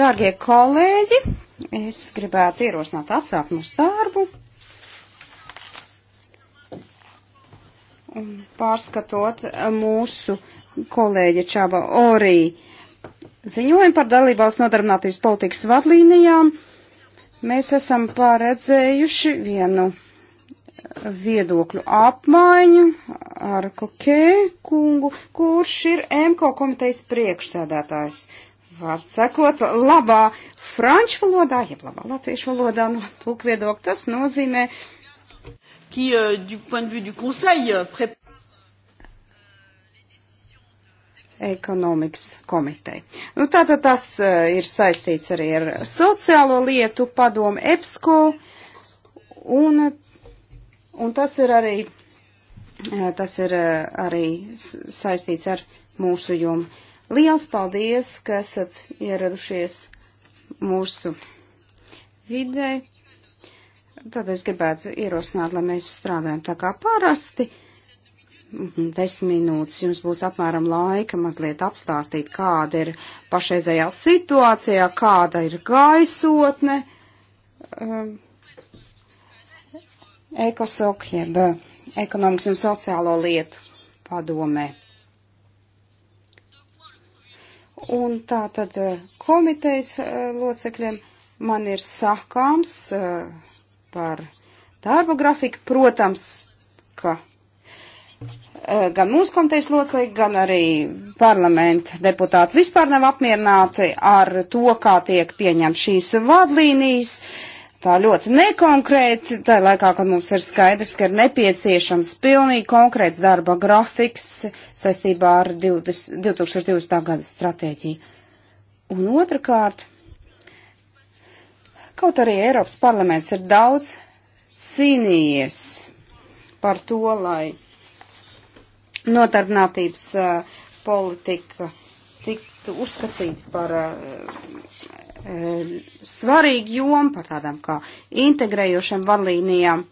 Dārgie kolēģi, es gribētu ierosināt atsākt mūsu darbu. Un pārskatot eh, mūsu kolēģi Čaba Orī ziņojumu par dalībvalsts nodarbinātības politikas vadlīnijām, mēs esam paredzējuši vienu viedokļu apmaiņu ar Kokē kungu, kurš ir MKO komitejas priekšsēdētājs. Var sakot, labā franču valodā, jeb labā latviešu valodā, no tūk viedokļa tas nozīmē. Qui, euh, du point de vue du conseil, euh, prépare ekonomikas komiteja. Nu, tātad tas uh, ir saistīts arī ar sociālo lietu padomu EPSCO, un Un tas ir arī, eh, tas ir eh, arī saistīts ar mūsu jomu. Liels paldies, ka esat ieradušies mūsu vidē. Tad es gribētu ierosināt, lai mēs strādājam tā kā parasti. Mhm, desmit minūtes jums būs apmēram laika mazliet apstāstīt, kāda ir pašreizējā situācijā, kāda ir gaisotne. Um, ECOSOC, jeb eh, Ekonomikas un sociālo lietu padomē. Un tā tad eh, komitejas eh, locekļiem man ir sakāms par darba grafiku. Protams, ka gan mūsu komitejas locekļi, gan arī parlamenta deputāti vispār nav apmierināti ar to, kā tiek pieņemts šīs vadlīnijas. Uh, tā ļoti nekonkrēti, tā laikā, kad mums ir skaidrs, ka ir nepieciešams pilnīgi konkrēts darba grafiks saistībā ar 20, 2020. gada stratēģiju. Un otrkārt, kaut arī Eiropas parlaments ir daudz cīnījies par to, lai notarbinātības uh, eh, politika tiktu uzskatīta par uh, E, svarīga joma par tādām kā integrējošām vadlīnijām.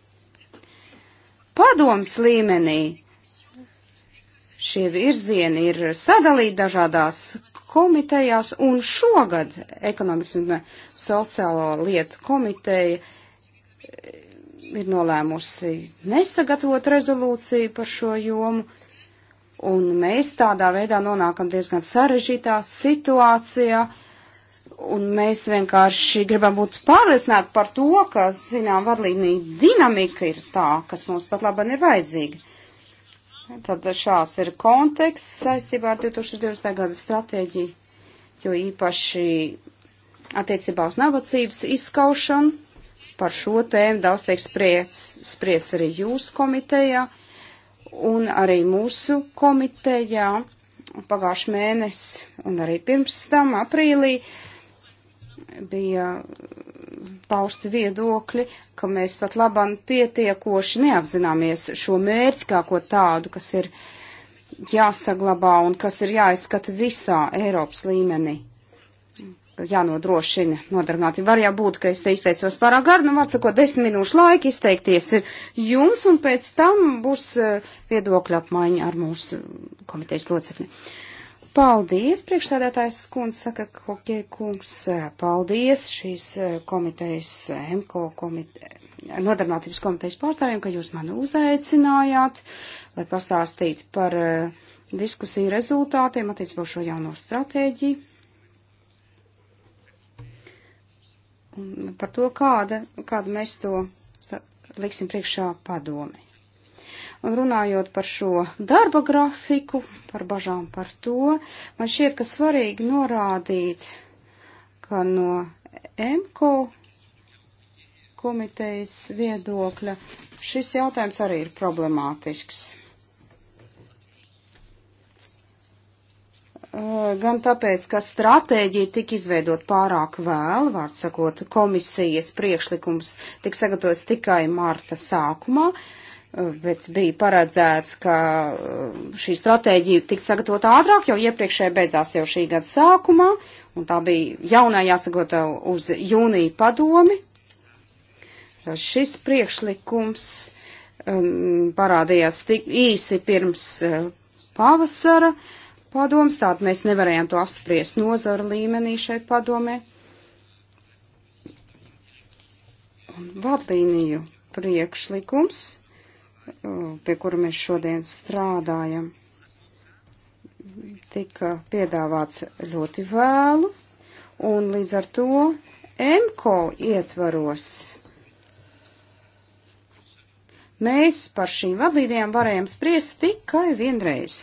Padoms līmenī šie virzieni ir sadalīti dažādās komitejās, un šogad ekonomikas un sociālo lietu komiteja e, ir nolēmusi nesagatavot rezolūciju par šo jomu, un mēs tādā veidā nonākam diezgan sarežģītā situācijā, uh, Un mēs vienkārši gribam būt pārliecināti par to, ka, zinām, vadlīnija dinamika ir tā, kas mums pat labam ir vajadzīga. Tad šāds ir konteksts saistībā ar 2020. gada stratēģiju, jo īpaši attiecībā uz nabadzības izskaušanu par šo tēmu daudz tiek spries arī jūsu komitejā un arī mūsu komitejā pagājuši mēnesi un arī pirms tam aprīlī bija pausti viedokļi, ka mēs pat labam pietiekoši neapzināmies šo mērķi kā ko tādu, kas ir jāsaglabā un kas ir jāizskata visā Eiropas līmenī. Jānodrošina nodarbināti. Var jau būt, ka es te izteicos pārāk garu, nu, var sakot, desmit minūšu laika izteikties ir jums, un pēc tam būs eh, viedokļa apmaiņa ar mūsu komitejas locekļiem. Uh, Paldies, priekšsēdētājs skundz, saka Hokie kungs, paldies šīs eh, komitejas, eh, MKO komiteja, nodarbinātības komitejas pārstāvjiem, ka jūs mani uzaicinājāt, lai pastāstītu par eh, diskusiju rezultātiem attiecībā šo jauno stratēģiju. Un par to, kāda, kādu mēs to liksim priekšā padomi. Un runājot par šo darba grafiku, par bažām par to, man šķiet, ka svarīgi norādīt, ka no MKO komitejas viedokļa šis jautājums arī ir problemātisks. gan tāpēc, ka stratēģija tika izveidot pārāk vēl, vārds sakot, komisijas priekšlikums tika sagatavots tikai marta sākumā, bet bija paredzēts, ka um, šī stratēģija tiks sagatavota ātrāk, jo iepriekšējā beidzās jau šī gada sākumā, un tā bija jaunā jāsagatavo uz jūnija padomi. Tad šis priekšlikums um, parādījās tik īsi pirms uh, pavasara padoms, tātad mēs nevarējām to apspriest nozara līmenī šai padomē. Un vadlīniju priekšlikums pie kura mēs šodien strādājam, tika piedāvāts ļoti vēlu, un līdz ar to MKO ietvaros mēs par šīm vadlīdījām varējām spriest tikai vienreiz.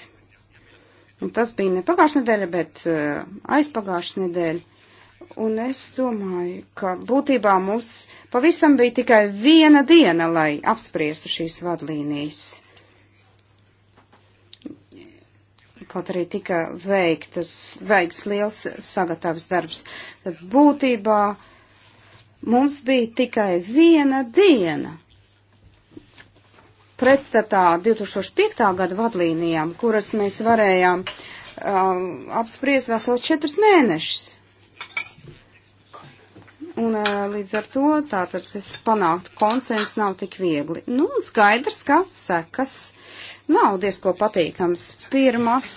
Un tas bija ne pagājušā nedēļa, bet uh, aizpagājušā nedēļa. Un es domāju, ka būtībā mums pavisam bija tikai viena diena, lai apspriestu šīs vadlīnijas. Kaut arī tika veiktas, veikts liels sagatavs darbs. Tad būtībā mums bija tikai viena diena. Pretstatā 2005. gada vadlīnijām, kuras mēs varējām um, apspriest veselu četrus mēnešus. Un līdz ar to tātad es panākt konsensu nav tik viegli. Nu, skaidrs, ka sekas nav diezko patīkams. Pirmās,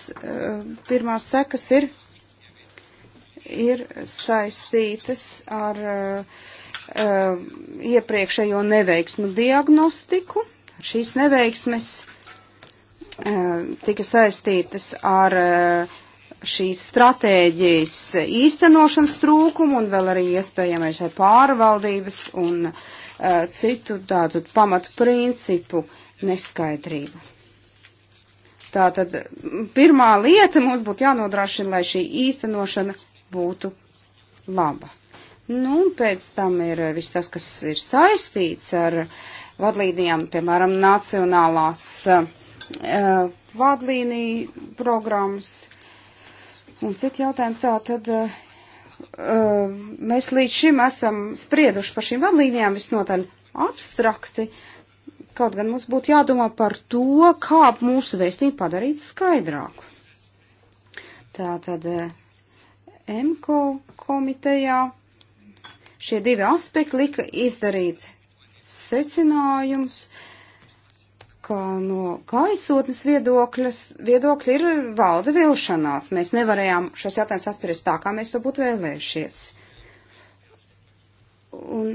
pirmās sekas ir, ir saistītas ar uh, iepriekšējo neveiksmu diagnostiku. Šīs neveiksmes uh, tika saistītas ar uh, šīs stratēģijas īstenošanas trūkumu un vēl arī iespējamais ar pārvaldības un uh, citu tādu pamatu principu neskaidrību. Tātad mm, pirmā lieta mums būtu jānodrošina, lai šī īstenošana būtu laba. Nu, un pēc tam ir eh, viss tas, kas ir saistīts ar vadlīnijām, piemēram, nacionālās uh, vadlīniju programmas, un citi jautājumi. Tā tad uh, mēs līdz šim esam sprieduši par šīm vadlīnijām visnotaļ abstrakti, kaut gan mums būtu jādomā par to, kā mūsu vēstību padarīt skaidrāku. Tā tad eh, MKO komitejā šie divi aspekti lika izdarīt secinājums. Uh, ka no gaisotnes viedokļa ir valda vilšanās. Mēs nevarējām šos jautājumus atcerēties tā, kā mēs to būtu vēlējušies. Un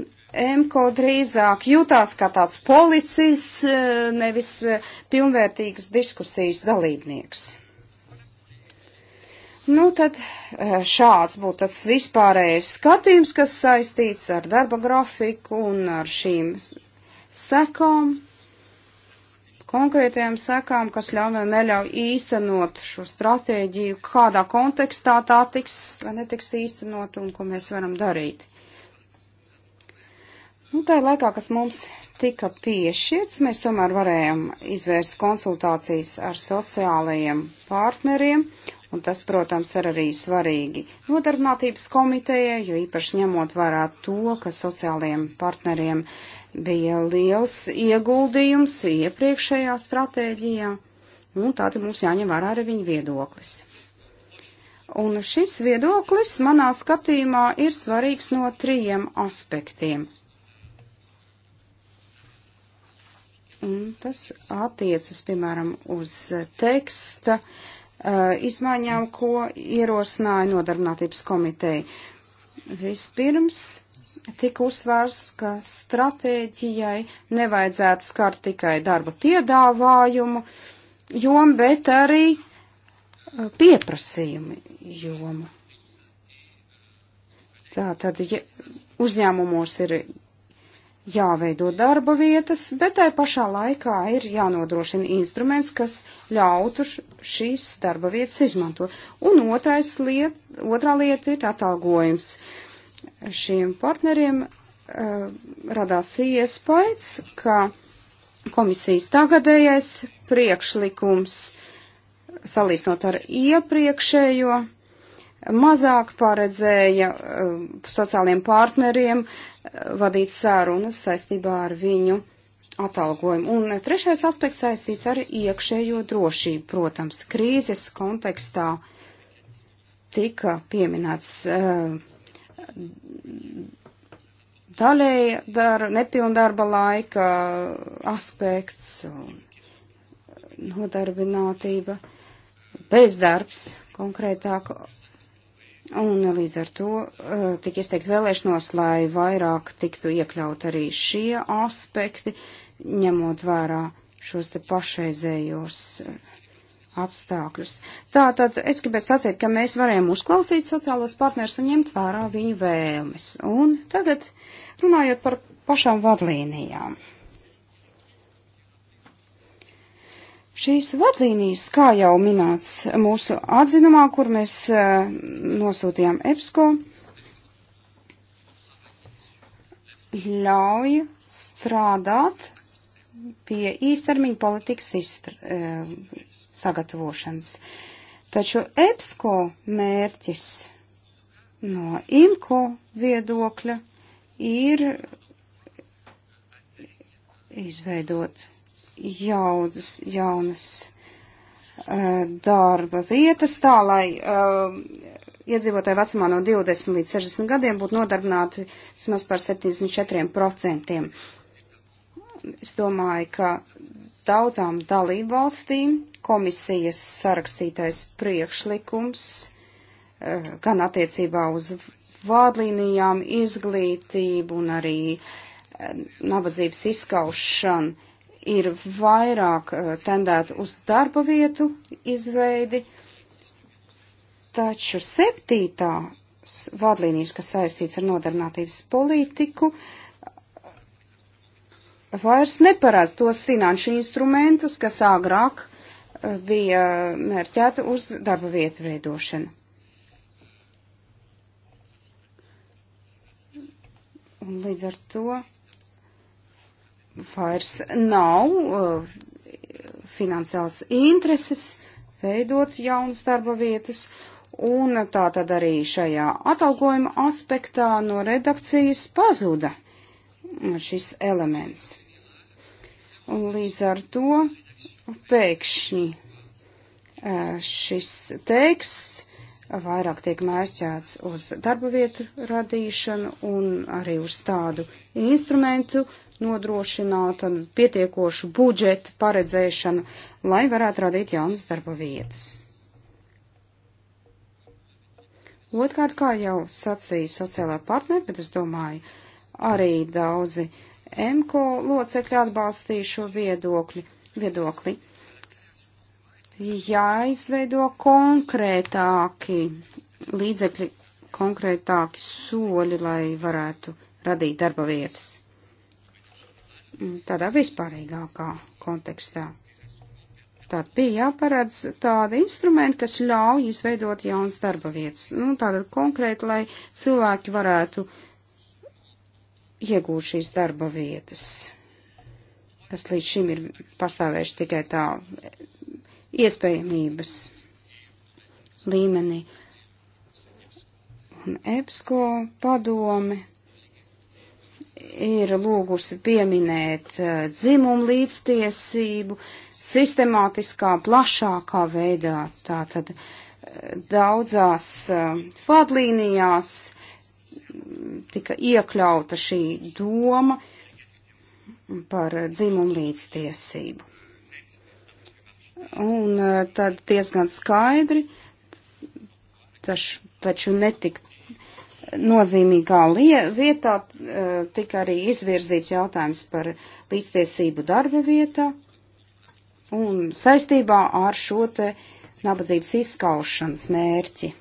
MKO drīzāk jūtās kā tāds policijas, eh, nevis eh, pilnvērtīgs diskusijas dalībnieks. Nu, tad eh, šāds būtu tāds vispārējais skatījums, kas saistīts ar darba grafiku un ar šīm sekām konkrētajām sekām, kas ļauj vai neļauj īstenot šo stratēģiju, kādā kontekstā tā tiks vai netiks īstenot un ko mēs varam darīt. Nu, tā ir laikā, kas mums tika piešķirts, mēs tomēr varējām izvērst konsultācijas ar sociālajiem partneriem, un tas, protams, ir arī svarīgi nodarbinātības komitejai, jo īpaši ņemot vērā to, ka sociālajiem partneriem uh, bija liels ieguldījums iepriekšējā stratēģijā, un tātad mums jāņem vērā arī viņa viedoklis. Un šis viedoklis manā skatījumā ir svarīgs no trījiem aspektiem. Un tas attiecas, piemēram, uz teksta uh, izmaiņām, ko ierosināja nodarbinātības komiteja. Vispirms tika uzsvars, ka stratēģijai nevajadzētu skart tikai darba piedāvājumu jomu, bet arī uh, pieprasījumu jomu. Tā tad ja uzņēmumos ir jāveido darba vietas, bet tai pašā laikā ir jānodrošina instruments, kas ļautu šīs darba vietas izmantot. Un otrais liet, otrā lieta ir atalgojums. Uh, šiem partneriem uh, radās iespējas, ka komisijas tagadējais priekšlikums salīdzinot ar iepriekšējo mazāk paredzēja uh, sociāliem partneriem uh, vadīt sārunas saistībā ar viņu atalgojumu. Un trešais aspekts saistīts ar iekšējo drošību, protams, krīzes kontekstā tika pieminēts uh, daļēja dar, nepilndarba laika aspekts un nodarbinātība, bezdarbs konkrētāk. Un līdz ar to eh, tika izteikt vēlēšanos, lai vairāk tiktu iekļaut arī šie aspekti, ņemot vērā šos te pašreizējos uh, apstākļus. Tātad es gribētu sacīt, ka mēs varējām uzklausīt sociālos partnerus un ņemt vērā viņu vēlmes. Un tagad runājot par pašām vadlīnijām. Šīs vadlīnijas, kā jau minēts mūsu atzinumā, kur mēs uh, nosūtījām EPSCO, ļauj strādāt pie īstermiņa politikas izstrādes eh, sagatavošanas. Taču EPSCO mērķis no IMCO viedokļa ir izveidot jaudzes, jaunas uh, darba vietas tā, lai uh, iedzīvotāji vecumā no 20 līdz 60 gadiem būtu nodarbināti vismaz par 74%. Es domāju, ka daudzām dalībvalstīm komisijas sarakstītais priekšlikums eh, gan attiecībā uz vādlīnijām, izglītību un arī eh, nabadzības izskaušanu ir vairāk eh, tendēta uz darba vietu izveidi, taču septītā vadlīnijas, kas saistīts ar nodarbinātības politiku, uh, vairs neparāda tos finanšu instrumentus, kas agrāk eh, bija mērķēta uz darba vietu veidošanu. Un līdz ar to vairs nav uh, finansiāls intereses veidot jaunas darba vietas, un tā tad arī šajā atalgojuma aspektā no redakcijas pazuda šis elements. Un līdz ar to pēkšņi šis teksts vairāk tiek mērķēts uz darba vietu radīšanu un arī uz tādu instrumentu nodrošināt un pietiekošu budžetu paredzēšanu, lai varētu radīt jaunas darba vietas. Otkārt, kā jau sacīja sociālā partneri, bet es domāju, arī daudzi uh, MKO locekļi atbalstīja šo viedokļi, viedokli. Jāizveido konkrētāki līdzekļi, konkrētāki soļi, lai varētu radīt darba vietas. Tādā vispārīgākā kontekstā. Tad bija jāparedz tādi instrumenti, kas ļauj izveidot jaunas darba vietas. Nu, tātad konkrēti, lai cilvēki varētu uh, iegūt šīs darba vietas, kas līdz šim ir pastāvējuši tikai tā iespējamības līmenī. Un EPSCO padome ir lūgusi pieminēt uh, dzimumu līdztiesību sistemātiskā, plašākā veidā. Tātad uh, daudzās uh, vadlīnijās tika iekļauta šī doma par dzimumu līdztiesību. Un e, tad diezgan skaidri, taš, taču netik nozīmīgā vietā e, tika arī izvirzīts jautājums par līdztiesību darba vietā un saistībā ar šo te nabadzības izskaušanas mērķi.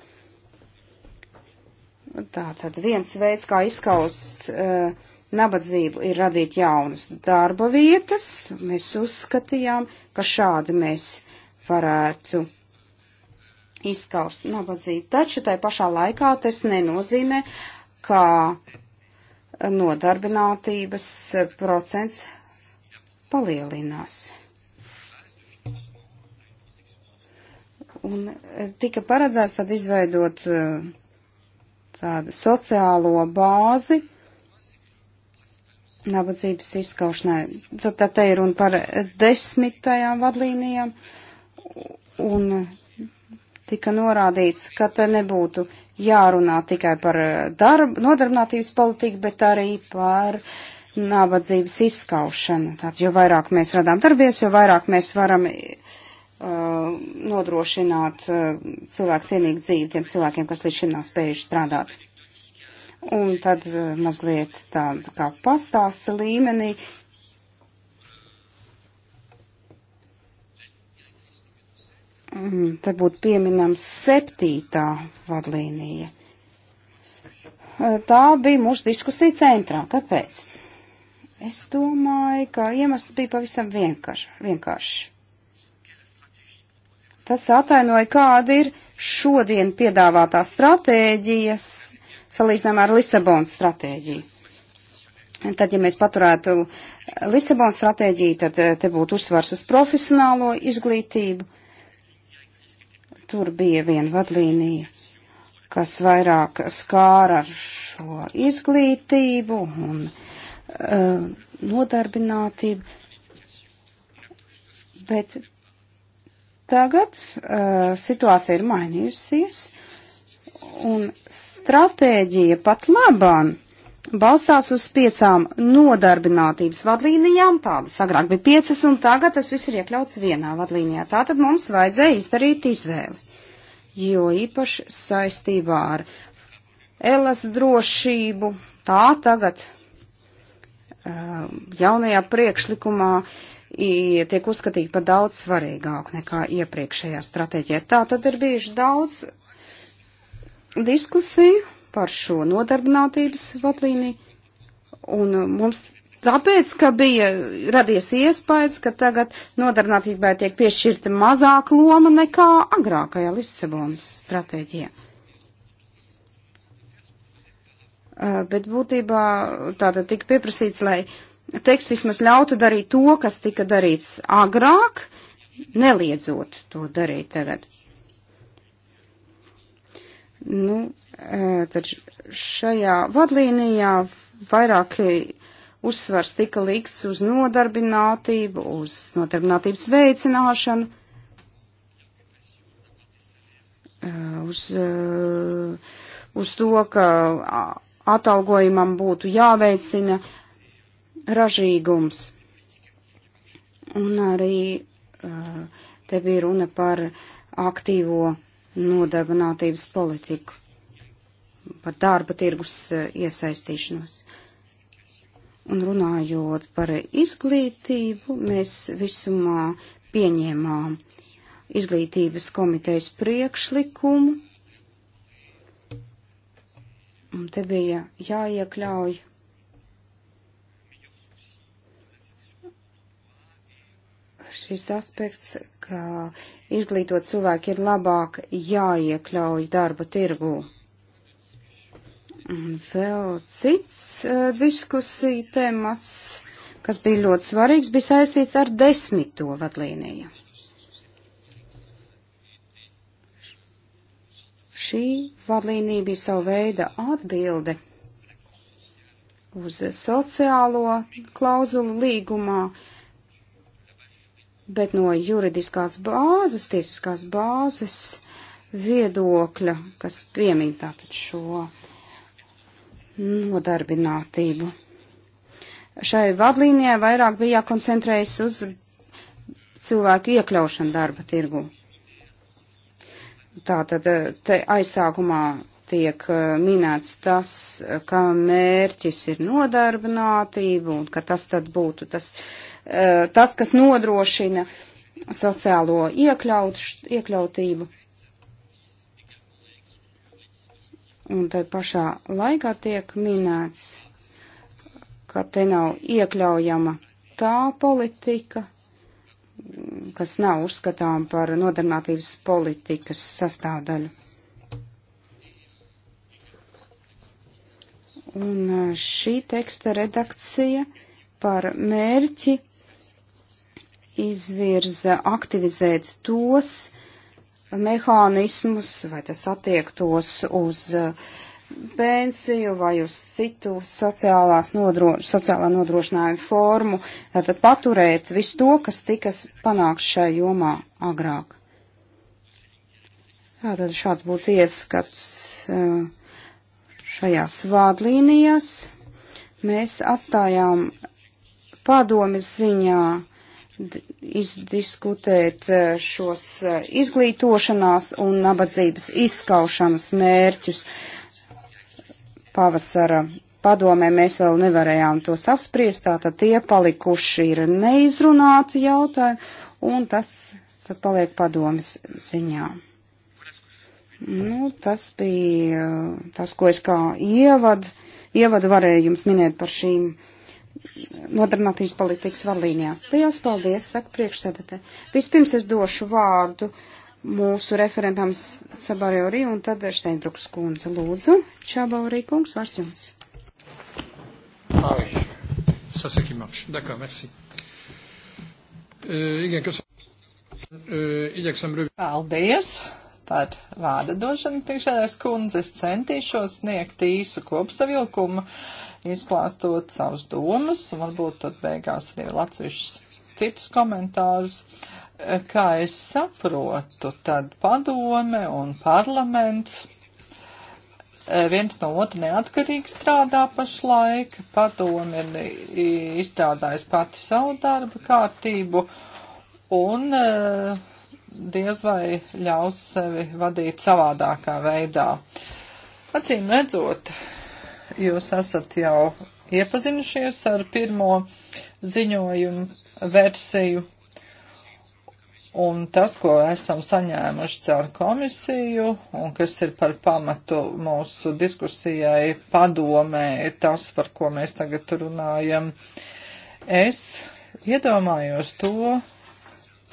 Tā tad viens veids, kā izskaust uh, nabadzību, ir radīt jaunas darba vietas. Mēs uzskatījām, ka šādi mēs varētu izskaust nabadzību. Taču tai pašā laikā tas nenozīmē, ka nodarbinātības procents palielinās. Un tika paredzēts tad izveidot uh, tādu sociālo bāzi nabadzības izskaušanai. Tad, tad te ir runa par desmitajām vadlīnijām, un tika norādīts, ka te nebūtu jārunā tikai par darb, nodarbinātības politiku, bet arī par nabadzības izskaušanu. Tātad, jo vairāk mēs radām darbies, jo vairāk mēs varam Uh, nodrošināt uh, cilvēku cienīgu dzīvi tiem cilvēkiem, kas līdz šim nav spējuši strādāt. Un tad uh, mazliet tāda kā pastāsta līmenī. Mm, te būtu pieminams septītā vadlīnija. Tā bija mūsu diskusija centrā. Kāpēc? Es domāju, ka iemesls bija pavisam vienkāršs. Vienkārš. vienkārš Tas atainoja, kāda ir šodien piedāvātā stratēģija salīdzinājumā ar Lisabonas stratēģiju. Tad, ja mēs paturētu Lisabonas stratēģiju, tad eh, te būtu uzsvars uz profesionālo izglītību. Tur bija viena vadlīnija, kas vairāk skāra ar šo izglītību un uh, nodarbinātību. Bet Tagad uh, situācija ir mainījusies, un stratēģija pat labāk balstās uz piecām nodarbinātības vadlīnijām. Tādas agrāk bija piecas, un tagad tas viss ir iekļauts vienā vadlīnijā. Tātad mums vajadzēja izdarīt izvēli, jo īpaši saistībā ar elas drošību tā tagad uh, jaunajā priekšlikumā uh, tiek uzskatīti par daudz svarīgāku nekā iepriekšējā stratēģijā. Tā tad ir bijuši daudz diskusiju par šo nodarbinātības vadlīniju, un uh, mums tāpēc, ka bija radies iespējas, ka tagad nodarbinātībai tiek piešķirta mazāka loma nekā agrākajā Lisabonas stratēģijā. Uh, bet būtībā tātad tika pieprasīts, lai uh, teksts vismaz ļautu darīt to, kas tika darīts agrāk, neliedzot to darīt tagad. Nu, e, taču šajā vadlīnijā vairāk uzsvars tika likts uz nodarbinātību, uz nodarbinātības veicināšanu, e, uz, e, uz to, ka atalgojumam būtu jāveicina uh, ražīgums. Un arī te bija runa par aktīvo nodarbinātības politiku, par darba tirgus iesaistīšanos. Un runājot par izglītību, mēs visumā pieņēmām izglītības komitejas priekšlikumu. Un te bija jāiekļauj šis aspekts, ka izglītot cilvēki ir labāk jāiekļauj darba tirgū. Un vēl cits uh, eh, diskusiju temats, kas bija ļoti svarīgs, bija saistīts ar desmito vadlīniju. Šī vadlīnija bija sava veida atbilde uz sociālo klauzulu līgumā, uh, bet no juridiskās bāzes, tiesiskās bāzes viedokļa, kas piemīt tātad šo nodarbinātību. Šai vadlīnijai vairāk bija jākoncentrējas uz cilvēku iekļaušanu darba tirgu. Tātad eh, te aizsākumā tiek eh, minēts tas, ka mērķis ir nodarbinātība un ka tas tad būtu tas uh, Eh, tas, kas nodrošina sociālo iekļaut, iekļautību. Un tai pašā laikā tiek minēts, ka te nav iekļaujama tā politika, kas nav uzskatām par nodarbinātības politikas sastāvdaļu. Un eh, šī teksta redakcija par mērķi izvirza aktivizēt tos mehānismus, vai tas attiektos uz uh, pensiju vai uz citu sociālās nodro, sociālā nodrošinājuma formu, tātad paturēt visu to, kas tikas panākts šai jomā agrāk. Tātad šāds būtu ieskats uh, šajās vādlīnijās. Mēs atstājām padomis ziņā izdiskutēt e, šos e, izglītošanās un nabadzības izskaušanas mērķus. Pavasara padomē mēs vēl nevarējām tos apspriest, tātad tie palikuši ir neizrunāti jautājumi, un tas tad paliek padomes ziņā. Nu, tas bija e, tas, ko es kā ievadu, ievadu varēju jums minēt par šīm nodarbinātības politikas vadlīnijā. Lielas paldies, saka priekšsēdētē. Vispirms es došu vārdu mūsu referentam Sabarjorī un tad Steinbruks kundze. Lūdzu, Čabaurī kungs, vairs jums. Ai, sasaki marš. Dakā, merci. E, igen, kas... E, Iģeksam rüvi. Paldies par vārda došanu priekšēdās kundzes centīšos sniegt īsu kopsavilkumu izklāstot savus domas, un varbūt tad beigās arī vēl atsevišķus citus komentārus. Kā es saprotu, tad padome un parlaments eh, viens no otra neatkarīgi strādā pašlaik, padomi ir izstrādājis pati savu darba kārtību un eh, diez vai ļaus sevi vadīt savādākā veidā. Acīm redzot, jūs esat jau iepazinušies ar pirmo ziņojumu versiju. Un tas, ko esam saņēmuši caur komisiju un kas ir par pamatu mūsu diskusijai padomē, ir tas, par ko mēs tagad runājam. Es iedomājos to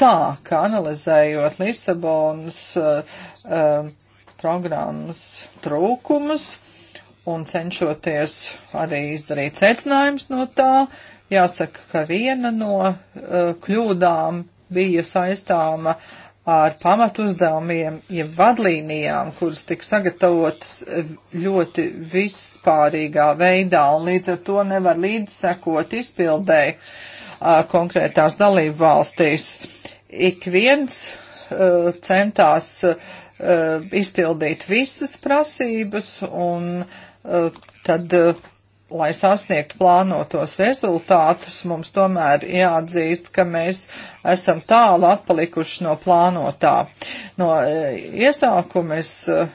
tā, ka analizējot Lisabonas uh, uh, programmas trūkumus, uh, un cenšoties arī izdarīt secinājumus no tā, jāsaka, ka viena no uh, kļūdām bija saistāma ar pamatuzdevumiem, ja vadlīnijām, kuras tika sagatavotas eh, ļoti vispārīgā veidā, un līdz ar to nevar līdzsekot izpildēji uh, konkrētās dalību valstīs. Ik viens uh, centās uh, uh, izpildīt visas prasības un uh, tad, uh, lai sasniegtu plānotos rezultātus, mums tomēr jāatzīst, ka mēs esam tālu atpalikuši no plānotā. No uh, iesākuma es. Uh,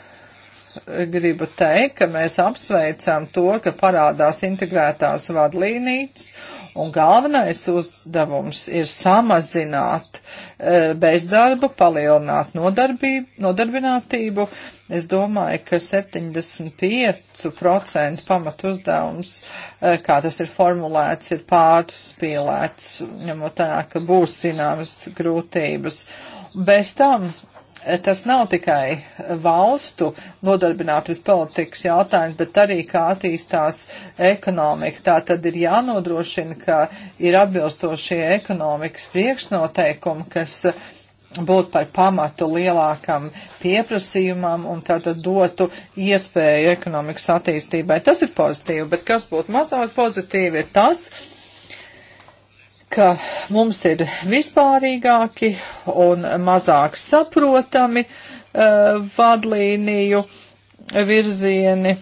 gribu teikt, ka mēs apsveicam to, ka parādās integrētās vadlīnijas Un galvenais uzdevums ir samazināt e, bezdarbu, palielināt nodarbinātību. Es domāju, ka 75% pamatu uzdevums, e, kā tas ir formulēts, ir pārspīlēts, ņemot tā, ka būs zināmas grūtības. Bez tam tas nav tikai valstu nodarbinātības politikas jautājums, bet arī kā attīstās ekonomika. Tā tad ir jānodrošina, ka ir atbilstošie ekonomikas priekšnoteikumi, kas būtu par pamatu lielākam pieprasījumam un tātad dotu iespēju ekonomikas attīstībai. Tas ir pozitīvi, bet kas būtu mazāk pozitīvi ir tas, ka mums ir vispārīgāki un mazāk saprotami uh, vadlīniju virzieni.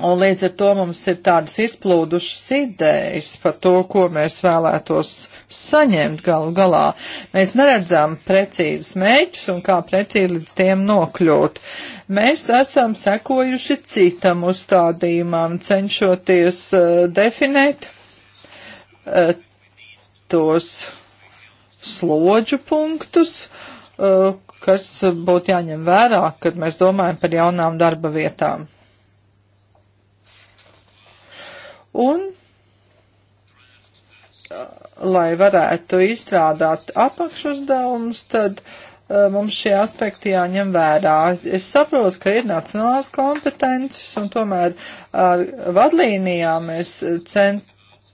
Un līdz ar to mums ir tādas izplūdušas idejas par to, ko mēs vēlētos saņemt galu galā. Mēs neredzam precīzus mēķus un kā precīzi līdz tiem nokļūt. Mēs esam sekojuši citam uzstādījumam, cenšoties uh, definēt Eh, tos slodžu punktus, eh, kas būtu jāņem vērā, kad mēs domājam par jaunām darba vietām. Un, eh, lai varētu izstrādāt apakšuzdevumus, tad mums šie aspekti jāņem vērā. Es saprotu, ka ir nacionālās kompetences, un tomēr ar vadlīnijām mēs cent,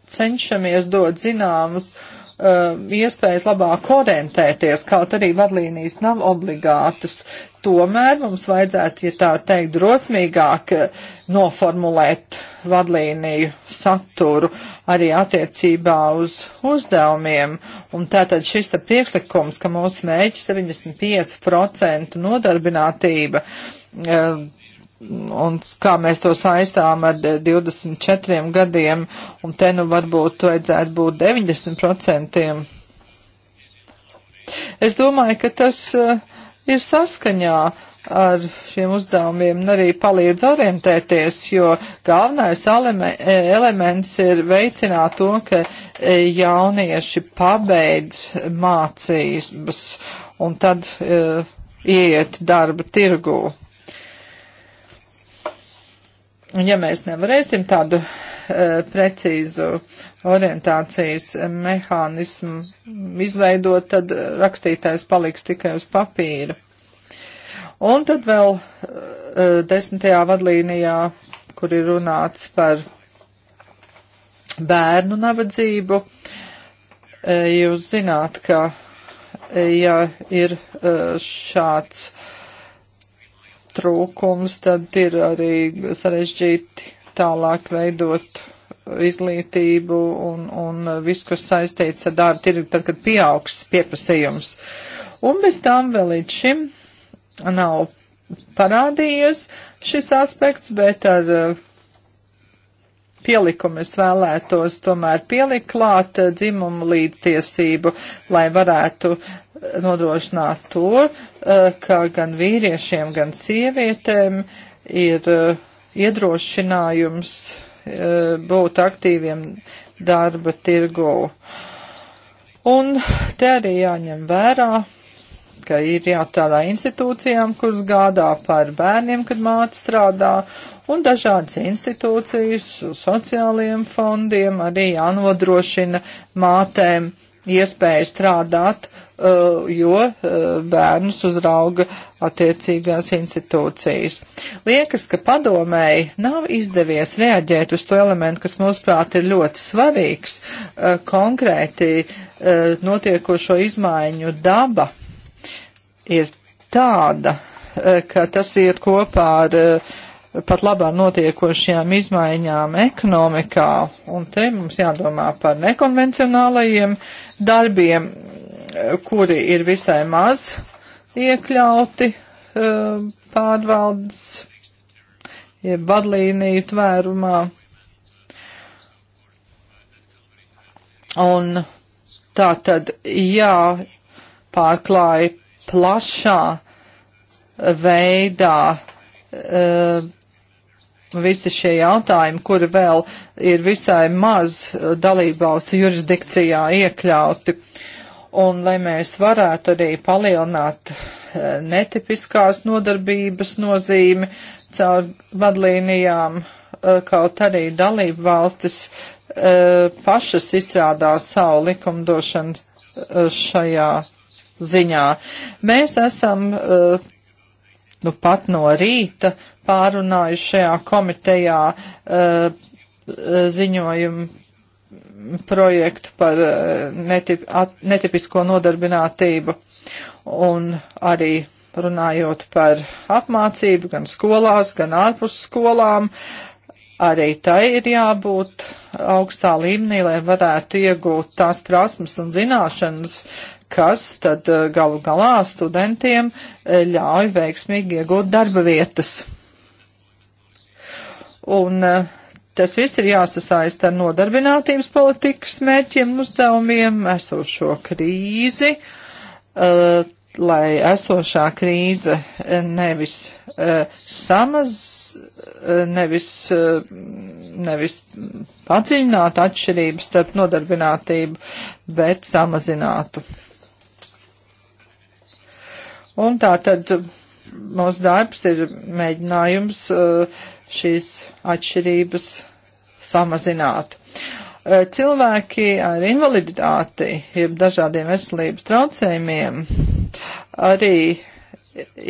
cenšamies dot zināmus uh, iespējas labāk orientēties, kaut arī vadlīnijas nav obligātas. Tomēr mums vajadzētu, ja tā teikt, drosmīgāk noformulēt vadlīniju saturu arī attiecībā uz uzdevumiem. Un tātad šis te priekšlikums, ka mūsu mēģis 75% nodarbinātība uh, un kā mēs to saistām ar 24 gadiem, un te nu varbūt vajadzētu būt 90%. Es domāju, ka tas eh, ir saskaņā ar šiem uzdevumiem un arī palīdz orientēties, jo galvenais eleme, elements ir veicināt to, ka eh, jaunieši pabeidz mācības un tad uh, eh, iet darba tirgū. Un ja mēs nevarēsim tādu e, precīzu orientācijas mehānismu izveidot, tad rakstītājs paliks tikai uz papīra. Un tad vēl e, desmitajā vadlīnijā, kur ir runāts par bērnu nabadzību, e, jūs zināt, ka e, ja ir e, šāds uh, trūkums, tad ir arī sarežģīti tālāk veidot izglītību un, un viss, kas saistīts ar darbu tirgu, tad, kad pieaugs pieprasījums. Un bez tam vēl līdz šim nav parādījies šis aspekts, bet ar pielikumu es vēlētos tomēr pielikt klāt eh, dzimumu līdztiesību, lai varētu eh, nodrošināt to, eh, ka gan vīriešiem, gan sievietēm ir iedrošinājums būt aktīviem darba tirgū. Un te arī jāņem vērā, ka ir jāstrādā institūcijām, kuras gādā par bērniem, kad māte strādā, un dažādas institūcijas sociālajiem fondiem arī jānodrošina mātēm iespēja strādāt, uh, jo uh, bērnus uzrauga attiecīgās institūcijas. Liekas, ka padomēji nav izdevies reaģēt uz to elementu, kas mūsuprāt ir ļoti svarīgs, uh, konkrēti notiekošo izmaiņu daba ir tāda, ka tas iet kopā ar uh, pat labā notiekošajām izmaiņām ekonomikā, un te mums jādomā par nekonvencionālajiem darbiem, kuri ir visai maz iekļauti uh, pārvaldes jeb vadlīniju tvērumā. Un tā tad jāpārklāja plašā veidā uh, visi šie jautājumi, kuri vēl ir visai maz eh, dalībvalstu jurisdikcijā iekļauti. Un lai mēs varētu arī palielināt eh, netipiskās nodarbības nozīmi caur vadlīnijām, eh, kaut arī dalību valstis pašas izstrādā savu likumdošanu šajā ziņā. Mēs esam uh, nu pat no rīta pārunāju šajā komitejā uh, ziņojumu projektu par uh, netip, at, netipisko nodarbinātību un arī runājot par apmācību gan skolās, gan ārpus skolām. Arī tai ir jābūt augstā līmenī, lai varētu iegūt tās prasmes un zināšanas, kas tad eh, galu galā studentiem eh, ļauj veiksmīgi iegūt darba vietas. Un eh, tas viss ir jāsasaista ar nodarbinātības politikas mērķiem un uzdevumiem, esošo krīzi, lai esošā krīze nevis samaz, nevis, nevis padziļinātu atšķirības starp nodarbinātību, bet samazinātu. Un tā tad mūsu darbs ir mēģinājums uh, šīs atšķirības samazināt. Uh, cilvēki ar invaliditāti, jeb dažādiem veselības traucējumiem, arī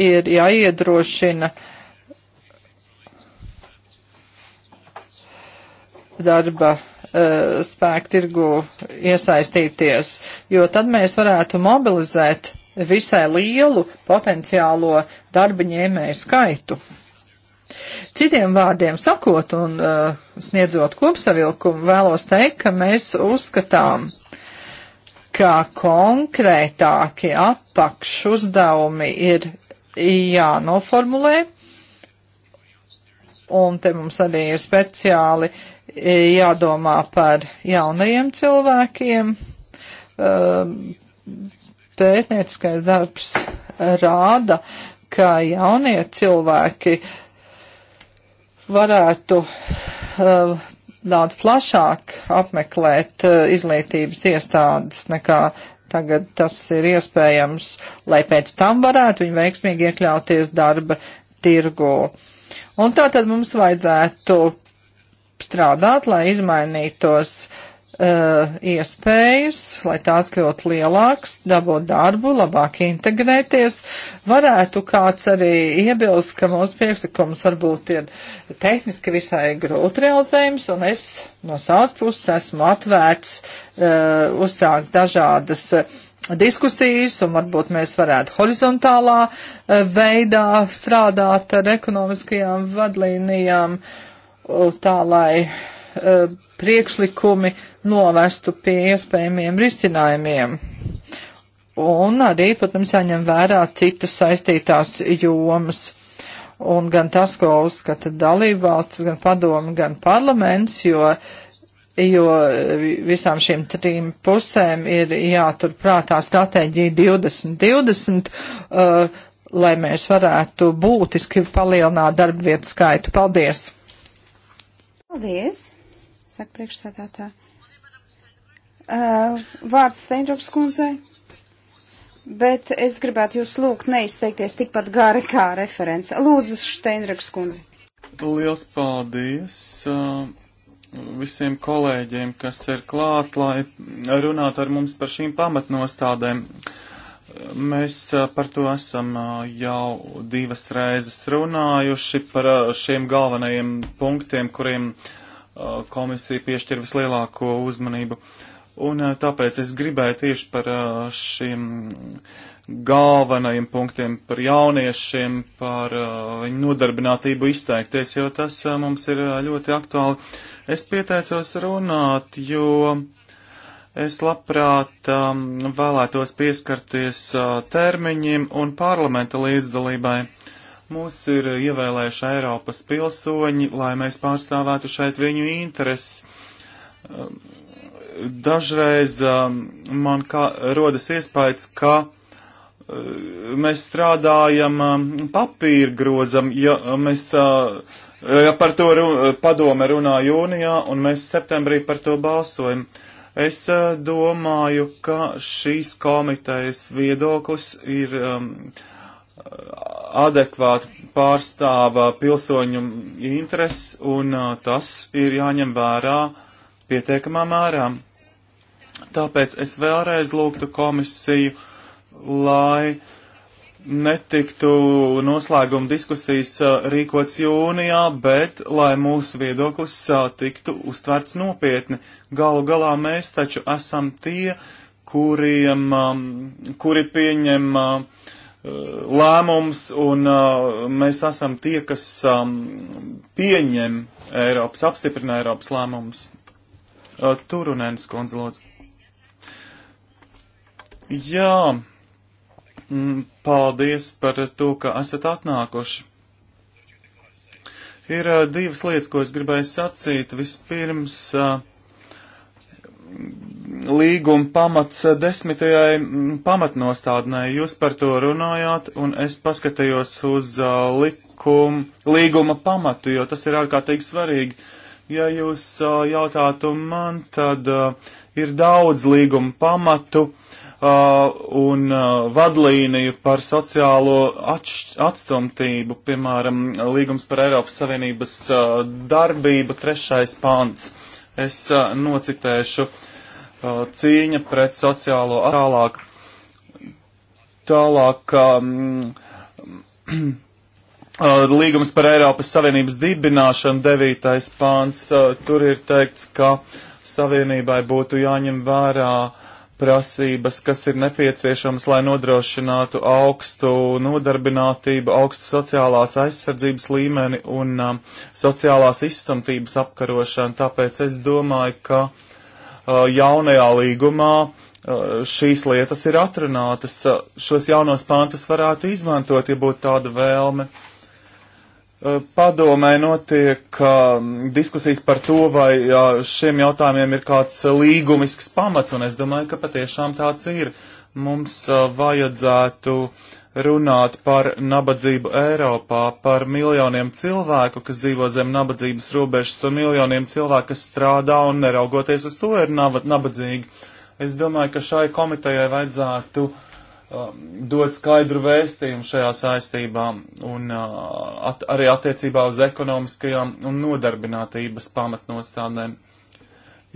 ir jāiedrošina darba uh, spēku tirgu iesaistīties, jo tad mēs varētu mobilizēt visai lielu potenciālo darba ņēmēju skaitu. Citiem vārdiem sakot un uh, sniedzot kopsavilkumu, vēlos teikt, ka mēs uzskatām, ka konkrētākie apakš uzdevumi ir jānoformulē, un te mums arī ir speciāli e, jādomā par jaunajiem cilvēkiem. Uh, pētnieciskais darbs rāda, ka jaunie cilvēki varētu uh, daudz plašāk apmeklēt uh, izglītības iestādes nekā tagad tas ir iespējams, lai pēc tam varētu viņi veiksmīgi iekļauties darba tirgu. Un tā tad mums vajadzētu strādāt, lai izmainītos uh, uh, iespējas, lai tās kļūtu lielāks, dabūt darbu, labāk integrēties. Varētu kāds arī iebilst, ka mūsu priekšlikums varbūt ir tehniski visai grūti realizējams, un es no savas puses esmu atvērts uh, uzsākt dažādas uh, diskusijas, un varbūt mēs varētu horizontālā uh, veidā strādāt ar ekonomiskajām vadlīnijām, uh, tā lai uh, priekšlikumi novestu pie iespējamiem risinājumiem. Un arī, protams, jāņem vērā citas saistītās jomas. Un gan tas, ko uzskata dalībvalstis, gan padomi, gan parlaments, jo, jo visām šīm trim pusēm ir jāturprātā stratēģija 2020, uh, lai mēs varētu būtiski palielināt darbvietu skaitu. Paldies! Paldies! Saka priekšsēdētāji. Eh, vārds Steindrops kundzei, bet es gribētu jūs lūgt neizteikties tikpat gari kā referents. Lūdzu, Steindrops kundze. Liels paldies eh, visiem kolēģiem, kas ir klāt, lai runātu ar mums par šīm pamatnostādēm. Mēs eh, par to esam jau divas reizes runājuši, par šiem galvenajiem punktiem, kuriem komisija piešķir vislielāko uzmanību. Uh, Un eh, tāpēc es gribēju tieši par eh, šiem galvenajiem punktiem, par jauniešiem, par eh, viņu nodarbinātību izteikties, jo tas mums ir ļoti aktuāli. Es pieteicos runāt, jo es labprāt ehm, vēlētos pieskarties termiņiem un parlamenta līdzdalībai. Mūs ir ievēlējuši Eiropas pilsoņi, lai mēs pārstāvētu šeit viņu intereses ehm, dažreiz um, man kā, rodas iespējas, ka uh, mēs strādājam um, papīra grozam, ja uh, mēs uh, ja par to padome runā jūnijā un mēs septembrī par to balsojam. Es domāju, ka šīs komitejas viedoklis ir um, adekvāti pārstāva pilsoņu intereses, un uh, tas ir jāņem vērā pietiekamā mērā. Tāpēc es vēlreiz lūgtu komisiju, lai netiktu noslēguma diskusijas uh, rīkots jūnijā, bet lai mūsu viedoklis uh, tiktu uztverts nopietni. Galu galā mēs taču esam tie, kuriem, um, kuri pieņem uh, lēmums, un mēs esam tie, kas um, pieņem Eiropas, apstiprina Eiropas lēmumus. Turunēns konzulāts. Jā, mm, paldies par to, ka esat atnākuši. Ir uh, divas lietas, ko es gribēju sacīt. Vispirms, uh, līguma pamats desmitajai mm, pamatnostādnē. Jūs par to runājāt, un es paskatījos uz uh, likuma, līguma pamatu, jo tas ir ārkārtīgi svarīgi. Ja jūs jautātu man, tad ir daudz līguma pamatu un vadlīniju par sociālo atstumtību, piemēram, līgums par Eiropas Savienības darbību, trešais pants. Es nocitēšu cīņa pret sociālo tālāk. Tālāk līgums par Eiropas Savienības dibināšanu, devītais pāns, tur ir teikts, ka Savienībai būtu jāņem vērā uh, prasības, kas ir nepieciešamas, lai nodrošinātu augstu nodarbinātību, augstu sociālās aizsardzības līmeni un um, sociālās izstumtības apkarošanu. Tāpēc es domāju, ka uh, jaunajā līgumā uh, šīs lietas ir atrunātas. Uh, šos jaunos pantus varētu izmantot, ja būtu tāda vēlme. Uh, padomē notiek diskusijas par to, vai šiem jautājumiem ir kāds līgumisks pamats, un es domāju, ka patiešām tāds ir. Mums vajadzētu runāt par nabadzību Eiropā, par miljoniem cilvēku, kas dzīvo zem nabadzības robežas, un miljoniem cilvēku, kas strādā un neraugoties uz to ir nabadzīgi. Es domāju, ka šai komitejai vajadzētu uh, Um, dod skaidru vēstījumu šajā saistībā un uh, at, arī attiecībā uz ekonomiskajām un nodarbinātības pamatnostādēm.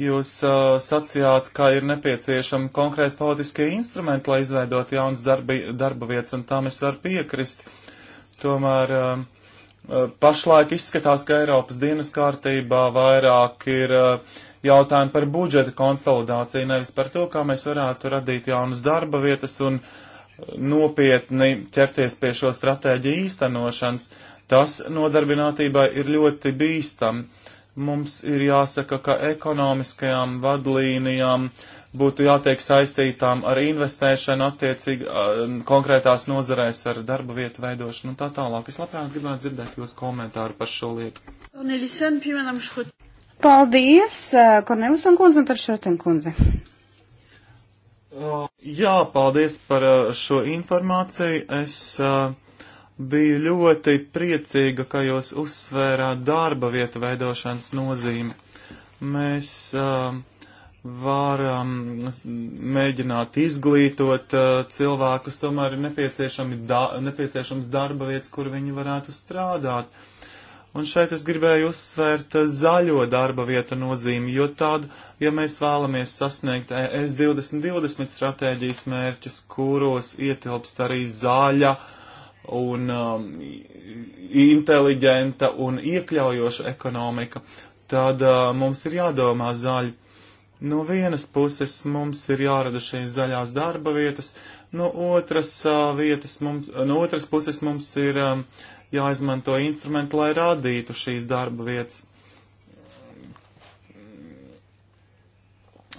Jūs uh, sacījāt, ka ir nepieciešami konkrēti politiskie instrumenti, lai izveidot jaunas darbi, darba vietas, un tam es varu piekrist. Tomēr um, uh, pašlaik izskatās, ka Eiropas dienas kārtībā vairāk ir uh, jautājumu par budžeta konsolidāciju, nevis par to, kā mēs varētu radīt jaunas darba vietas un nopietni ķerties pie šo stratēģiju īstenošanas. Tas nodarbinātībai ir ļoti bīstam. Mums ir jāsaka, ka ekonomiskajām vadlīnijām būtu jātiek saistītām ar investēšanu attiecīgi konkrētās nozarēs ar darba vietu veidošanu un tā tālāk. Es labprāt gribētu dzirdēt jūs komentāru par šo lietu. Paldies, eh, Kornelis un kundze, un par šorten kundze. Uh, jā, paldies par uh, šo informāciju. Es uh, biju ļoti priecīga, ka jūs uzsvērāt darba vietu veidošanas nozīmi. Mēs varam mēģināt izglītot cilvēkus, tomēr ir nepieciešams darba vietas, kur viņi varētu strādāt Un šeit es gribēju uzsvērt eh, zaļo darba vietu nozīmi, jo tādu, ja mēs vēlamies sasniegt e ES 2020 stratēģijas mērķus, kuros ietilpst arī zaļa un um, inteliģenta un iekļaujoša ekonomika, tad uh, mums ir jādomā zaļi. No vienas puses mums ir jārada šīs zaļās darba vietas, no otras, uh, vietas mums, no otras puses mums ir um, jāizmanto instrumenti, lai radītu šīs darba vietas.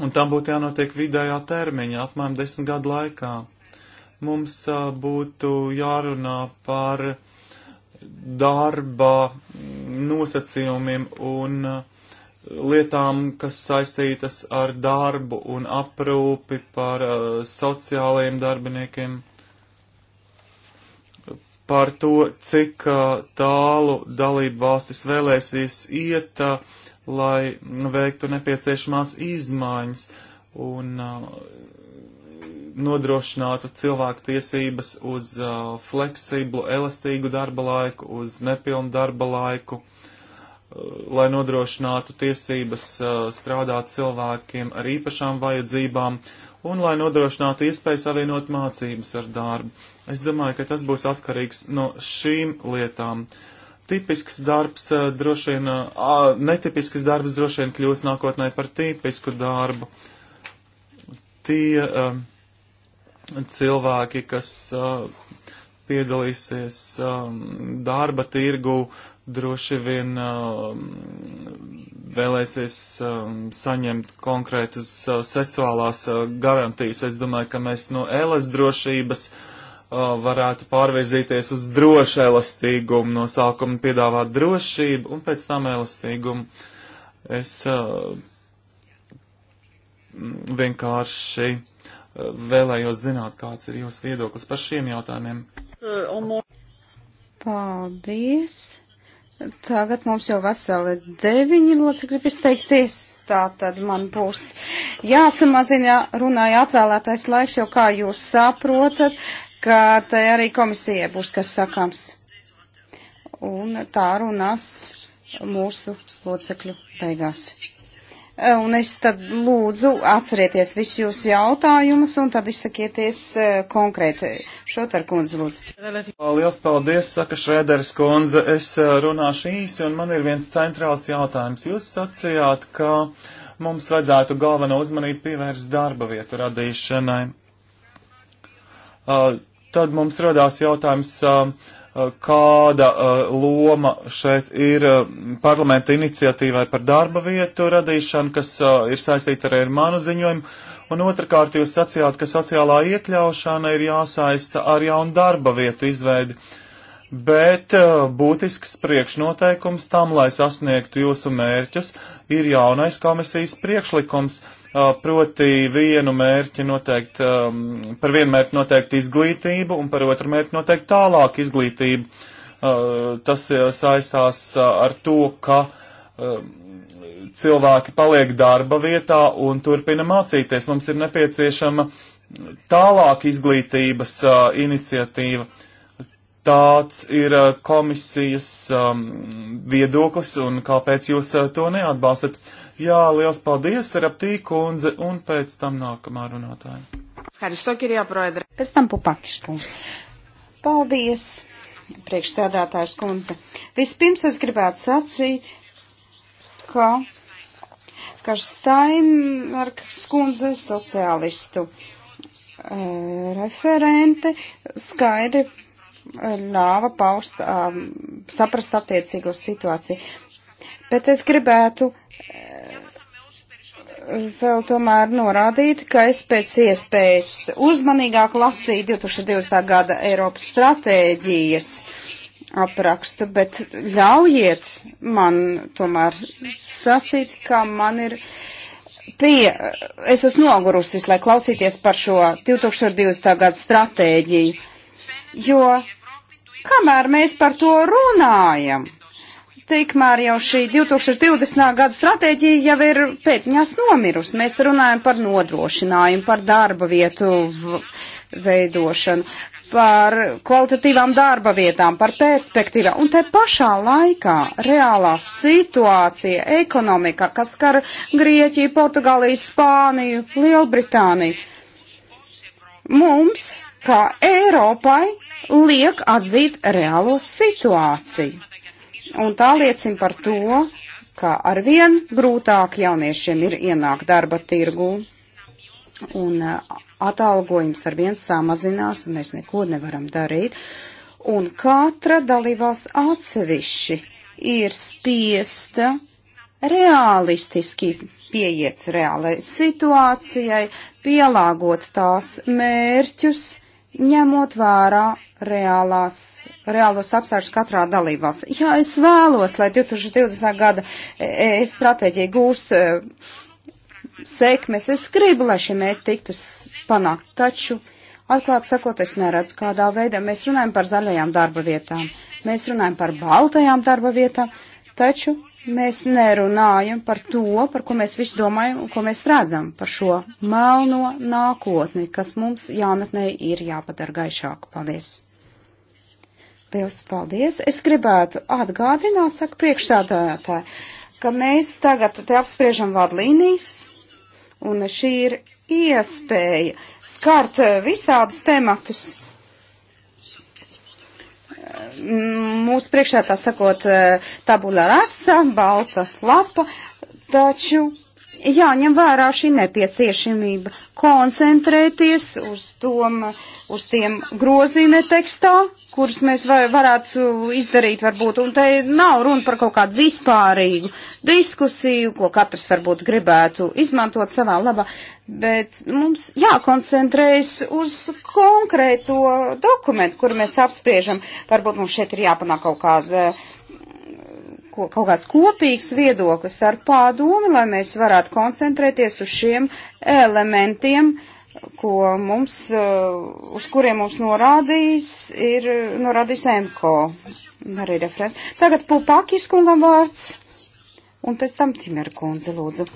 Un tam būtu jānotiek vidējā termiņa, apmēram desmit gadu laikā. Mums a, būtu jārunā par darba nosacījumiem un a, lietām, kas saistītas ar darbu un aprūpi par uh, sociālajiem darbiniekiem par to, cik uh, tālu dalību valstis vēlēsies iet, uh, lai veiktu nepieciešamās izmaiņas un uh, nodrošinātu cilvēku tiesības uz uh, fleksiblu, elastīgu darba laiku, uz nepilnu darba laiku, uh, lai nodrošinātu tiesības uh, strādāt cilvēkiem ar īpašām vajadzībām un lai nodrošinātu iespēju savienot mācības ar darbu. Es domāju, ka tas būs atkarīgs no šīm lietām. Tipisks darbs eh, droši vien, eh, netipisks darbs droši vien kļūs nākotnē par tipisku darbu. Tie uh, cilvēki, kas uh, piedalīsies um, darba tirgu, droši vien um, vēlēsies um, saņemt konkrētas uh, seksuālās uh, garantijas. Es domāju, ka mēs no elas drošības uh, varētu pārvirzīties uz drošu elastīgumu, no sākuma piedāvāt drošību un pēc tam elastīgumu. Es uh, vienkārši uh, vēlējos zināt, kāds ir jūsu viedoklis par šiem jautājumiem. Uh, Paldies! Tagad mums jau veseli deviņi locekļi grib izteikties, tā tad man būs jāsamazina runāja atvēlētais laiks, jo kā jūs saprotat, ka tai arī komisijai būs kas sakāms. Un tā runās mūsu locekļu beigās. Eh, un es tad lūdzu atcerieties visus jūsu jautājumus un tad izsakieties eh, konkrēti. Šotar kundze lūdzu. Liels paldies, saka Šrēderis kundze. Es eh, runāšu īsi un man ir viens centrāls jautājums. Jūs sacījāt, ka mums vajadzētu galveno uzmanību pievērst darba vietu radīšanai. Uh, tad mums radās jautājums. Uh, Eh, kāda eh, loma šeit ir eh, parlamenta iniciatīvai par darba vietu radīšanu, kas ir saistīta arī ar manu ziņojumu. Un otrkārt, jūs sacījāt, ka sociālā iekļaušana ir jāsaista ar jaunu darba vietu izveidi. Bet būtisks priekšnoteikums tam, lai sasniegtu jūsu mērķus, ir jaunais komisijas priekšlikums. Uh, Uh, proti vienu mērķi noteikt, um, par vienu mērķi noteikt izglītību un par otru mērķi noteikt tālāk izglītību. Uh, tas uh, saistās ar to, ka um, cilvēki paliek darba vietā un turpina mācīties. Mums ir nepieciešama tālāk izglītības iniciatīva. Tāds ir komisijas um, viedoklis un kāpēc jūs to neatbalstat? Jā, liels paldies, Raptī kundze, un pēc tam nākamā runātāja. Haristo, Kirijā, Proedre. Pēc tam Pupakis kungs. Paldies, priekšstādātājs kundze. Vispirms es gribētu sacīt, ka Karstainarkas kundze sociālistu eh, referente skaidri eh, ļāva paust, um, saprast attiecīgo situāciju. Bet es gribētu vēl tomēr norādīt, ka es pēc iespējas uzmanīgāk lasīju 2020. gada Eiropas stratēģijas aprakstu, bet ļaujiet man tomēr sacīt, ka man ir pie, es esmu nogurusis, lai klausīties par šo 2020. gada stratēģiju, jo kamēr mēs par to runājam, tikmēr jau šī 2020. gada stratēģija jau ir pēdiņās nomirusi. Mēs runājam par nodrošinājumu, par darba vietu veidošanu, par kvalitatīvām darba vietām, par perspektīvām. Un te pašā laikā reālā situācija, ekonomika, kas skar Grieķiju, Portugāliju, Spāniju, Lielbritāniju, mums, kā Eiropai, liek atzīt reālo situāciju Un tā liecina par to, ka arvien grūtāk jauniešiem ir ienākt darba tirgū, un uh, atalgojums arvien samazinās, un mēs neko nevaram darīt. Un katra dalībās atsevišķi ir spiesta realistiski pieiet reālai situācijai, pielāgot tās mērķus, ņemot vērā reālās, reālos apstākļus katrā dalībvalstī. Jā, es vēlos, lai 2020. gada es stratēģija gūst e, sekmes. Es gribu, lai šie mērķi tiktu panākt, taču, atklāt sakot, es neredzu, kādā veidā mēs runājam par zaļajām darba vietām. Mēs runājam par baltajām darba vietām, taču mēs nerunājam par to, par ko mēs visi domājam un ko mēs redzam, par šo melno nākotni, kas mums jaunatnē ir jāpadara gaišāk. Paldies! Liels paldies! Es gribētu atgādināt, saka priekšsādātāji, ka mēs tagad te apspriežam vadlīnijas, un šī ir iespēja skart eh, visādus tematus. Mm, mūsu priekšā tā sakot eh, tabula rasa, balta lapa, taču jāņem vērā šī nepieciešamība koncentrēties uz, tom, uz tiem grozīme tekstā, kurus mēs var, varētu izdarīt varbūt, un te nav runa par kaut kādu vispārīgu diskusiju, ko katrs varbūt gribētu izmantot savā labā, bet mums jākoncentrējas uz konkrēto dokumentu, kuru mēs apspriežam. Varbūt mums šeit ir jāpanāk kaut kāda. Uh, ko, kaut kāds kopīgs viedoklis ar pārdomi, lai mēs varētu koncentrēties uz šiem elementiem, ko mums, eh, uz kuriem mums norādījis, ir norādījis MKO. Arī referents. Tagad Pupakis kungam vārds, un pēc tam Timer kundze lūdzu.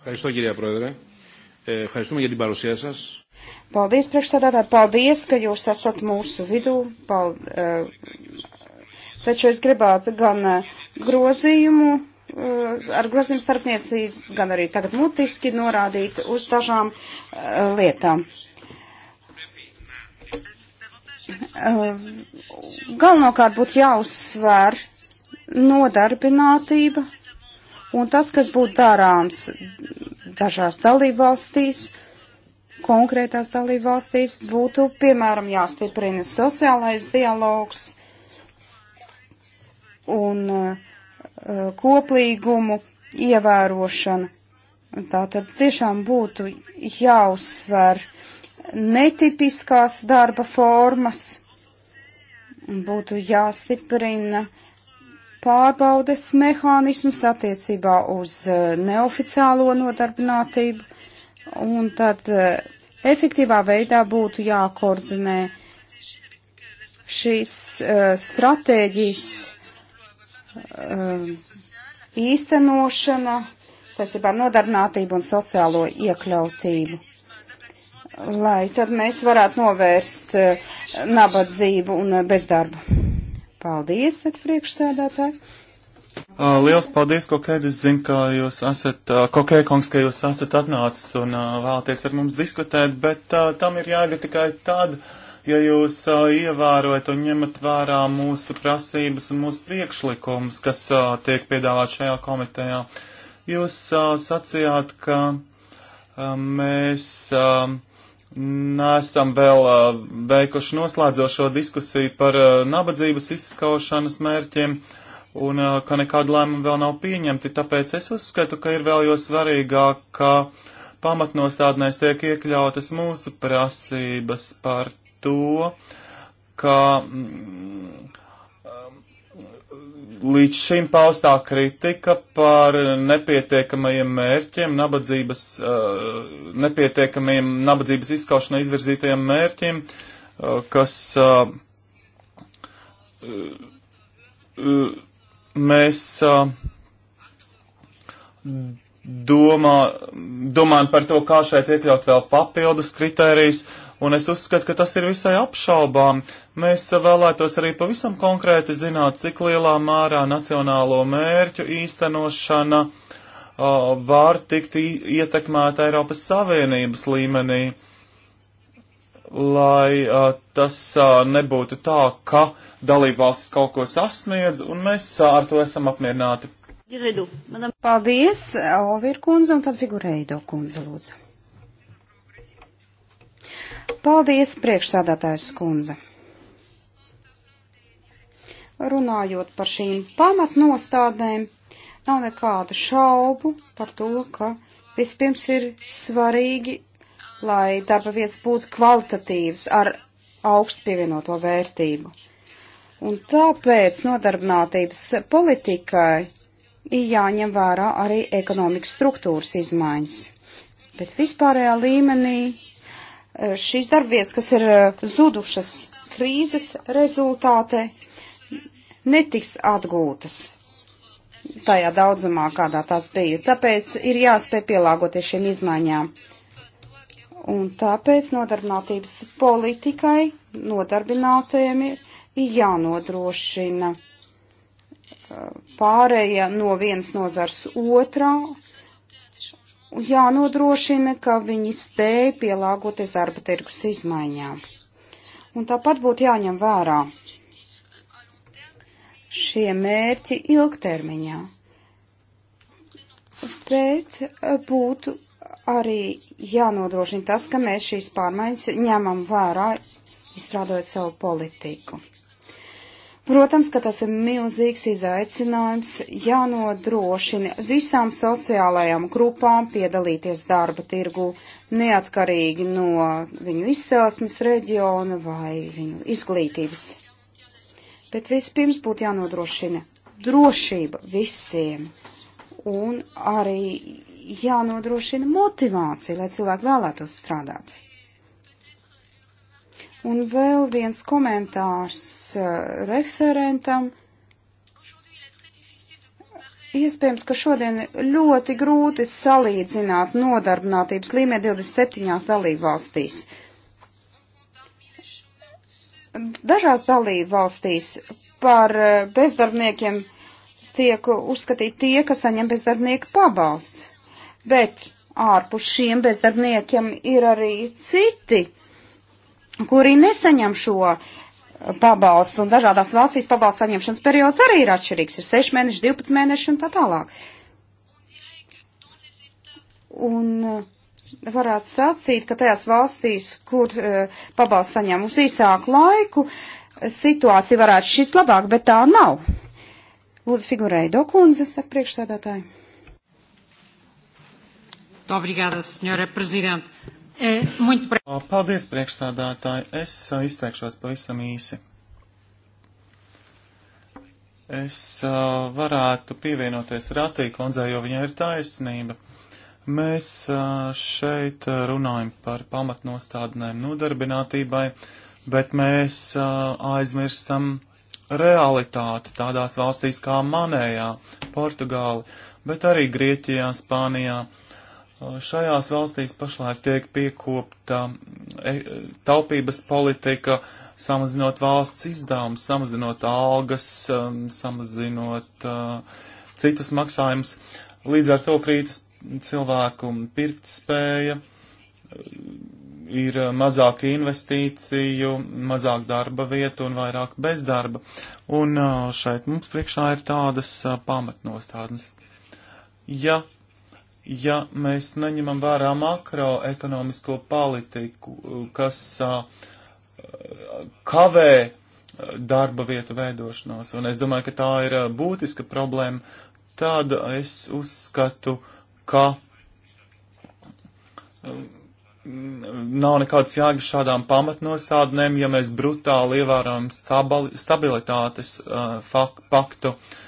Ευχαριστώ κυρία Πρόεδρε. Ε, ευχαριστούμε για την παρουσία σας. Paldies, priekšsādātāji, paldies, ka jūs esat mūsu vidū. Pal, uh, Taču es gribētu gan e, grozījumu, e, ar grozījumu starpniecību, gan arī tagad mutiski norādīt uz dažām e, lietām. Galvenokārt būtu jāuzsver nodarbinātība un tas, kas būtu darāms dažās dalībvalstīs, konkrētās dalībvalstīs, būtu, piemēram, jāstiprina sociālais dialogs, un eh, eh, koplīgumu ievērošana. Tā tad tiešām būtu jāuzsver netipiskās darba formas, būtu jāstiprina pārbaudes mehānismus attiecībā uz eh, neoficiālo nodarbinātību, un tad efektīvā veidā būtu jākoordinē šīs stratēģijas Um, īstenošana saistībā ar nodarbinātību un sociālo iekļautību. Lai tad mēs varētu novērst uh, nabadzību un uh, bezdarbu. Paldies, priekšsēdētāji! Uh, liels paldies, Kokēd, es zinu, ka jūs esat, Kokē kungs, ka jūs esat atnācis un vēlaties ar mums diskutēt, bet tam ir jāga tikai tad, uh, ja jūs uh, ievērojat un ņemat vērā mūsu prasības un mūsu priekšlikumus, kas uh, tiek piedāvāt šajā komitejā. Jūs uh, sacījāt, ka uh, mēs uh, nesam vēl uh, veikuši noslēdzošo diskusiju par uh, nabadzības izskaušanas mērķiem un uh, ka nekādu lēmumu vēl nav pieņemti, tāpēc es uzskatu, ka ir vēl jo svarīgāk, ka pamatnostādnēs tiek iekļautas mūsu prasības par to, ka mm, um, līdz šim paustā kritika par nepietiekamajiem mērķiem, nabadzības, uh, nepietiekamajiem nabadzības izskaušanai izvirzītajiem mērķiem, uh, kas uh, mēs domā, domājam par to, kā šeit iekļaut vēl papildus kritērijas, uh, un es uzskatu, ka tas ir visai apšaubām. Mēs vēlētos arī pavisam konkrēti zināt, cik lielā mērā nacionālo mērķu īstenošana uh, var tikt ietekmēta Eiropas Savienības līmenī, lai uh, tas uh, nebūtu tā, ka dalībvalstis kaut ko sasniedz, un mēs uh, ar to esam apmierināti. Paldies, Ovir kundze, un tad figurēja do kundze, lūdzu. Paldies, priekšsādātājs skundze! Runājot par šīm pamatnostādēm, nav nekādu šaubu par to, ka vispirms ir svarīgi, lai darba vietas būtu kvalitatīvas ar augstu pievienoto vērtību. Un tāpēc nodarbinātības politikai ir jāņem vērā arī ekonomikas struktūras izmaiņas. Bet vispārējā līmenī Eh, šīs darbvietas, kas ir eh, zudušas krīzes rezultātē, netiks atgūtas tajā daudzumā, kādā tās bija. Tāpēc ir jāspēj pielāgoties šīm izmaiņām. Un tāpēc nodarbinātības politikai nodarbinātajiem ir jānodrošina eh, pārēja no vienas nozars otrā jānodrošina, ka viņi spēj pielāgoties darba tirgus izmaiņām. Un tāpat būtu jāņem vērā šie mērķi ilgtermiņā. Bet eh, būtu arī jānodrošina tas, ka mēs šīs pārmaiņas ņemam vērā, izstrādājot savu politiku. Protams, ka tas ir milzīgs izaicinājums jānodrošina visām sociālajām grupām piedalīties darba tirgu, neatkarīgi no viņu izcelsmes reģiona vai viņu izglītības. Bet vispirms būtu jānodrošina drošība visiem un arī jānodrošina motivācija, lai cilvēki vēlētos strādāt. Un vēl viens komentārs uh, referentam. Iespējams, ka šodien ļoti grūti salīdzināt nodarbinātības līmeni 27 dalību valstīs. Dažās dalību valstīs par uh, bezdarbniekiem tiek uzskatīti tie, kas saņem bezdarbnieku pabalstu. Bet ārpus šiem bezdarbniekiem ir arī citi kuri nesaņem šo uh, pabalstu, un dažādās valstīs pabalstu saņemšanas periods arī ir atšķirīgs, ir 6 mēneši, 12 mēneši un tā tālāk. Un uh, varētu sacīt, ka tajās valstīs, kur uh, pabalstu saņem uz īsāku laiku, situācija varētu šis labāk, bet tā nav. Lūdzu, figurēja dokundze, saka priekšsēdētāji. Obrigada, senhora Presidente. E, paldies, priekšstādātāji. Es izteikšos pavisam īsi. Es uh, varētu pievienoties Ratīk kundzei, jo viņai ir taisnība. Mēs uh, šeit runājam par pamatnostādnēm nodarbinātībai, bet mēs uh, aizmirstam realitāti tādās valstīs kā manējā, Portugāli, bet arī Grieķijā, Spānijā. Uh, Šajās valstīs pašlaik tiek piekopta e, taupības politika, samazinot valsts izdevumus, samazinot algas, um, samazinot uh, citus maksājumus. Līdz ar to krītas cilvēku pirktspēja, uh, ir mazāk investīciju, mazāk darba vietu un vairāk bezdarba. Un uh, šeit mums priekšā ir tādas uh, pamatnostādnes. Ja ja mēs neņemam vērā makroekonomisko politiku, uh, kas uh, kavē uh, darba vietu veidošanos, un es domāju, ka tā ir būtiska problēma, tad es uzskatu, ka um, nav nekāds jēgas šādām pamatnostādnēm, ja mēs brutāli ievērojam stabilitātes uh, faktu. Uh,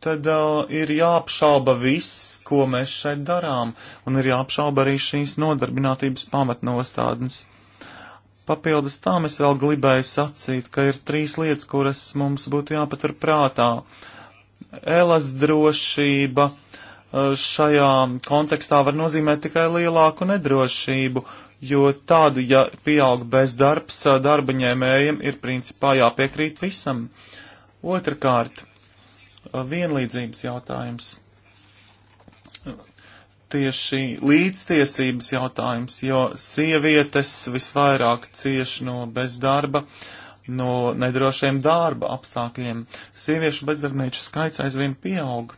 tad uh, ir jāapšauba viss, ko mēs šeit darām, un ir jāapšauba arī šīs nodarbinātības pamatnostādnes. Papildus tam es vēl gribēju sacīt, ka ir trīs lietas, kuras mums būtu jāpatur prātā. Elas drošība uh, šajā kontekstā var nozīmēt tikai lielāku nedrošību, jo tādu, ja pieaug bezdarbs, uh, darba ņēmējiem ir principā jāpiekrīt visam. Otrakārt, Uh, vienlīdzības jautājums. Tieši līdztiesības jautājums, jo sievietes visvairāk cieš no bezdarba, no nedrošiem darba apstākļiem. Sieviešu bezdarbnieču skaits aizvien pieaug,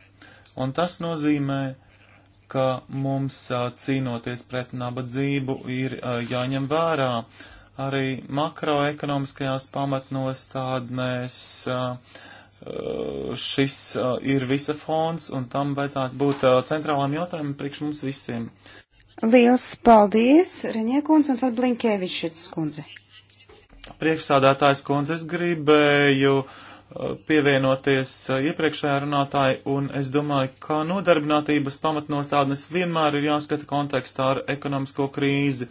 un tas nozīmē, ka mums uh, cīnoties pret nabadzību ir uh, jāņem vērā arī makroekonomiskajās pamatnostādnēs, uh, Eh, šis eh, ir visa fonds, un tam vajadzētu būt eh, centrālām jautājumam priekš mums visiem. Liels paldies, Reņiekundze, un tad Blinkēvičs kundze. Priekšsādātājs kundze, es gribēju pievienoties iepriekšējā runātāja, un es domāju, ka nodarbinātības pamatnostādnes vienmēr ir jāskata kontekstā ar ekonomisko krīzi,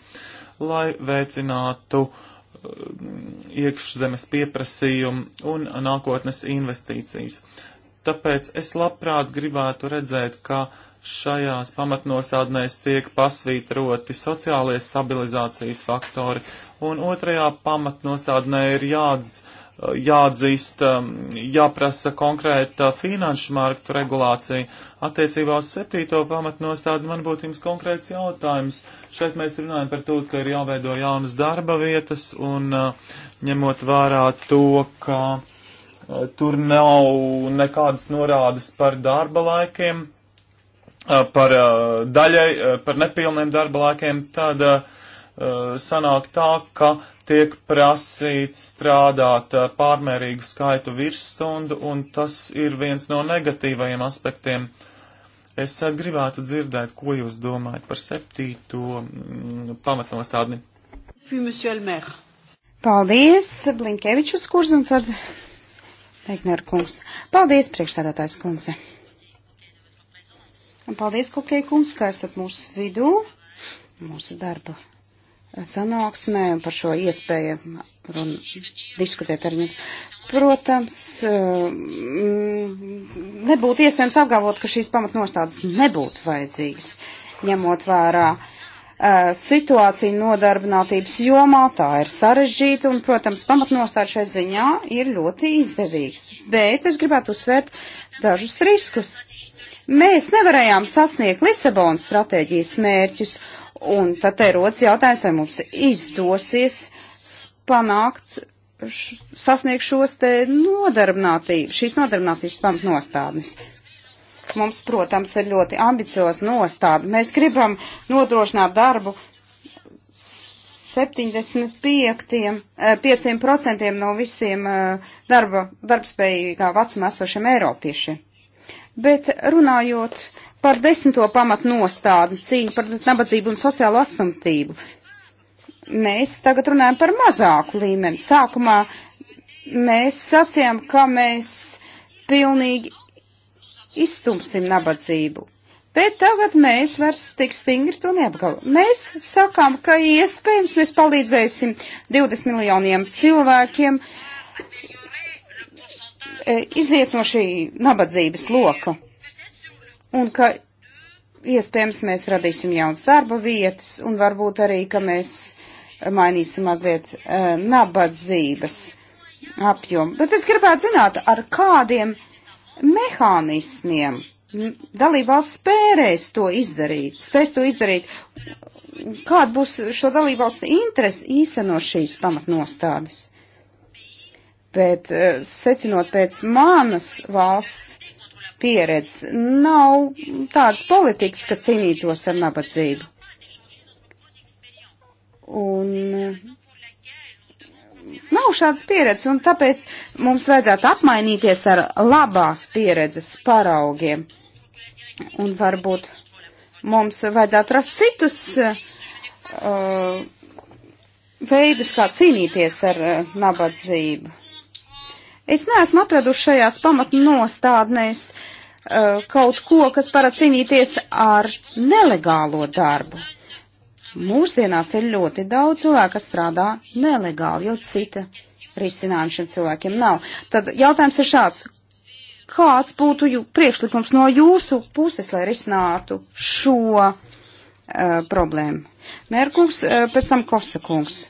lai veicinātu uh, Uh, iekšzemes pieprasījumu un nākotnes investīcijas. Tāpēc es labprāt gribētu redzēt, ka šajās pamatnostādnēs tiek pasvītroti sociālie stabilizācijas faktori, un otrajā pamatnostādnē ir jāatdzīst jāatzīst, um, jāprasa konkrēta finanšu marktu regulācija. Attiecībā uz septīto pamatnostādi man būtu jums konkrēts jautājums. Šeit mēs runājam par to, ka ir jāveido jaunas darba vietas un uh, ņemot vērā to, ka uh, tur nav nekādas norādes par darba laikiem, uh, par daļai, par nepilniem darba laikiem, tad sanāk tā, ka tiek prasīts strādāt pārmērīgu skaitu virsstundu, un tas ir viens no negatīvajiem aspektiem. Es gribētu dzirdēt, ko jūs domājat par septīto mm, pamatnostādni. Paldies, Blinkevičus kurs, un tad Eigner kungs. Paldies, priekšstādātājs kundze. Un paldies, Kokē kungs, ka esat mūsu vidū, mūsu darba sanāksmē un par šo iespēju run, diskutēt ar jums. Protams, eh, mm, nebūtu iespējams apgalvot, ka šīs pamatnostādes nebūtu vajadzīgas, ņemot vērā eh, situāciju nodarbinātības jomā, tā ir sarežģīta un, protams, pamatnostāde šai ziņā ir ļoti izdevīgs. Bet es gribētu uzsvērt dažus riskus. Mēs nevarējām sasniegt Lisabonas stratēģijas mērķus Un tad te rodas jautājums, vai mums izdosies panākt, š, sasniegt šos te nodarbinātības, šīs nodarbinātības pamatnostādnes. Mums, protams, ir ļoti ambiciozs nostādi. Mēs gribam nodrošināt darbu 75% eh, no visiem eh, darba, darbspējīgā vecuma esošiem eiropiešiem. Bet runājot uh, Par desmito pamatu nostādi cīņa par nabadzību un sociālo atstumtību. Mēs tagad runājam par mazāku līmeni. Sākumā mēs sacījām, ka mēs pilnīgi izstumsim nabadzību. Bet tagad mēs vairs tik stingri to neapgalvojam. Mēs sakām, ka iespējams mēs palīdzēsim 20 miljoniem cilvēkiem e, iziet no šī nabadzības loka un ka iespējams mēs radīsim jauns darba vietas un varbūt arī, ka mēs mainīsim mazliet uh, nabadzības apjomu. Bet es gribētu zināt, ar kādiem mehānismiem dalībvalsts spērēs to izdarīt, spēs to izdarīt, kāda būs šo dalībvalstu interesi īstenot šīs pamatnostādes. Bet uh, secinot pēc manas valsts, pieredzes. Nav tādas politikas, kas cīnītos ar nabadzību. Un eh, nav šādas pieredzes, un tāpēc mums vajadzētu apmainīties ar labās pieredzes paraugiem. Un varbūt mums vajadzētu rast citus uh, veidus, kā cīnīties ar uh, nabadzību. Es neesmu atraduši šajās pamatnostādnēs uh, kaut ko, kas parāda cīnīties ar nelegālo darbu. Mūsdienās ir ļoti daudz cilvēku, kas strādā nelegāli, jo cita risinājuma šiem cilvēkiem nav. Tad jautājums ir šāds, kāds būtu jū, priekšlikums no jūsu puses, lai risinātu šo uh, problēmu? Mērkungs, uh, pēc tam Kostakungs.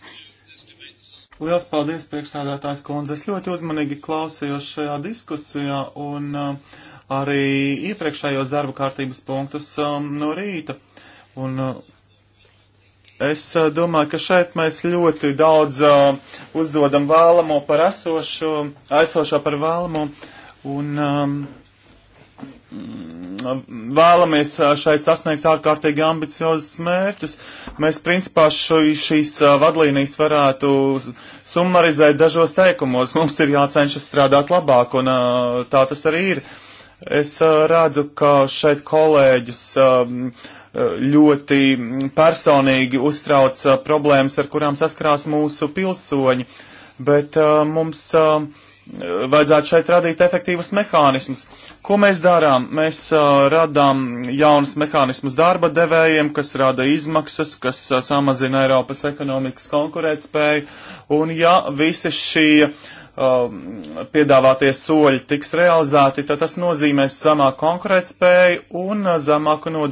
Liels paldies, priekšsādātājs kundze. Es ļoti uzmanīgi klausījos šajā diskusijā un uh, arī iepriekšējos darba kārtības punktus um, no rīta. Un, uh, es uh, domāju, ka šeit mēs ļoti daudz uh, uzdodam vēlamo par esošo, esošo par vēlamo. Un, um, vēlamies šeit sasniegt ārkārtīgi ambiciozus mērķus. Mēs principā šīs vadlīnijas varētu summarizēt dažos teikumos. Mums ir jācenšas strādāt labāk, un tā tas arī ir. Es redzu, ka šeit kolēģus ļoti personīgi uztrauc problēmas, ar kurām saskarās mūsu pilsoņi, bet mums vajadzētu šeit radīt efektīvus mehānismus. Ko mēs darām? Mēs uh, radām jaunus mehānismus darba devējiem, kas rada izmaksas, kas uh, samazina Eiropas ekonomikas konkurētspēju, un ja visi šie uh, piedāvātie soļi tiks realizēti, tad tas nozīmēs zemāku konkurētspēju un uh, zemāku nu,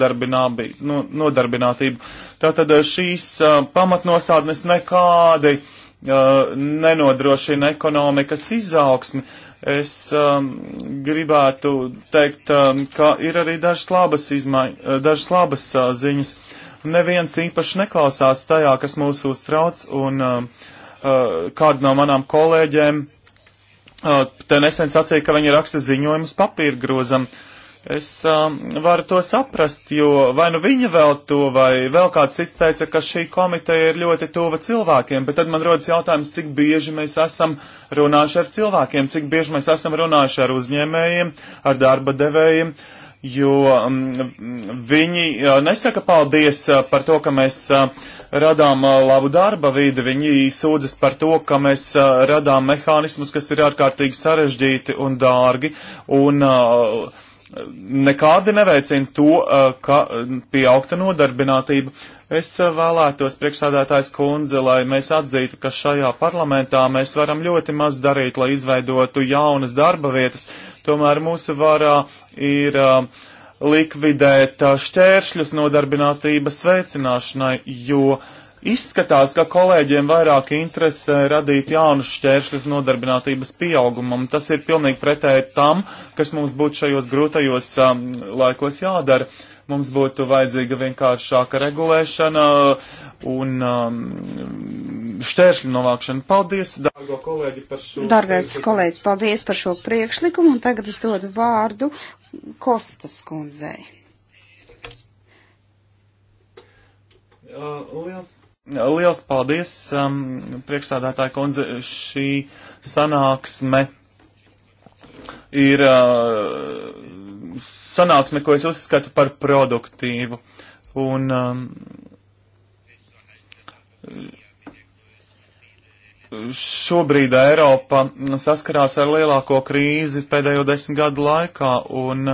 nodarbinātību. Tātad uh, šīs uh, pamatnosādnes nekādi uh, Uh, nenodrošina ekonomikas izaugsmi. Es um, gribētu teikt, um, ka ir arī dažas labas, izmai, uh, dažas labas uh, ziņas. Neviens īpaši neklausās tajā, kas mūs uztrauc, un uh, uh, kāda no manām kolēģiem uh, te nesen sacīja, ka viņi raksta ziņojumus papīra grozam. Uh, Es um, varu to saprast, jo vai nu viņa vēl to, vai vēl kāds cits teica, ka šī komiteja ir ļoti tuva cilvēkiem, bet tad man rodas jautājums, cik bieži mēs esam runājuši ar cilvēkiem, cik bieži mēs esam runājuši ar uzņēmējiem, ar darba devējiem, jo um, viņi uh, nesaka paldies uh, par to, ka mēs uh, radām uh, labu darba vīdi, viņi sūdzas par to, ka mēs uh, radām mehānismus, kas ir ārkārtīgi sarežģīti un dārgi. Un, uh, nekādi neveicina to, eh, ka eh, pieaugta nodarbinātība. Es eh, vēlētos priekšsādātājs kundze, lai mēs atzītu, ka šajā parlamentā mēs varam ļoti maz darīt, lai izveidotu jaunas darba vietas. Tomēr mūsu varā ir likvidēt šķēršļus nodarbinātības veicināšanai, jo uh, Izskatās, ka kolēģiem vairāk interesē radīt jaunus šķēršļus nodarbinātības pieaugumam. Tas ir pilnīgi pretēji tam, kas mums būtu šajos grūtajos um, laikos jādara. Mums būtu vajadzīga vienkāršāka regulēšana un um, šķēršļu novākšana. Paldies, dārgo kolēģi, par šo. Dārgais kolēģis, paldies par šo priekšlikumu un tagad es dodu vārdu Kostas kundzei. Uh, liels Liels paldies, um, priekšstādātāja kundze, šī sanāksme ir uh, sanāksme, ko es uzskatu par produktīvu. Un um, šobrīd Eiropa saskarās ar lielāko krīzi pēdējo desmit gadu laikā un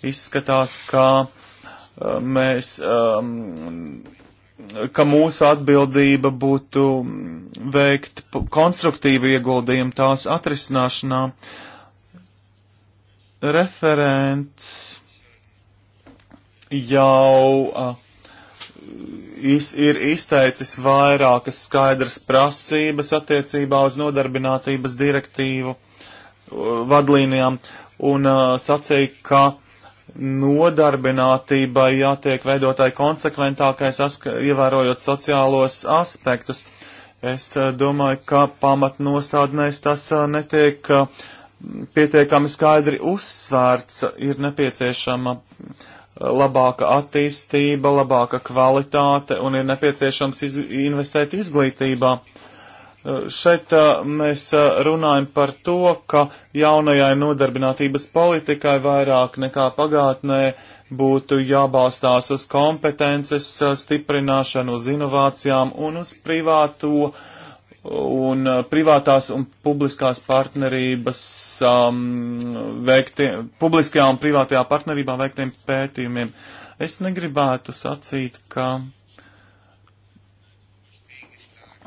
izskatās, ka uh, mēs um, ka mūsu atbildība būtu veikt konstruktīvu ieguldījumu tās atrisināšanā. Referents jau uh, iz, ir izteicis vairākas skaidras prasības attiecībā uz nodarbinātības direktīvu uh, vadlīnijām un uh, sacīja, ka nodarbinātībai jātiek veidotai konsekventākai, ievērojot sociālos aspektus. Es eh, domāju, ka pamatnostādnēs tas eh, netiek eh, pietiekami skaidri uzsvērts, ir nepieciešama labāka attīstība, labāka kvalitāte un ir nepieciešams iz investēt izglītībā. Šeit mēs runājam par to, ka jaunajai nodarbinātības politikai vairāk nekā pagātnē būtu jābalstās uz kompetences stiprināšanu, uz inovācijām un uz privāto un privātās un publiskās partnerības um, veiktiem, publiskajā un privātajā partnerībā veiktiem pētījumiem. Es negribētu sacīt, ka. Uh,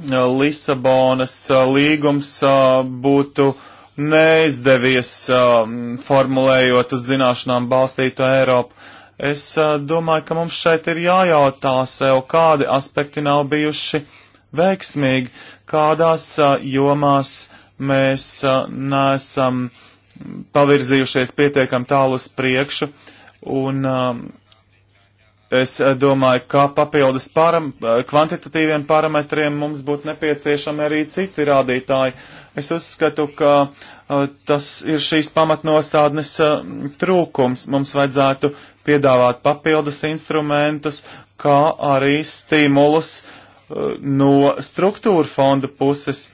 Lisabonas līgums būtu neizdevies formulējot uz zināšanām balstītu Eiropu. Es domāju, ka mums šeit ir jājautā sev, kādi aspekti nav bijuši veiksmīgi, kādās jomās mēs neesam pavirzījušies pietiekam tālu uz priekšu un Es eh, domāju, kā papildus param, eh, kvantitatīviem parametriem mums būtu nepieciešami arī citi rādītāji. Es uzskatu, ka uh, tas ir šīs pamatnostādnes uh, trūkums. Mums vajadzētu piedāvāt papildus instrumentus, kā arī stimulus uh, no struktūra fonda puses.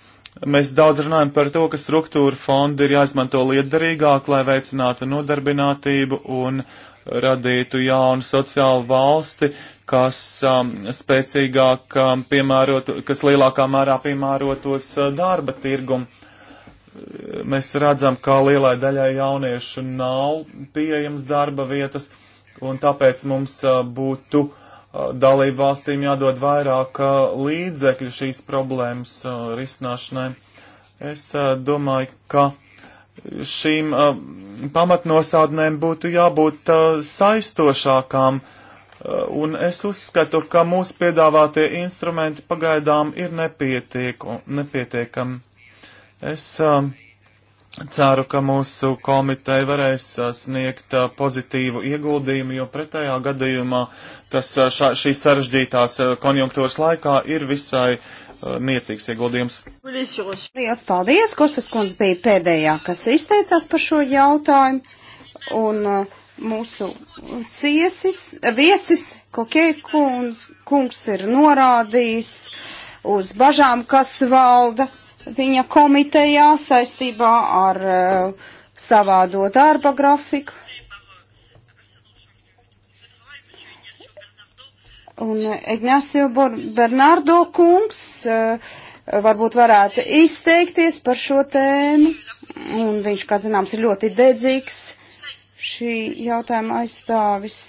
Mēs daudz runājam par to, ka struktūra fonda ir jāizmanto lietderīgāk, lai veicinātu nodarbinātību un uh, radītu jaunu sociālu valsti, kas um, spēcīgāk um, piemērotu, kas lielākā mērā piemērotos uh, darba tirgumu. Mēs redzam, ka lielai daļai jauniešu nav pieejams darba vietas, un tāpēc mums uh, būtu uh, dalību valstīm jādod vairāk uh, līdzekļu šīs problēmas uh, risināšanai. Es uh, domāju, ka šīm pamatnosādnēm būtu jābūt uh, saistošākām, uh, un es uzskatu, ka mūsu piedāvātie instrumenti pagaidām ir nepietiekami. Es uh, ceru, ka mūsu komiteja varēs uh, sniegt uh, pozitīvu ieguldījumu, jo pretējā gadījumā tas uh, šā, šīs sarežģītās konjunktūras laikā ir visai uh, Uh, niecīgs ieguldījums. Lielas paldies! Kostas kundze bija pēdējā, kas izteicās par šo jautājumu. Un uh, mūsu ciesis, uh, viesis Kokē kungs, kungs ir norādījis uz bažām, kas valda viņa komitejā saistībā ar uh, savādo darba grafiku Un eh, Ignacio Bernardo kungs eh, varbūt varētu izteikties par šo tēmu, un viņš, kā zināms, ir ļoti dedzīgs šī jautājuma aizstāvis.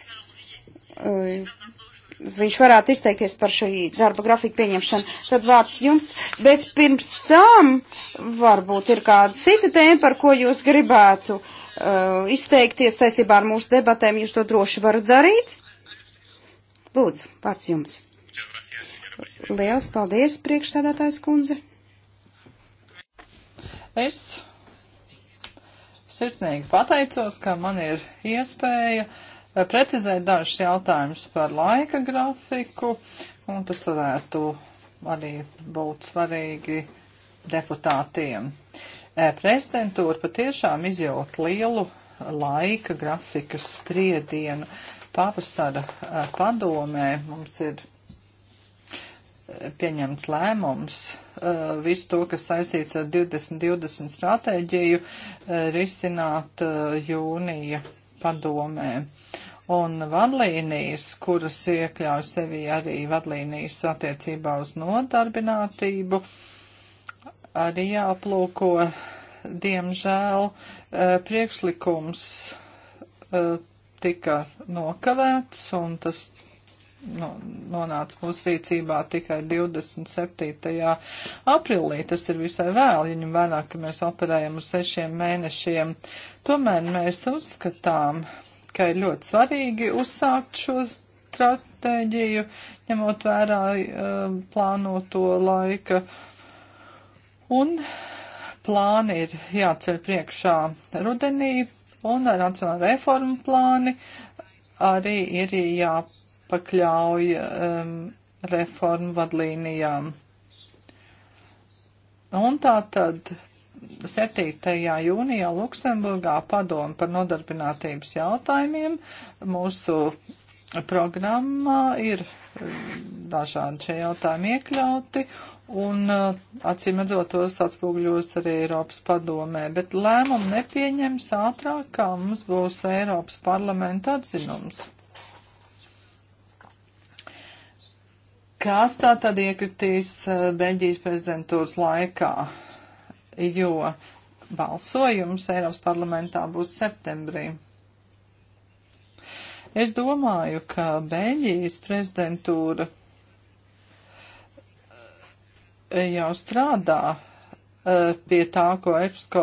Eh, viņš varētu izteikties par šī darba grafiku pieņemšanu. Tad vārds jums, bet pirms tam varbūt ir kāda cita tēma, par ko jūs gribētu uh, izteikties saistībā ar mūsu debatēm. Jūs to droši varat darīt. Lūdzu, vārds jums. Liels paldies, priekšstādātājs kundze. Es sirsnīgi pateicos, ka man ir iespēja eh, precizēt dažus jautājumus par laika grafiku, un tas varētu arī būt svarīgi deputātiem. Eh, prezidentūra patiešām izjūt lielu laika grafiku spriedienu pavasara padomē mums ir pieņemts lēmums. Visu to, kas saistīts ar 2020 stratēģiju, risināt jūnija padomē. Un vadlīnijas, kuras iekļauj sevi arī vadlīnijas attiecībā uz nodarbinātību, arī jāaplūko, diemžēl, priekšlikums tika nokavēts un tas nu, nonāca mūsu rīcībā tikai 27. aprilī. Tas ir visai vēl, ja ņem vērā, ka mēs operējam uz sešiem mēnešiem. Tomēr mēs uzskatām, ka ir ļoti svarīgi uzsākt šo stratēģiju, ņemot vērā uh, plānoto laika. Un plāni ir jāceļ priekšā rudenī, un nacionāla reforma plāni arī ir jāpakļauj um, reformu vadlīnijām. Un tā tad 7. jūnijā Luksemburgā padomu par nodarbinātības jautājumiem mūsu programmā ir um, dažādi šie jautājumi iekļauti un uh, acīm redzot tos atspūgļos arī Eiropas padomē, bet lēmumu nepieņems ātrāk, kā mums būs Eiropas parlamenta atzinums. Kas tā tad iekritīs uh, Beļģijas prezidentūras laikā, jo balsojums Eiropas parlamentā būs septembrī? Es domāju, ka Beļģijas prezidentūra jau strādā eh, pie tā, ko EPSCO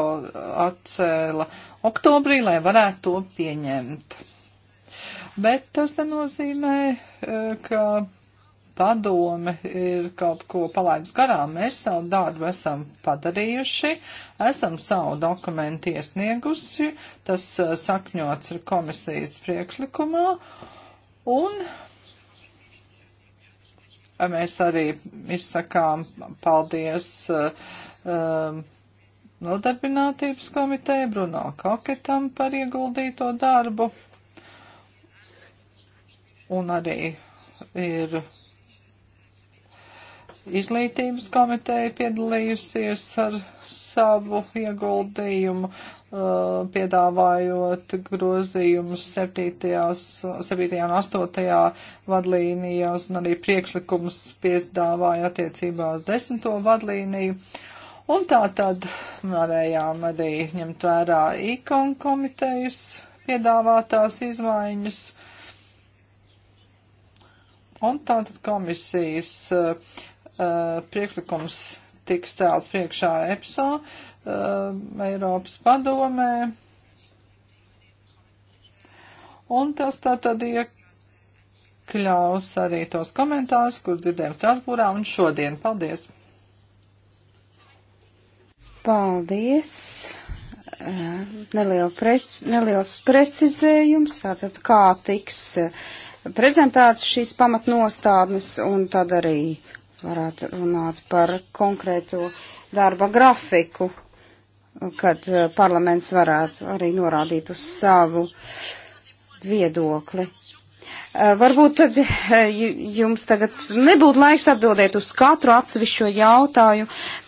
atcēla oktobrī, lai varētu to pieņemt. Bet tas nenozīmē, eh, ka padome ir kaut ko palaidus garām. Mēs savu darbu esam padarījuši, esam savu dokumentu iesniegusi, tas eh, sakņots ir komisijas priekšlikumā, un Mēs arī izsakām paldies um, nodarbinātības komiteja Bruno Koketam par ieguldīto darbu. Un arī ir izglītības komiteja piedalījusies ar savu ieguldījumu, uh, piedāvājot grozījumus 7. 7. un 8. vadlīnijās un arī priekšlikumus piedāvāja attiecībā uz 10. vadlīniju. Un tā tad varējām arī ņemt vērā ikon komitejas piedāvātās izmaiņas. Un tātad komisijas uh, Eh, priekšlikums tiks cēlts priekšā EPSO eh, Eiropas padomē. Un tas tātad iekļaus arī tos komentārus, kur dzirdējām Strasbūrā un šodien. Paldies! Paldies! Eh, neliela prec, neliels precizējums, tātad kā tiks prezentēts šīs pamatnostādnes un tad arī varētu runāt par konkrēto darba grafiku, kad eh, parlaments varētu arī norādīt uz savu viedokli. Eh, varbūt tad eh, jums tagad nebūtu laiks atbildēt uz katru atsevišķo jautājumu,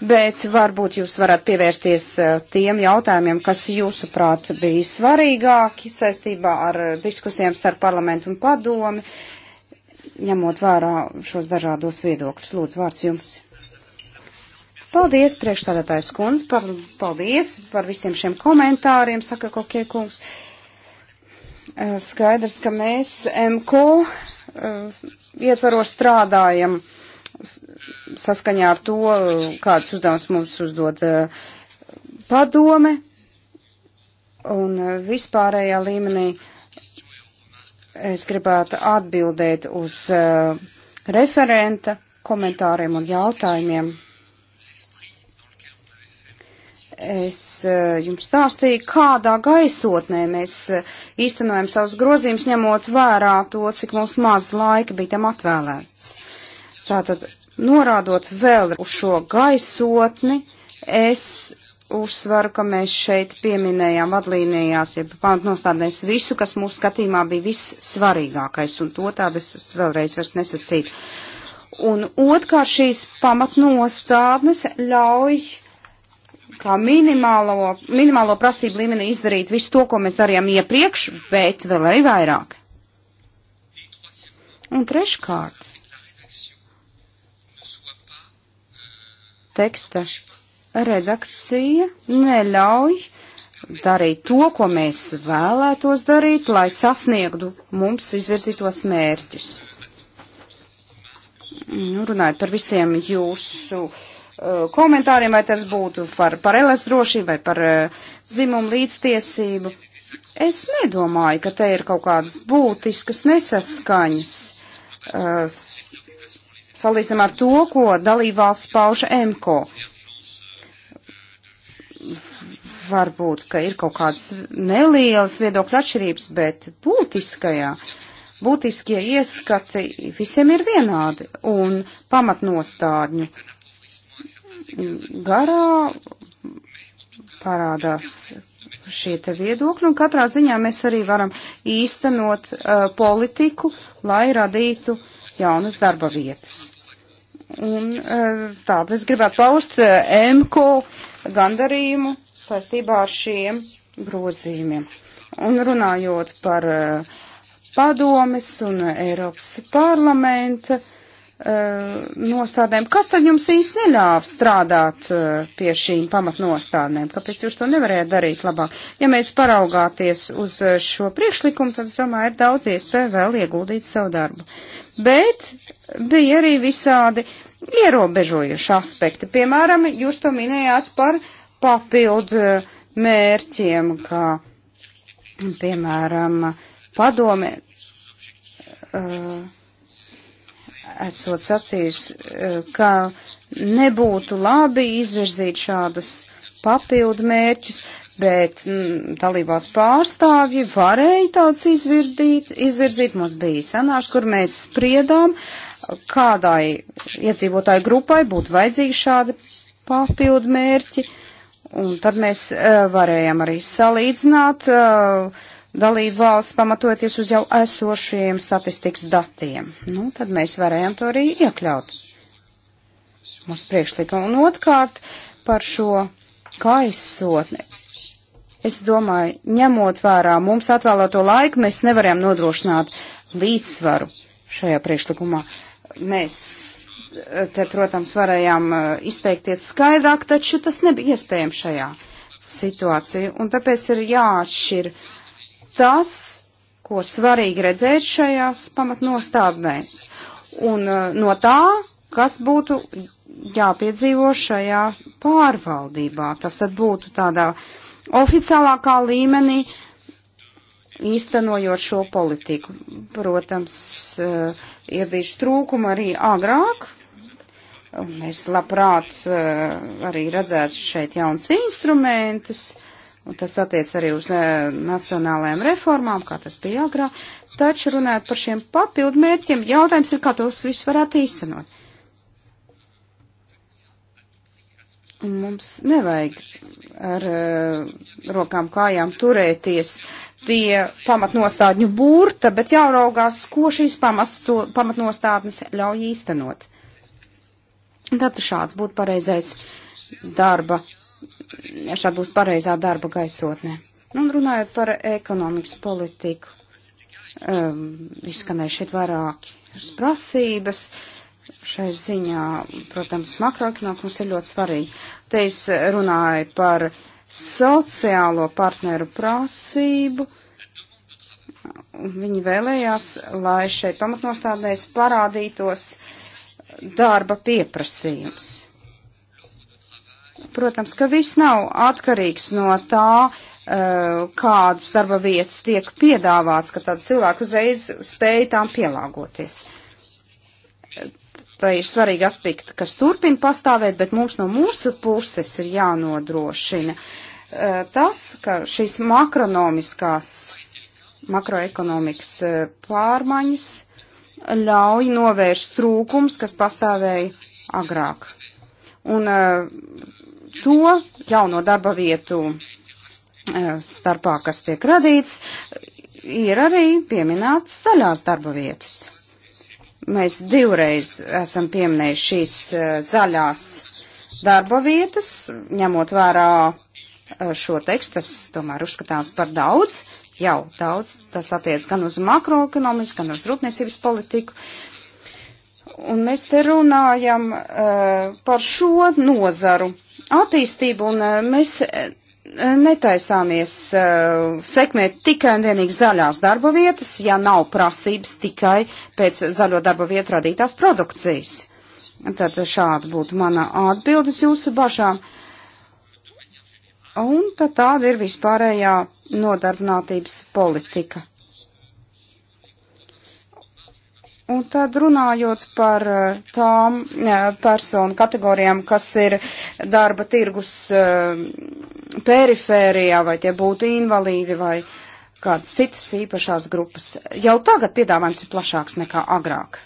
bet varbūt jūs varat pievērsties tiem jautājumiem, kas jūsuprāt bija svarīgāki saistībā ar diskusijām starp parlamentu un padomi. Uh, ņemot vērā šos dažādos viedokļus. Lūdzu, vārds jums. Paldies, priekšsādātājs kundz, par, paldies par visiem šiem komentāriem, saka Kokie kungs. Eh, skaidrs, ka mēs MKO eh, ietvaros strādājam saskaņā ar to, kādas uzdevums mums uzdod eh, padome un vispārējā līmenī Es gribētu atbildēt uz uh, referenta komentāriem un jautājumiem. Es uh, jums stāstīju, kādā gaisotnē mēs uh, īstenojam savus grozījumus, ņemot vērā to, cik mums maz laika bija tam atvēlēts. Tātad, norādot vēl uz šo gaisotni, es uzsvaru, ka mēs šeit pieminējām vadlīnijās, ja pamatnostādēs visu, kas mūsu skatījumā bija vissvarīgākais, un to tādas es vēlreiz vairs nesacītu. Un otrkārt šīs pamatnostādnes ļauj kā minimālo, minimālo prasību līmeni izdarīt visu to, ko mēs darījām iepriekš, bet vēl arī vairāk. Un treškārt, teksta redakcija neļauj darīt to, ko mēs vēlētos darīt, lai sasniegtu mums izvirzītos mērķus. Nu, runājot par visiem jūsu uh, komentāriem, vai tas būtu par, par LS drošību vai par uh, dzimumu līdztiesību, es nedomāju, ka te ir kaut kādas būtiskas nesaskaņas. Uh, Salīdzinām ar to, ko dalībvalsts pauša MKO varbūt, ka ir kaut kādas nelielas viedokļa atšķirības, bet būtiskajā, būtiskie ieskati visiem ir vienādi un pamatnostādņu garā parādās šie te viedokļi, un katrā ziņā mēs arī varam īstenot uh, politiku, lai radītu jaunas darba vietas. Un uh, tādu es gribētu paust uh, MKO gandarījumu saistībā ar šiem grozījumiem. Un runājot par eh, padomis un eh, Eiropas parlamenta eh, nostādēm, kas tad jums īsti neļāva strādāt pie šīm pamatnostādnēm? Kāpēc jūs to nevarējāt darīt labāk? Ja mēs paraugāties uz šo priekšlikumu, tad es domāju, ir daudz iespēju vēl ieguldīt savu darbu. Bet bija arī visādi ierobežojuši aspekti. Piemēram, jūs to minējāt par uh, papildu eh, mērķiem, kā, piemēram, padome, eh, esot sacījis, eh, ka nebūtu labi izvirzīt šādus papildu mērķus, bet m, mm, dalībās pārstāvji varēja tāds izvirdīt, izvirzīt. Mums bija sanāš, kur mēs spriedām, kādai iedzīvotāju grupai būtu vajadzīgi šādi papildu mērķi. Uh, Un tad mēs eh, varējām arī salīdzināt eh, dalību valsts pamatoties uz jau esošiem statistikas datiem. Nu, tad mēs varējām to arī iekļaut mūsu priekšlikumu. Un otrkārt par šo kaisotni. Es domāju, ņemot vērā mums atvēlēto laiku, mēs nevarējām nodrošināt līdzsvaru šajā priekšlikumā. Mēs te, protams, varējām uh, izteikties skaidrāk, taču tas nebija iespējams šajā situācijā. Un tāpēc ir jāatšķir tas, ko svarīgi redzēt šajās pamatnostādnēs, un uh, no tā, kas būtu jāpiedzīvo šajā pārvaldībā. Tas tad būtu tādā oficiālākā līmenī īstenojot šo politiku. Protams, uh, ir bijuši trūkumi arī agrāk Mēs labprāt eh, arī redzētu šeit jauns instrumentus, un tas attiec arī uz eh, nacionālajām reformām, kā tas bija agrāk. Taču runājot par šiem papildu mērķiem, jautājums ir, kā tos visus varētu īstenot. Un mums nevajag ar uh, rokām kājām turēties pie pamatnostādņu būrta, bet jāraugās, ko šīs pamatnostādnes ļauj īstenot. Tad šāds būtu pareizais darba, šāda būs pareizā darba gaisotnē. Un runājot par ekonomikas politiku, um, izskanēja šeit vairākas prasības. Šai ziņā, protams, makroekonomika ir ļoti svarīga. Te es runāju par sociālo partneru prasību. Viņi vēlējās, lai šeit pamatnostādēs parādītos uh, darba pieprasījums. Protams, ka viss nav atkarīgs no tā, eh, kādas darba vietas tiek piedāvāts, ka tad cilvēki uzreiz spēja tām pielāgoties. Tā ir svarīga aspekta, kas turpina pastāvēt, bet mums no mūsu puses ir jānodrošina eh, tas, ka šīs makronomiskās, makroekonomikas eh, pārmaiņas ļauj novērst trūkums, kas pastāvēja agrāk. Un eh, to jauno darba vietu eh, starpā, kas tiek radīts, ir arī pieminētas zaļās darba vietas. Mēs divreiz esam pieminējuši šīs eh, zaļās darba vietas, ņemot vērā šo tekstu, tas tomēr uzskatāms par daudz, jau daudz. Tas attiec gan uz makroekonomisku, gan uz rūpniecības politiku. Un mēs te runājam uh, par šo nozaru attīstību, un uh, mēs eh, netaisāmies uh, sekmēt tikai un vienīgi zaļās darba vietas, ja nav prasības tikai pēc zaļo darba vietu radītās produkcijas. Tad šāda būtu mana atbildes jūsu bažām. Un tad tāda ir vispārējā nodarbinātības politika. Un tad runājot par eh, tām eh, personu kategorijām, kas ir darba tirgus eh, perifērijā, vai tie būtu invalīdi vai kādas citas īpašās grupas, jau tagad piedāvājums ir plašāks nekā agrāk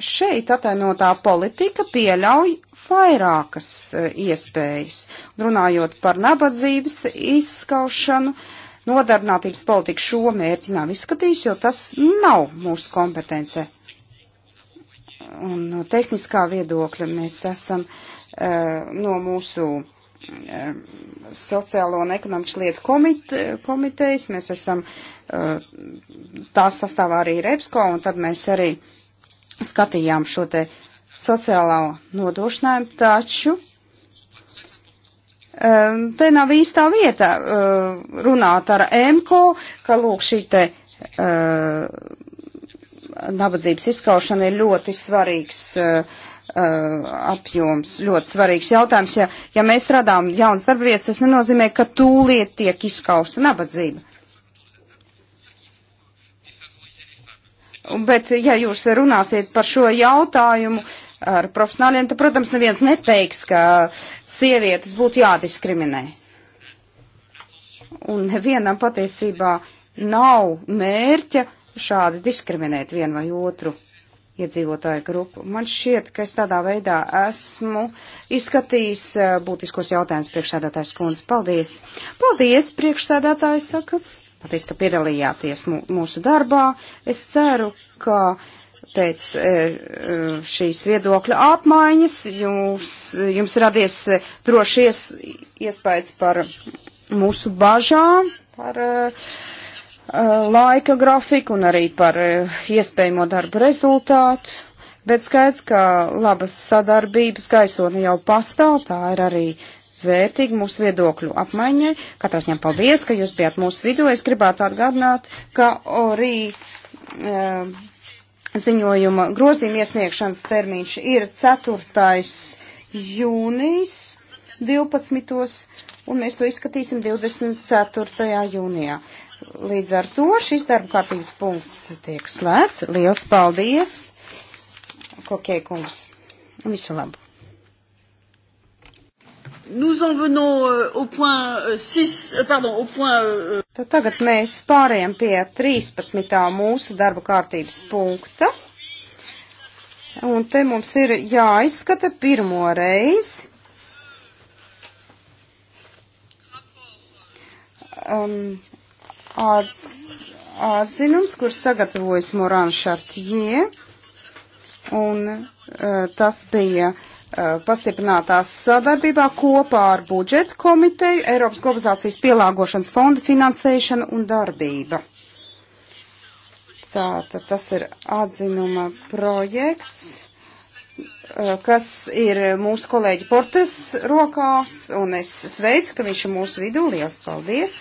šeit atainotā politika pieļauj vairākas e, iespējas. Runājot par nabadzības izskaušanu, nodarbinātības politika šo mērķi nav izskatījis, jo tas nav mūsu kompetence. Un no tehniskā viedokļa mēs esam uh, no mūsu uh, sociālo un ekonomikas lietu komite, komitejas, mēs esam uh, tās sastāvā arī Repsko, un tad mēs arī uh, skatījām šo te sociālā nodrošinājumu, taču um, te nav īstā vieta uh, runāt ar EMKO, ka lūk šī te uh, nabadzības izskaušana ir ļoti svarīgs uh, apjoms, ļoti svarīgs jautājums. Ja, ja mēs radām jaunas darbvietas, tas nenozīmē, ka tūliet tiek izskausta nabadzība. Bet, ja jūs runāsiet par šo jautājumu ar profesionāļiem, tad, protams, neviens neteiks, ka sievietes būtu jādiskriminē. Un nevienam patiesībā nav mērķa šādi diskriminēt vienu vai otru iedzīvotāju grupu. Man šķiet, ka es tādā veidā esmu izskatījis eh, būtiskos jautājumus priekšsēdētājs kundze. Paldies! Paldies, priekšsēdētājs saka! Paldies, ka piedalījāties mūsu darbā. Es ceru, ka pēc e, e, šīs viedokļa apmaiņas jums, jums radies e, drošies iespējas par mūsu bažām, par laika grafiku un arī par iespējamo darbu rezultātu. Bet skaidrs, ka labas sadarbības gaisotne jau pastāv, tā ir arī uh, vērtīgi mūsu viedokļu apmaiņai. Katrā ziņā paldies, ka jūs bijāt mūsu vidū. Es gribētu atgādināt, ka arī um, ziņojuma grozījuma iesniegšanas termiņš ir 4. jūnijas 12. un mēs to izskatīsim 24. jūnijā. Līdz ar to šis darba kārtības punkts tiek slēgts. Liels paldies, Kokē kungs. Visu labu! Nous en venons euh, au point 6, euh, euh, pardon, au point... Tad tagad mēs pārējām pie 13. mūsu darba kārtības punkta. Un te mums ir jāizskata pirmo reizi. Um, ats, atzinums, kur sagatavojas Moran Šartjē. Un uh, tas bija uh, Uh, pastiprinātās sadarbībā kopā ar budžetu komiteju, Eiropas globalizācijas pielāgošanas fonda finansēšana un darbība. Tātad tas ir atzinuma projekts, uh, kas ir mūsu kolēģi Portes rokās, un es sveicu, ka viņš ir mūsu vidū. Lielas paldies!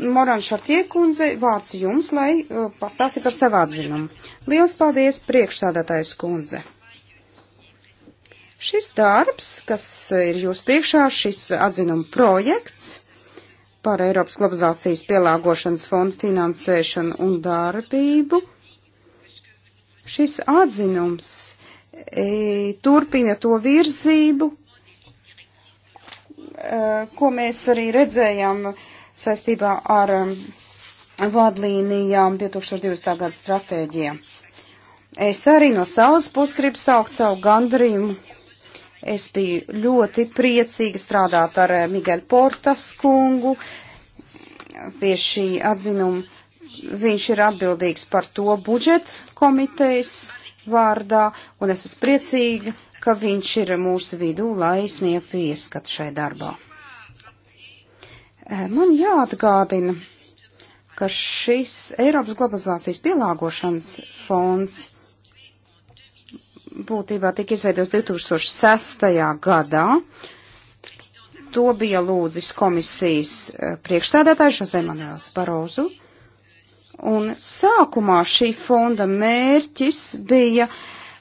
Un Moran Šartie kundze, vārds jums, lai uh, pastāstītu par savu atzinumu. Lielas paldies, priekšsādātājs kundze! Šis darbs, kas ir jūs priekšā, šis atzinuma projekts par Eiropas globalizācijas pielāgošanas fondu finansēšanu un darbību, šis atzinums e, turpina to virzību, e, ko mēs arī redzējām saistībā ar um, vadlīnijām 2020. gada stratēģijām. Es arī no savas puses gribu saukt savu gandrību Es biju ļoti priecīga strādāt ar eh, Miguel Portas kungu pie šī atzinuma. Viņš ir atbildīgs par to budžetu komitejas vārdā, un es esmu priecīga, ka viņš ir mūsu vidū, lai sniegtu ieskatu šai darbā. Eh, man jāatgādina, ka šis Eiropas globalizācijas pielāgošanas fonds būtībā tika izveidots 2006. gadā. To bija lūdzis komisijas eh, priekšstādātājs Jose Manuels Barozu. Un sākumā šī fonda mērķis bija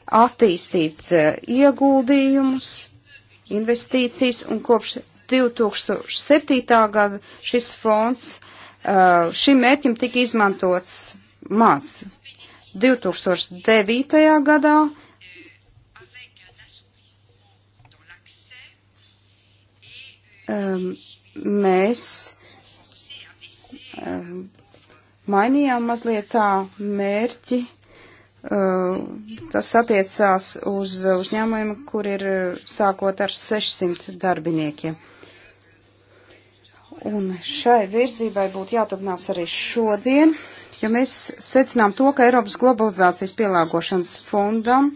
attīstīt eh, ieguldījumus, investīcijas, un kopš 2007. gada šis fonds eh, šim mērķim tika izmantots maz. 2009. gadā um, mēs um, mainījām mazliet tā mērķi. Uh, tas attiecās uz uzņēmumiem, kur ir uh, sākot ar 600 darbiniekiem. Un šai virzībai būtu jātuvinās arī šodien, ja mēs secinām to, ka Eiropas globalizācijas pielāgošanas fondam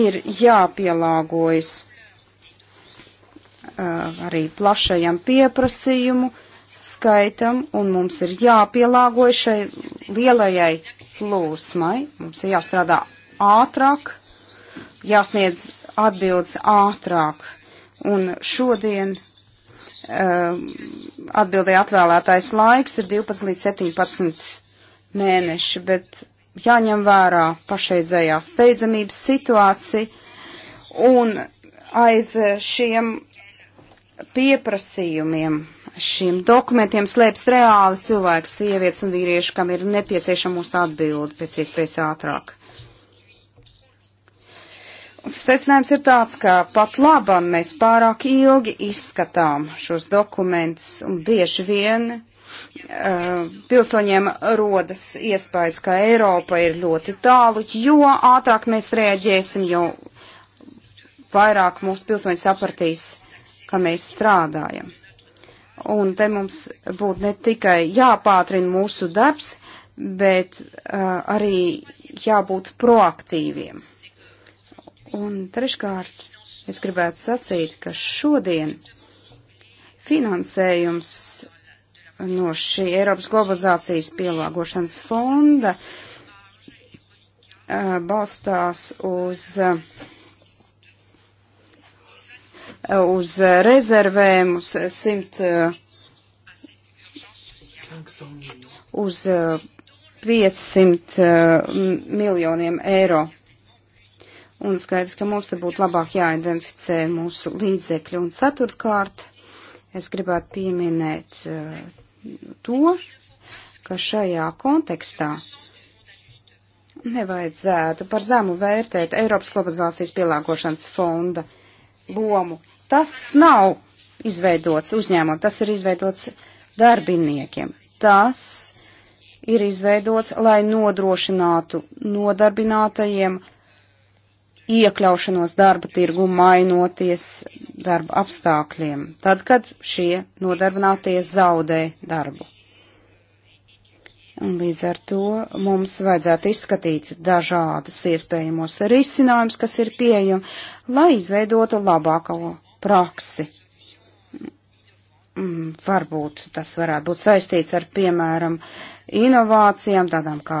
ir jāpielāgojas Uh, arī plašajam pieprasījumu skaitam, un mums ir jāpielāgojas šai lielajai plūsmai. Mums ir jāstrādā ātrāk, jāsniedz atbildes ātrāk. Un šodien uh, atbildēja atvēlētais laiks ir 12 līdz 17 mēneši, bet jāņem vērā pašreizējā steidzamības situācija. Un aiz šiem pieprasījumiem šiem dokumentiem slēpjas reāli cilvēki, sievietes un vīrieši, kam ir nepieciešama mūsu atbildi pēc iespējas ātrāk. Secinājums ir tāds, ka pat labam mēs pārāk ilgi izskatām šos dokumentus un bieži vien uh, pilsoņiem rodas iespējas, ka Eiropa ir ļoti tālu, jo ātrāk mēs reaģēsim, jo vairāk mūsu pilsoņi sapratīs ka mēs strādājam. Un te mums būtu ne tikai jāpātrina mūsu darbs, bet uh, arī jābūt proaktīviem. Un treškārt, es gribētu sacīt, ka šodien finansējums no šī Eiropas globalizācijas pielāgošanas fonda uh, balstās uz uh, uz rezervēm, uz simt, eh, uz 500 eh, eh, miljoniem eiro. Un skaidrs, ka mums te būtu labāk jāidentificē mūsu līdzekļi. Un ceturtkārt, es gribētu pieminēt to, ka šajā kontekstā nevajadzētu par zemu vērtēt Eiropas globalizācijas pielāgošanas fonda lomu. Tas nav izveidots uzņēmumam, tas ir izveidots darbiniekiem. Tas ir izveidots, lai nodrošinātu nodarbinātajiem iekļaušanos darba tirgu, mainoties darba apstākļiem, tad, kad šie nodarbinātie zaudē darbu. Un līdz ar to mums vajadzētu izskatīt dažādus iespējamos risinājumus, kas ir pieejami, lai izveidotu labāko praksi. Mm, varbūt tas varētu būt saistīts ar, piemēram, inovācijām, tādām kā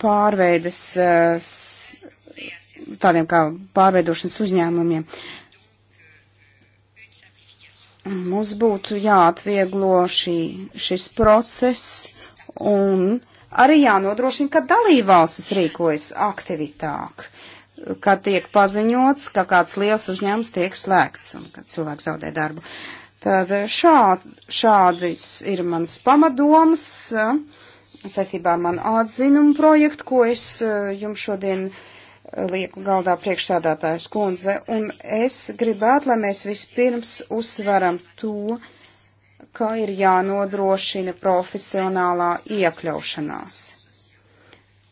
pārveides, eh, tādiem kā pārveidošanas uzņēmumiem. Mums būtu jāatvieglo šī, šis process un arī jānodrošina, ka dalībvalstis rīkojas aktivitāk. Uh, kad tiek paziņots, ka kāds liels uzņēmums tiek slēgts un kad cilvēks zaudē darbu. Tad šād, šādas ir mans pamadoms saistībā ar manu atzinumu projektu, ko es jums šodien lieku galdā priekšsādātājas kundze. Un es gribētu, lai mēs vispirms uzsveram to, ka ir jānodrošina profesionālā iekļaušanās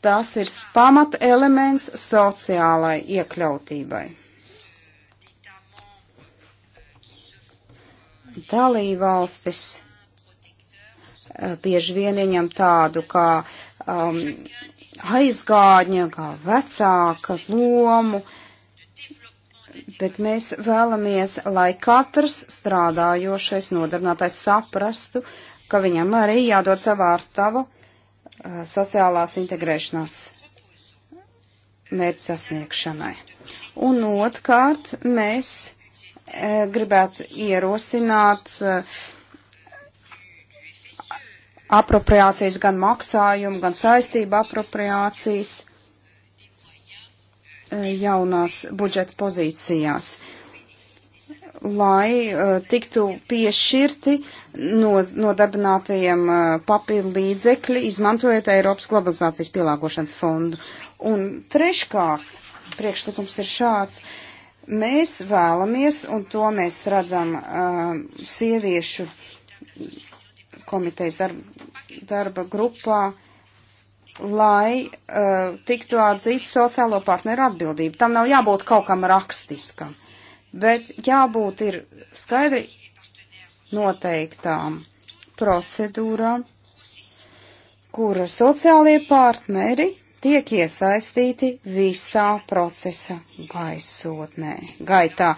Tas ir pamata elements sociālai iekļautībai. Dalībvalstis eh, bieži vien ieņem tādu kā um, aizgādņa, kā vecāka lomu, bet mēs vēlamies, lai katrs strādājošais nodarbinātais saprastu, ka viņam arī jādod savā ar tavu Uh, sociālās integrēšanās mērķu sasniegšanai. Un otrkārt, mēs e, gribētu ierosināt e, apropriācijas gan maksājumu, gan saistību apropriācijas e, jaunās budžeta pozīcijās. E, lai uh, tiktu piešķirti no, nodarbinātajiem uh, papildu līdzekļi, izmantojot Eiropas globalizācijas pielāgošanas fondu. Un treškārt, priekšlikums ir šāds. Mēs vēlamies, un to mēs redzam uh, sieviešu komitejas darba, darba grupā, lai uh, tiktu atzīts sociālo partneru atbildību. Tam nav jābūt kaut kam rakstiskam. Uh, bet jābūt ir skaidri noteiktām procedūrām, kur sociālie partneri tiek iesaistīti visā procesa gaisotnē, gaitā.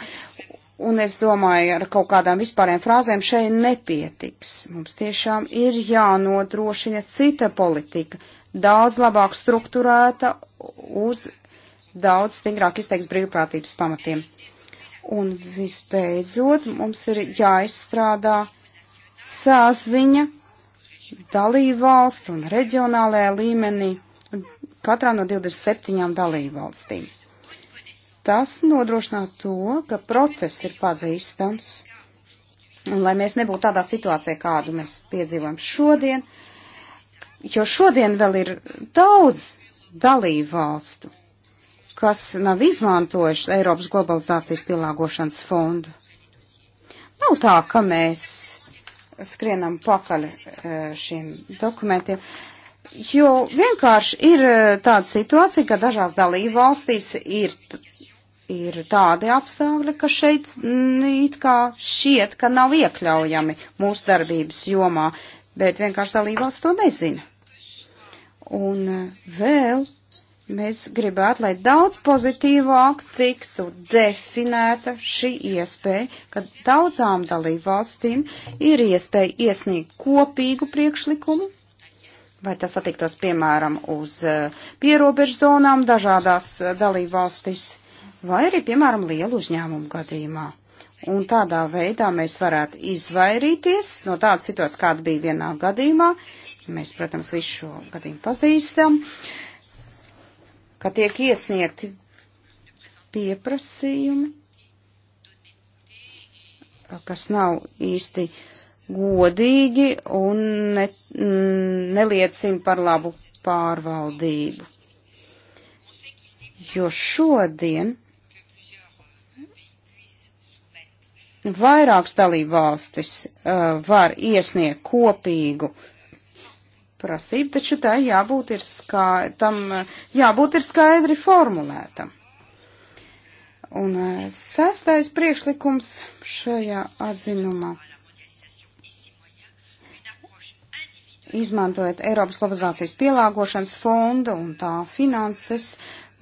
Un es domāju, ar kaut kādām vispārējām frāzēm šeit nepietiks. Mums tiešām ir jānodrošina cita politika, daudz labāk strukturēta uz daudz stingrāk izteiks brīvprātības pamatiem. Un visbeidzot, mums ir jāizstrādā sāziņa dalībvalstu un reģionālajā līmenī katrā no 27 dalībvalstīm. Tas nodrošinā to, ka process ir pazīstams. Un lai mēs nebūtu tādā situācijā, kādu mēs piedzīvojam šodien, jo šodien vēl ir daudz dalībvalstu, kas nav izmantojuši Eiropas globalizācijas pielāgošanas fondu. Nav tā, ka mēs skrienam pakaļ e, šiem dokumentiem, jo vienkārši ir e, tāda situācija, ka dažās dalību valstīs ir, ir tādi apstākļi, ka šeit mm, it kā šiet, ka nav iekļaujami mūsu darbības jomā, bet vienkārši dalību valsts to nezina. Un e, vēl Mēs gribētu, lai daudz pozitīvāk tiktu definēta šī iespēja, ka daudzām dalību valstīm ir iespēja iesniegt kopīgu priekšlikumu, vai tas attiektos, piemēram, uz eh, pierobežu zonām dažādās eh, dalību valstīs, vai arī, piemēram, lielu uzņēmumu gadījumā. Un tādā veidā mēs varētu izvairīties no tādas situācijas, kāda bija vienā gadījumā. Mēs, protams, visu šo gadījumu pazīstam. Uh, ka tiek iesniegti pieprasījumi, kas nav īsti godīgi un ne, neliecina par labu pārvaldību. Jo šodien vairākas dalībvalstis uh, var iesniegt kopīgu uh, prasība, taču tai jābūt ir, skā, tam, eh, jābūt ir skaidri formulētam. Un eh, sastais priekšlikums šajā atzinumā. Izmantojot Eiropas globalizācijas pielāgošanas fondu un tā finanses,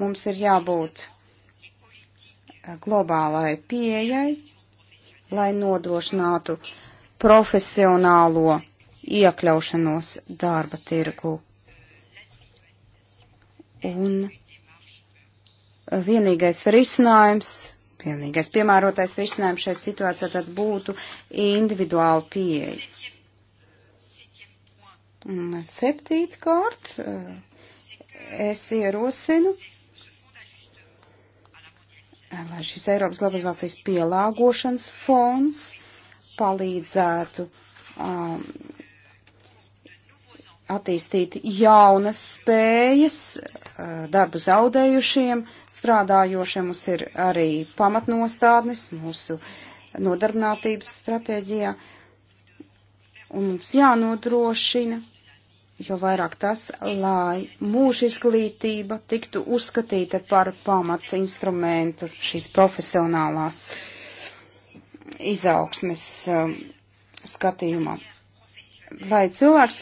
mums ir jābūt eh, globālai pieejai, lai nodrošinātu profesionālo iekļaušanos darba tirgu. Un vienīgais risinājums, vienīgais piemērotais risinājums šai situācijai tad būtu individuāla pieeja. Septītkārt, eh, es ierosinu, lai šis Eiropas globalizācijas pielāgošanas fonds palīdzētu um, attīstīt jaunas spējas darbu zaudējušiem, strādājošiem mums ir arī pamatnostādnis mūsu nodarbinātības stratēģijā. Un mums jānodrošina, jo vairāk tas, lai mūža izglītība tiktu uzskatīta par pamatu instrumentu šīs profesionālās izaugsmes skatījumā lai cilvēks,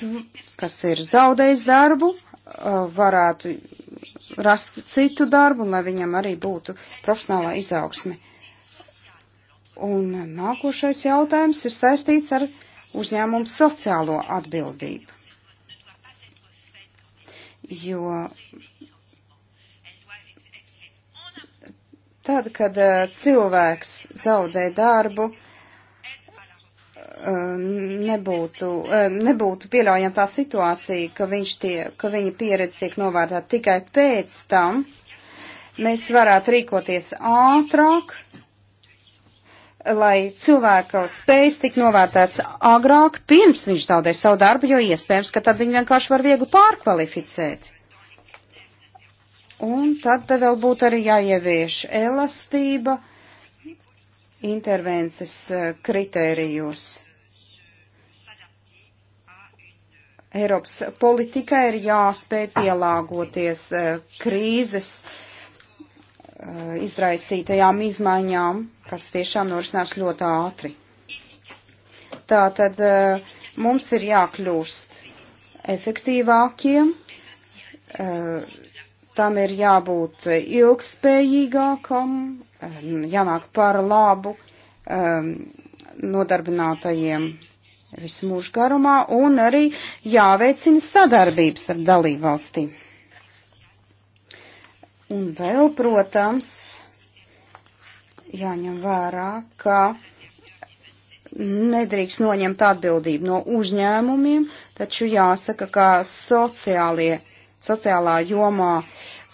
kas ir zaudējis darbu, varētu rast citu darbu un lai viņam arī būtu profesionālā izaugsme. Un nākošais jautājums ir saistīts ar uzņēmumu sociālo atbildību. Jo tad, kad cilvēks zaudē darbu, Um, nebūtu, um, nebūtu pieļaujama tā situācija, ka, tie, ka viņa pieredze tiek novērtēta tikai pēc tam. Mēs varētu rīkoties ātrāk, lai cilvēka spējas tik novērtēts agrāk, pirms viņš zaudē savu darbu, jo iespējams, ka tad viņu vienkārši var viegli pārkvalificēt. Un tad vēl būtu arī jāievieš elastība intervences uh, kritērijos. Eiropas politikai ir jāspēj pielāgoties eh, krīzes eh, izraisītajām izmaiņām, kas tiešām norisinās ļoti ātri. Tātad eh, mums ir jākļūst efektīvākiem, tam ir jābūt ilgspējīgākam, jānāk par labu nodarbinātajiem visu mūžu garumā un arī jāveicina sadarbības ar dalību valstīm. Un vēl, protams, jāņem vērā, ka nedrīkst noņemt atbildību no uzņēmumiem, taču jāsaka, ka sociālie, sociālā jomā,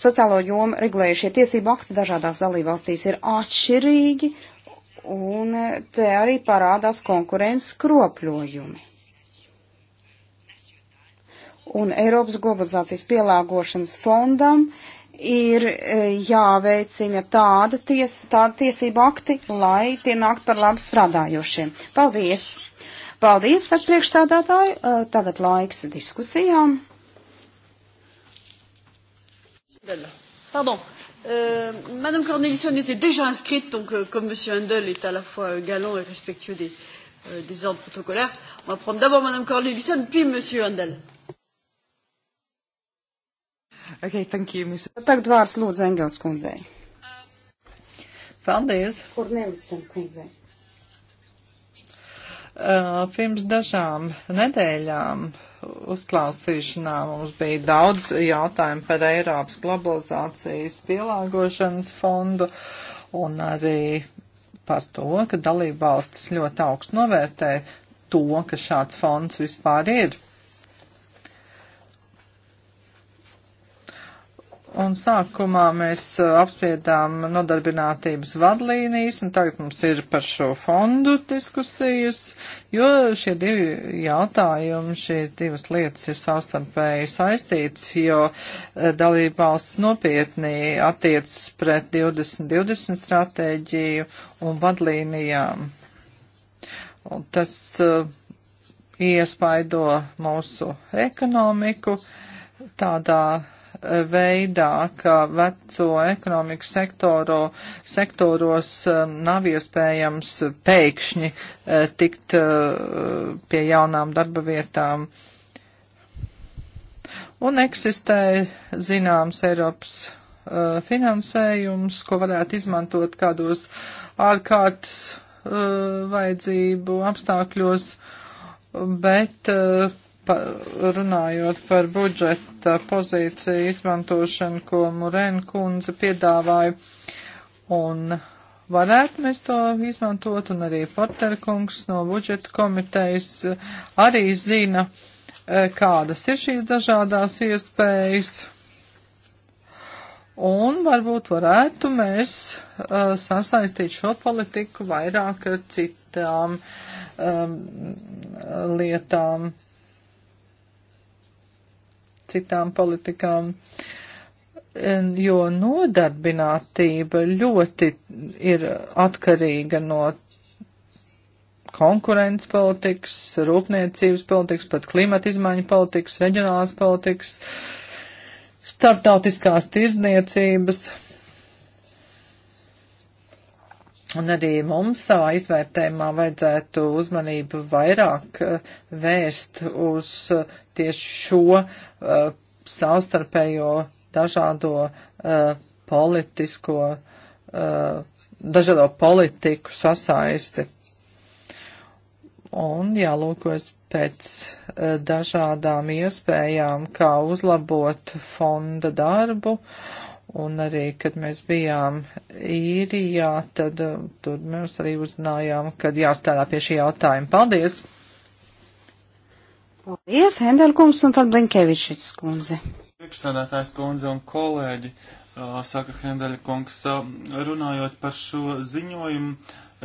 sociālo jomu regulējušie tiesību akti dažādās dalībvalstīs ir atšķirīgi, Un te arī parādās konkurences kropļojumi. Un Eiropas globalizācijas pielāgošanas fondam ir e, jāveicina tāda, ties, tāda tiesība akti, lai tie nākt par labu strādājošiem. Paldies! Paldies, saka priekšstādātāji. E, tagad laiks diskusijām. Pardon. Euh, Madame Cornelissen était déjà inscrite, donc euh, comme Monsieur Handel est à la fois euh, galant et respectueux des, euh, des ordres protocolaires, on va prendre d'abord Madame Cornelissen, puis Monsieur Handel. Okay, thank you, Miss. Tagad vārds lūdzu Engels kundzei. Paldies. Kornelisen kundzei. Uh, pirms dažām nedēļām uh, uzklausīšanā mums bija daudz jautājumu par Eiropas globalizācijas pielāgošanas fondu un arī par to, ka dalībvalstis ļoti augstu novērtē to, ka šāds fonds vispār ir. Un sākumā mēs apspriedām nodarbinātības vadlīnijas, un tagad mums ir par šo fondu diskusijas, jo šie divi jautājumi, šīs divas lietas ir savstarpēji saistītas, jo dalībvalsts nopietnī attiec pret 2020 stratēģiju un vadlīnijām. Un tas uh, iespaido mūsu ekonomiku tādā veidā, ka veco ekonomikas sektoru, sektoros eh, nav iespējams pēkšņi eh, tikt eh, pie jaunām darba vietām. Un eksistē zināms Eiropas finansējums, ko varētu izmantot kādos ārkārtas vajadzību apstākļos, bet uh, pa, runājot par budžeta pozīciju izmantošanu, ko Murēna kundze piedāvāja, un varētu mēs to izmantot, un arī Porterkungs no budžeta komitejas arī zina, e, kādas ir šīs dažādās iespējas. Un varbūt varētu mēs uh, sasaistīt šo politiku vairāk ar citām um, lietām. Uh, citām politikām, jo nodarbinātība ļoti ir atkarīga no konkurences politikas, rūpniecības politikas, pat klimata izmaiņu politikas, reģionālās politikas, starptautiskās tirdzniecības. Un arī mums savā izvērtējumā vajadzētu uzmanību vairāk eh, vērst uz eh, tieši šo uh, savstarpējo dažādo uh, politisko, uh, dažādo politiku sasaisti. Un jālūkojas pēc dažādām iespējām, kā uzlabot fonda darbu Un arī, kad mēs bijām īrijā, tad uh, tur mēs arī uzzinājām, kad jāstrādā pie šī jautājuma. Paldies! Paldies, Hendelkungs un tad Blinkevičs kundze. Priekšsēdētājs kundze un kolēģi, uh, saka Hendelkungs, uh, runājot par šo ziņojumu,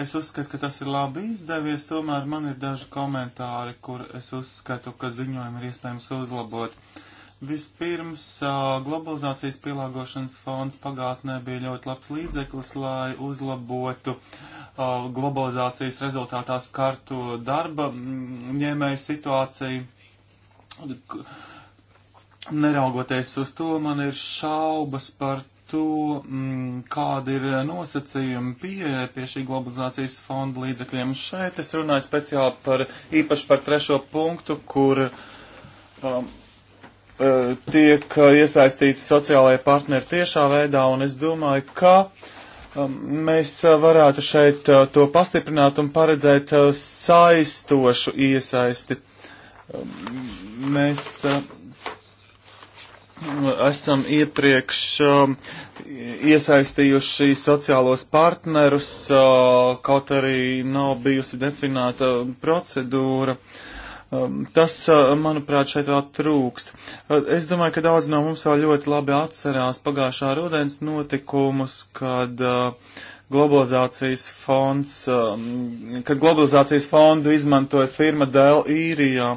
es uzskatu, ka tas ir labi izdevies, tomēr man ir daži komentāri, kur es uzskatu, ka ziņojumu ir iespējams uzlabot. Uh, Vispirms, globalizācijas pielāgošanas fonds pagātnē bija ļoti labs līdzeklis, lai uzlabotu globalizācijas rezultātā skarto darba mm, ņēmēju situāciju. Neraugoties uz to, man ir šaubas par to, mm, kāda ir nosacījuma pieeja pie šī globalizācijas fonda līdzekļiem. Šeit es runāju speciāli par, īpaši par trešo punktu, kur um, Eh, tiek eh, iesaistīti sociālajie partneri tiešā veidā, un es domāju, ka um, mēs eh, varētu šeit to pastiprināt un paredzēt saistošu iesaisti. Um, mēs esam iepriekš um, iesaistījuši sociālos partnerus, kaut arī nav bijusi definēta procedūra. Uh, Um, tas, uh, manuprāt, šeit vēl trūkst. Uh, es domāju, ka daudz no mums vēl ļoti labi atcerās pagājušā rudens notikumus, kad uh, globalizācijas fonds, um, kad globalizācijas fondu izmantoja firma Dēl īrijā.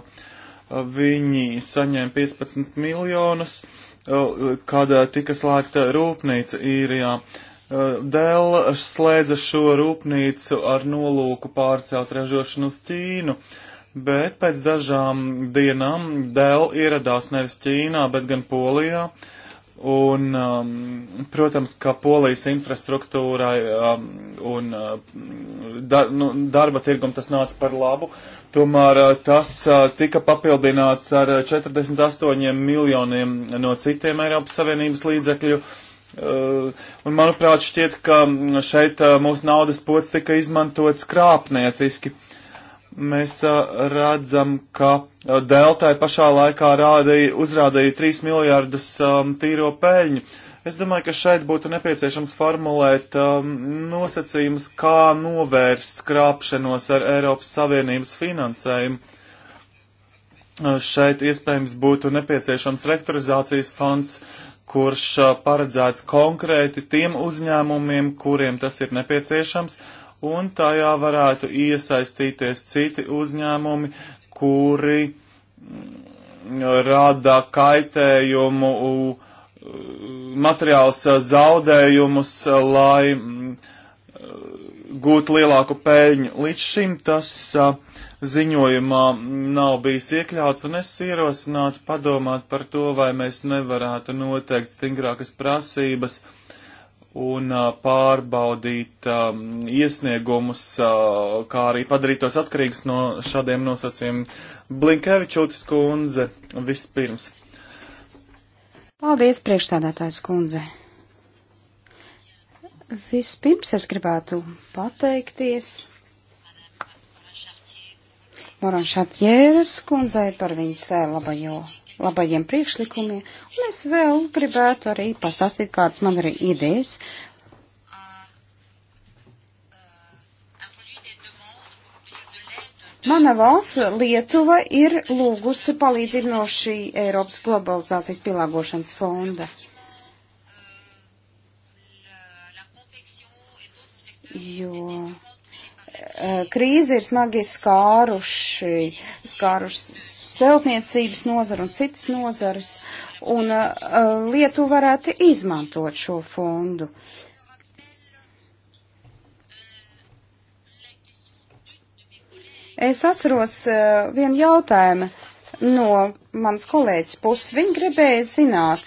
Viņi saņēma 15 miljonus, kad tika slēgta rūpnīca īrijā. Dēl slēdza šo rūpnīcu ar nolūku pārcelt ražošanu uz Ķīnu. Uh, bet pēc dažām dienām Dēl ieradās nevis Ķīnā, bet gan Polijā. Un, um, protams, ka polijas infrastruktūrai um, un uh, dar, nu, darba tirgum tas nāca par labu, tomēr uh, tas uh, tika papildināts ar 48 uh, miljoniem no citiem Eiropas Savienības līdzekļu. Uh, un, manuprāt, šķiet, ka šeit uh, mūsu naudas pots tika izmantots krāpnieciski. Uh, mēs a, redzam, ka Deltai pašā laikā rādīja, uzrādīja 3 miljārdus um, tīro peļņu. Es domāju, ka šeit būtu nepieciešams formulēt um, nosacījumus, kā novērst krāpšanos ar Eiropas Savienības finansējumu. Uh, šeit iespējams būtu nepieciešams rektorizācijas fonds, kurš uh, paredzēts konkrēti tiem uzņēmumiem, kuriem tas ir nepieciešams, uh, un tajā varētu iesaistīties citi uzņēmumi, kuri mm, rada kaitējumu, mm, materiāls zaudējumus, lai mm, gūtu lielāku peļņu. Līdz šim tas ziņojumā nav bijis iekļauts, un es ierosinātu padomāt par to, vai mēs nevarētu noteikt stingrākas prasības un pārbaudīt um, iesniegumus, uh, kā arī padarīt tos atkarīgus no šādiem nosacījumiem. Blinkevičūtis kundze vispirms. Paldies, priekšstādātājs kundze. Vispirms es gribētu pateikties Moran Šatjēras kundzei par viņas tēlabajo labajiem priekšlikumiem, un es vēl gribētu arī pastāstīt, kādas man ir idejas. Mana valsts, Lietuva, ir lūgusi palīdzību no šī Eiropas globalizācijas pielāgošanas fonda. Jo eh, krīze ir smagi skāruši, skāruši celtniecības nozara un citas nozares, un uh, uh, Lietuva varētu izmantot šo fondu. Es atceros uh, vienu jautājumu no manas kolēģis puses. Viņa gribēja zināt,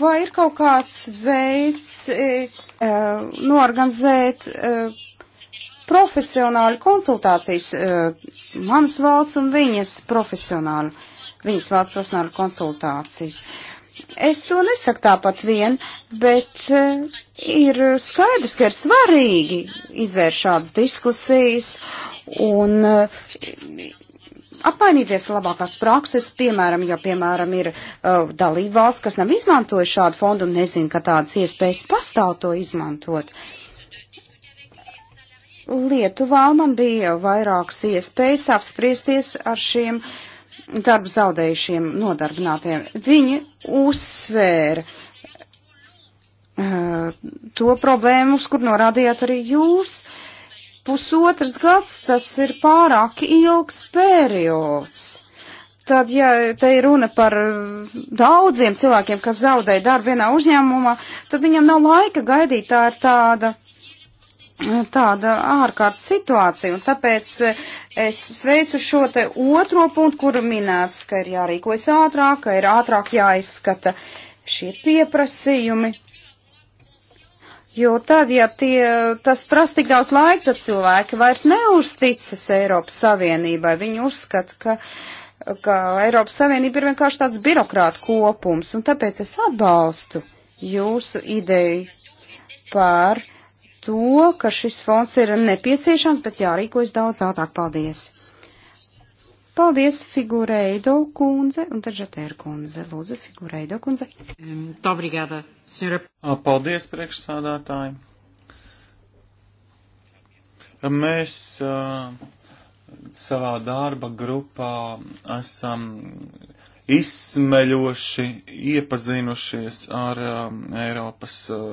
vai ir kaut kāds veids uh, noorganizēt uh, profesionāļu konsultācijas, eh, manas valsts un viņas profesionāļu, viņas valsts profesionāļu konsultācijas. Es to nesaku tāpat vien, bet eh, ir skaidrs, ka ir svarīgi izvērst šādas diskusijas un eh, apmainīties labākās prakses, piemēram, ja, piemēram, ir uh, dalībvalsts, kas nav izmantojuši šādu fondu un nezin, ka tādas iespējas pastāv to izmantot. Uh, Lietuvā man bija vairākas iespējas apspriesties ar šiem darba zaudējušiem nodarbinātiem. Viņi uzsvēra uh, to problēmu, uz kur norādījāt arī jūs. Pusotras gads tas ir pārāk ilgs periods. Tad, ja te ir runa par daudziem cilvēkiem, kas zaudēja darbu vienā uzņēmumā, tad viņam nav laika gaidīt. Tā ir tāda Nu, tāda ārkārtas situācija, un tāpēc eh, es sveicu šo te otro punktu, kur minēts, ka ir jārīkojas ātrāk, ka ir ātrāk jāizskata šie pieprasījumi. Jo tad, ja tie, tas prasa tik daudz laika, tad cilvēki vairs neuzticas Eiropas Savienībai. Viņi uzskata, ka, ka Eiropas Savienība ir vienkārši tāds birokrāta kopums, un tāpēc es atbalstu jūsu ideju par uh, to, ka šis fonds ir nepieciešams, bet jārīkojas daudz ātrāk. Paldies! Paldies, Figureido kundze un Tažatēra kundze. Lūdzu, Figureido kundze. Dobrīgāda, um, senjora. Paldies, priekšsādātāji. Mēs uh, savā darba grupā esam izsmeļoši iepazinušies ar um, Eiropas, uh,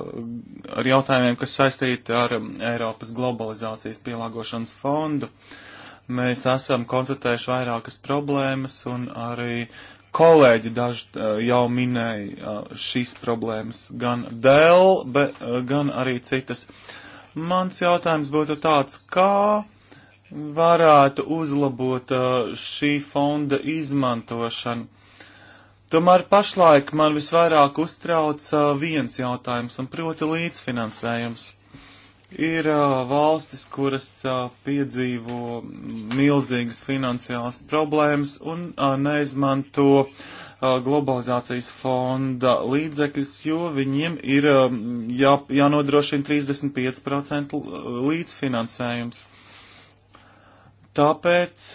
ar jautājumiem, kas saistīti ar um, Eiropas globalizācijas pielāgošanas fondu. Mēs esam konstatējuši vairākas problēmas un arī kolēģi daži uh, jau minēja uh, šīs problēmas gan dēl, be, uh, gan arī citas. Mans jautājums būtu tāds, kā varētu uzlabot uh, šī fonda izmantošanu Tomēr pašlaik man visvairāk uztrauc uh, viens jautājums, un proti līdzfinansējums. Ir uh, valstis, kuras uh, piedzīvo milzīgas finansiālas problēmas un neizmanto globalizācijas fonda līdzekļus, jo viņiem ir jā, jānodrošina 35% līdzfinansējums. Tāpēc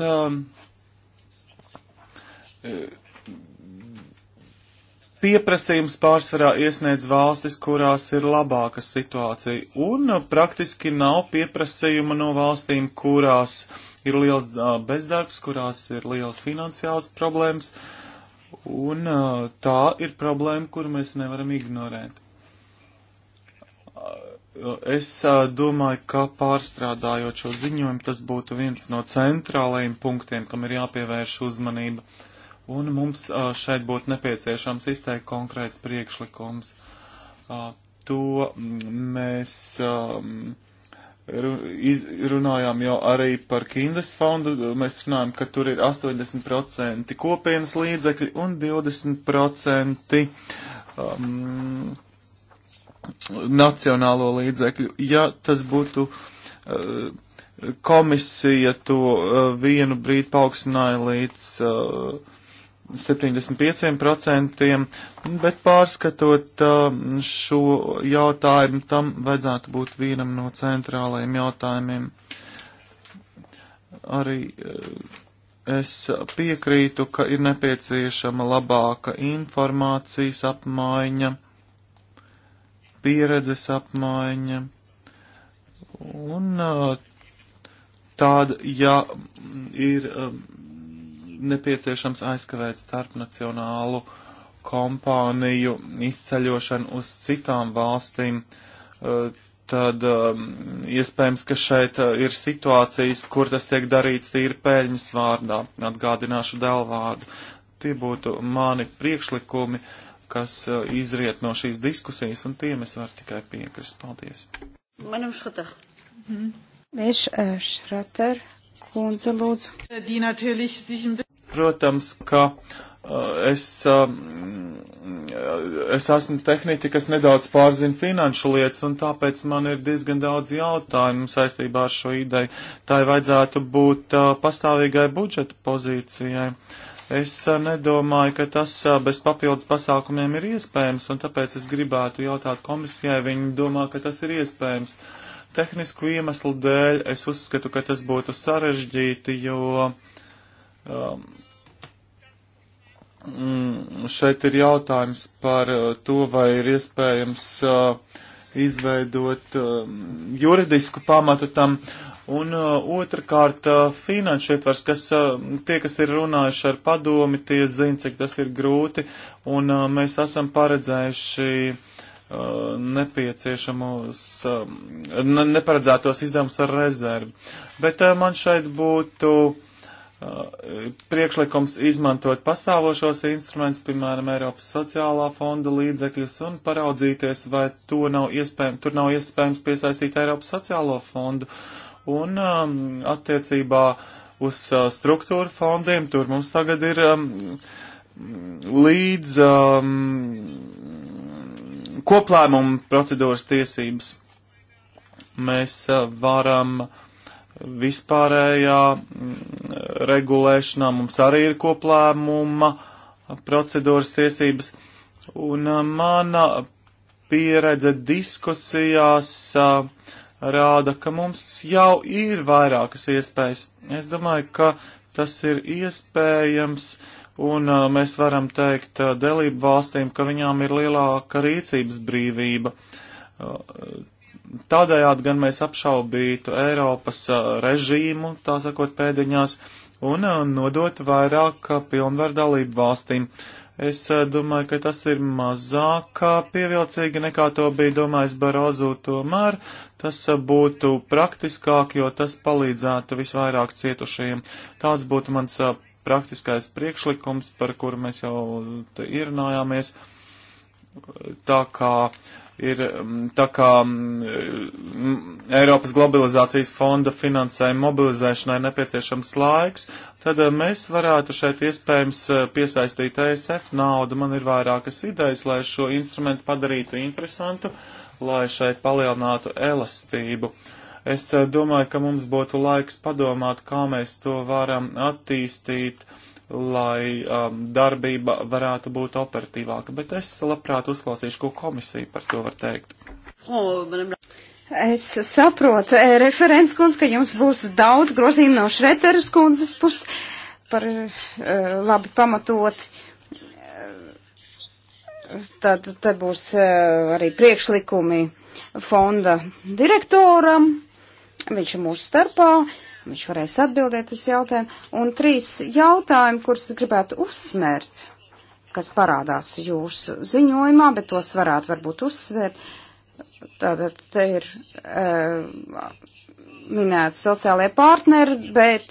Pieprasījums pārsvarā iesniedz valstis, kurās ir labāka situācija, un uh, praktiski nav pieprasījuma no valstīm, kurās ir liels uh, bezdarbs, kurās ir liels finansiāls problēmas, un uh, tā ir problēma, kuru mēs nevaram ignorēt. Es domāju, ka pārstrādājot šo ziņojumu, tas būtu viens no centrālajiem punktiem, kam ir jāpievērš uzmanība un mums šeit būtu nepieciešams izteikt konkrēts priekšlikums. To mm, mēs runājām jau arī par Kindes fondu. Mēs runājam, ka tur ir 80% kopienas līdzekļi un 20% um, nacionālo līdzekļu. Ja tas būtu uh, komisija to uh, vienu brīdi paaugstināja līdz uh, 75%, bet pārskatot um, šo jautājumu, tam vajadzētu būt vienam no centrālajiem jautājumiem. Arī uh, es piekrītu, ka ir nepieciešama labāka informācijas apmaiņa, pieredzes apmaiņa. Un uh, tāda, ja ir um, nepieciešams aizkavēt starpnacionālu kompāniju izceļošanu uz citām valstīm, eh, tad eh, iespējams, ka šeit eh, ir situācijas, kur tas tiek darīts tīri peļņas vārdā. Atgādināšu delvārdu. Tie būtu mani priekšlikumi, kas izriet no šīs diskusijas, un tiem es varu tikai piekrist. Paldies. Manam šratā. Mm -hmm. Mēs šratā kundze lūdzu. Protams, ka uh, es, um, es esmu tehniķi, kas nedaudz pārzina finanšu lietas, un tāpēc man ir diezgan daudz jautājumu saistībā ar šo ideju. Tā vajadzētu būt uh, pastāvīgai budžeta pozīcijai. Es uh, nedomāju, ka tas bez papildus pasākumiem ir iespējams, un tāpēc es gribētu jautāt komisijai, viņi domā, ka tas ir iespējams. Tehnisku iemeslu dēļ es uzskatu, ka tas būtu sarežģīti, jo um, Mm, šeit ir jautājums par uh, to, vai ir iespējams uh, izveidot um, juridisku pamatu tam, un uh, otrkārt finanšu ietvars, kas tie, kas ir runājuši ar padomi, tie zina, cik tas ir grūti, un mēs esam paredzējuši nepieciešamos, um, ne, neparedzētos izdevumus ar rezervi. Bet man šeit būtu uh, Uh, priekšlikums izmantot pastāvošos instrumentus, piemēram, Eiropas sociālā fonda līdzekļus un paraudzīties, vai to nav iespējams, tur nav iespējams piesaistīt Eiropas sociālo fondu. Un um, attiecībā uz uh, struktūra fondiem, tur mums tagad ir um, līdz um, koplēmumu procedūras tiesības. Mēs uh, varam uh, vispārējā mm, regulēšanā mums arī ir koplēmuma procedūras tiesības. Un uh, mana pieredze diskusijās uh, rāda, ka mums jau ir vairākas iespējas. Es domāju, ka tas ir iespējams. Un uh, mēs varam teikt dalību valstīm, ka viņām ir lielāka rīcības brīvība Tādējādi gan mēs apšaubītu Eiropas režīmu, tā sakot, pēdiņās, un nodot vairāk pilnvaru dalību valstīm. Es domāju, ka tas ir mazāk pievilcīgi nekā to bija domājis Barozu. Tomēr tas būtu praktiskāk, jo tas palīdzētu visvairāk cietušajiem. Tāds būtu mans praktiskais priekšlikums, par kuru mēs jau ierunājāmies. Tā kā ir mm, tā kā mm, mm, Eiropas globalizācijas fonda finansējuma mobilizēšanai nepieciešams laiks, tad eh, mēs varētu šeit iespējams eh, piesaistīt ESF naudu. Man ir vairākas idejas, lai šo instrumentu padarītu interesantu, lai šeit palielinātu elastību. Es eh, domāju, ka mums būtu laiks padomāt, kā mēs to varam attīstīt lai um, darbība varētu būt operatīvāka, bet es labprāt uzklausīšu, ko komisija par to var teikt. Es saprotu, eh, referents kundze, ka jums būs daudz grozījumu no Šreteras kundzes puses par uh, labi pamatot. Tad, tad būs uh, arī priekšlikumi fonda direktoram, viņš ir mūsu starpā. Uh, Viņš varēs atbildēt uz jautājumu. Un trīs jautājumi, kurus es gribētu uzsvērt, kas parādās jūsu ziņojumā, bet tos varētu varbūt uzsvērt. Tātad te ir uh, minēti sociālajie partneri, bet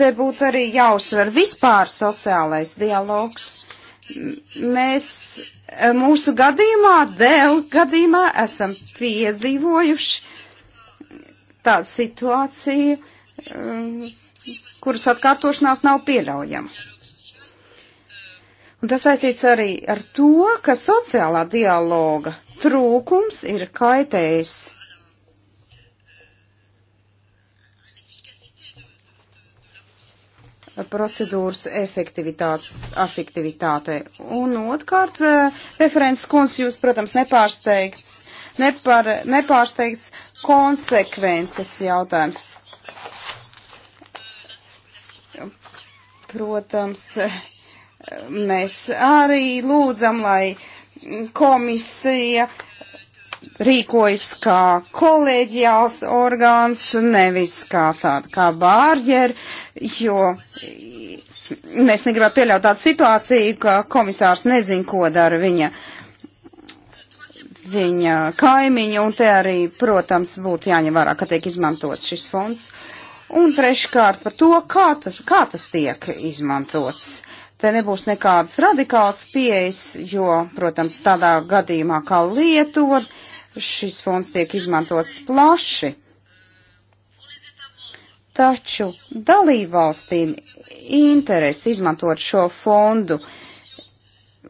te būtu arī jāuzsver vispār sociālais dialogs. Mēs eh, mūsu gadījumā, dēļ gadījumā, esam piedzīvojuši tādu situāciju, uh, Um, kuras atkārtošanās nav pieļaujama. Un tas saistīts arī ar to, ka sociālā dialoga trūkums ir kaitējis procedūras efektivitātes, afektivitātei. Un otrkārt, eh, referents kungs jūs, protams, nepārsteigts, nepar, nepārsteigts konsekvences jautājums. Protams, mēs arī lūdzam, lai komisija rīkojas kā kolēģiāls orgāns, nevis kā tāda kā bārģeri, jo mēs negribētu pieļaut tādu situāciju, ka komisārs nezin, ko dara viņa uh, viņa kaimiņi, un te arī, protams, būtu jāņem vērā, ka tiek izmantots šis fonds. Un treškārt par to, kā tas, kā tas tiek izmantots. Te nebūs nekādas radikālas pieejas, jo, protams, tādā gadījumā kā Lietuva, šis fonds tiek izmantots plaši. Taču dalībvalstīm interesi izmantot šo fondu uh,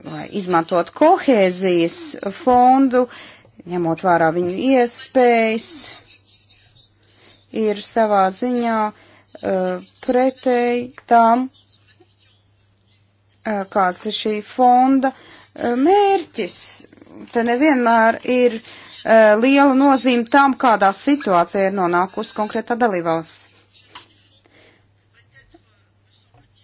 lai izmantot kohēzijas fondu, ņemot vērā viņu iespējas, ir savā ziņā uh, pretēji tam, uh, kāds ir šī fonda uh, mērķis. Te nevienmēr ir uh, liela nozīme tam, kādā situācijā ir nonākusi konkrētā dalībvalsts.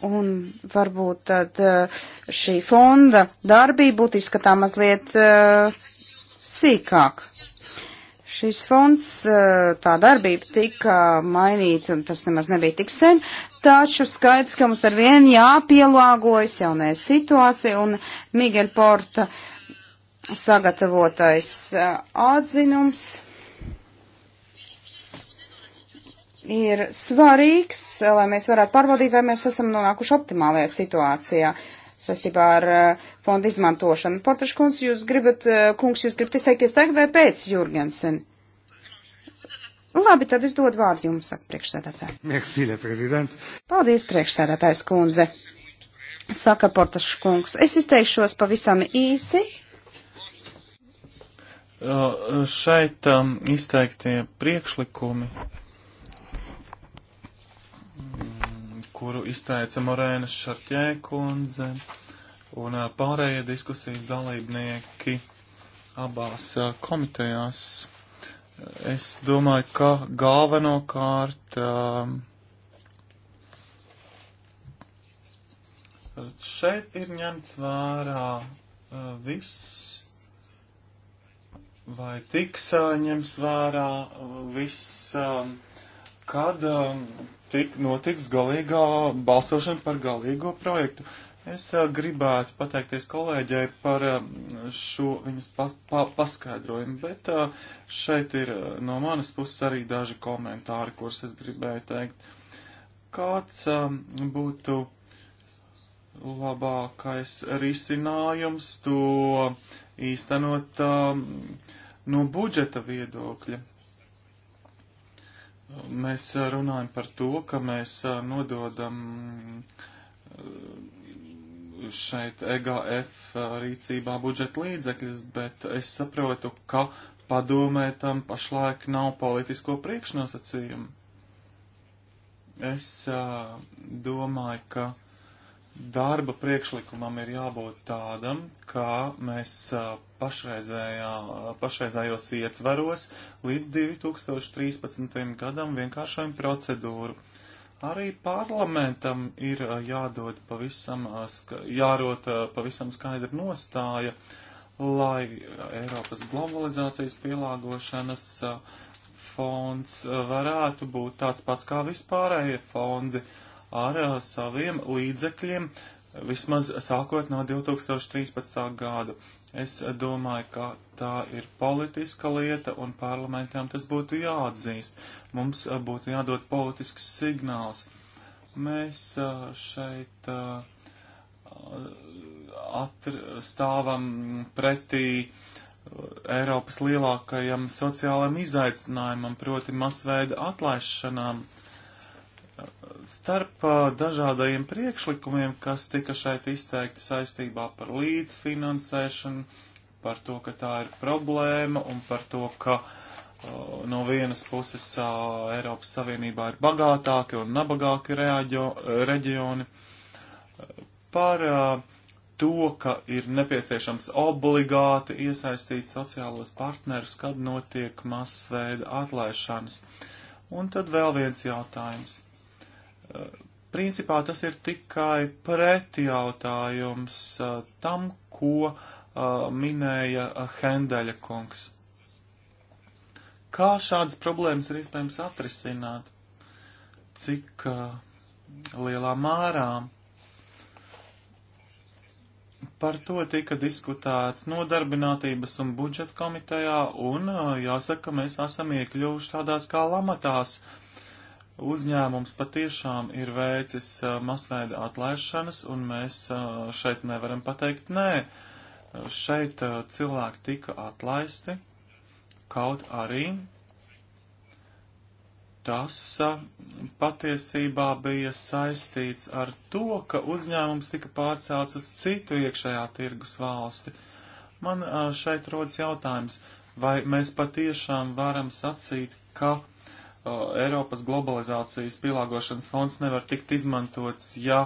Un varbūt tad eh, šī fonda darbība būtu izskatām mazliet uh, sīkāk. Šis fonds, eh, tā darbība tika mainīta, un tas nemaz nebija tik sen, taču skaidrs, ka mums ar vienu jāpielāgojas jaunajai situācijai, un Miguel Porta sagatavotais atzinums ir svarīgs, eh, lai mēs varētu pārbaudīt, vai mēs esam nonākuši optimālajā situācijā saistībā ar eh, fondu izmantošanu. Portaškungs, jūs gribat, eh, kungs, jūs gribat izteikties tagad vai pēc Jurgensen? Labi, tad es dodu vārdu jums, saka priekšsēdētāji. Merci, prezident. Paldies, priekšsēdētājs kundze. Saka Portašs kungs. Es izteikšos pavisam īsi. Uh, šeit um, izteiktie priekšlikumi kuru izteica Morēna Šarķē kundze un pārējie diskusijas dalībnieki abās komitejās. Es domāju, ka galvenokārt šeit ir ņemts vērā viss vai tiks ņems vērā viss, kad tik notiks galīgā balsošana par galīgo projektu. Es a, eh, gribētu pateikties kolēģei par a, eh, šo viņas pa, pa, paskaidrojumu, bet a, eh, šeit ir no manas puses arī daži komentāri, kurus es gribēju teikt. Kāds būtu labākais risinājums to īstenot no budžeta viedokļa? Mēs runājam par to, ka mēs nododam šeit EGF rīcībā budžeta līdzekļus, bet es saprotu, ka padomē tam pašlaik nav politisko priekšnosacījumu. Es domāju, ka darba priekšlikumam ir jābūt tādam, kā mēs pašreizējos ietvaros līdz 2013. gadam vienkāršojam procedūru. Arī parlamentam ir jādod pavisam, jārot pavisam skaidra nostāja, lai Eiropas globalizācijas pielāgošanas fonds varētu būt tāds pats kā vispārējie fondi. Uh, ar eh, saviem līdzekļiem vismaz sākot no 2013. gadu. Es eh, domāju, ka tā ir politiska lieta un parlamentām tas būtu jāatzīst. Mums eh, būtu jādod politisks signāls. Mēs šeit stāvam pretī Eiropas lielākajam sociālajam izaicinājumam, proti masveida atlaišanām. Uh, starp dažādajiem priekšlikumiem, kas tika šeit izteikti saistībā par līdzfinansēšanu, par to, ka tā ir problēma un par to, ka uh, no vienas puses uh, Eiropas Savienībā ir bagātāki un nabagāki reaģo, reģioni, par uh, to, ka ir nepieciešams obligāti iesaistīt sociālos partnerus, kad notiek masveida atlaišanas. Un tad vēl viens jautājums Principā tas ir tikai pretjautājums tam, ko minēja Hendeļa kungs. Kā šādas problēmas ir iespējams atrisināt? Cik lielā mārā? Par to tika diskutēts nodarbinātības un budžeta komitejā, un jāsaka, mēs esam iekļuvuši tādās kā lamatās, uzņēmums patiešām ir veicis masveida atlaišanas, un mēs šeit nevaram pateikt nē. Šeit cilvēki tika atlaisti, kaut arī tas patiesībā bija saistīts ar to, ka uzņēmums tika pārcelts uz citu iekšējā tirgus valsti. Man šeit rodas jautājums, vai mēs patiešām varam sacīt, ka uh, Eiropas globalizācijas pielāgošanas fonds nevar tikt izmantots, ja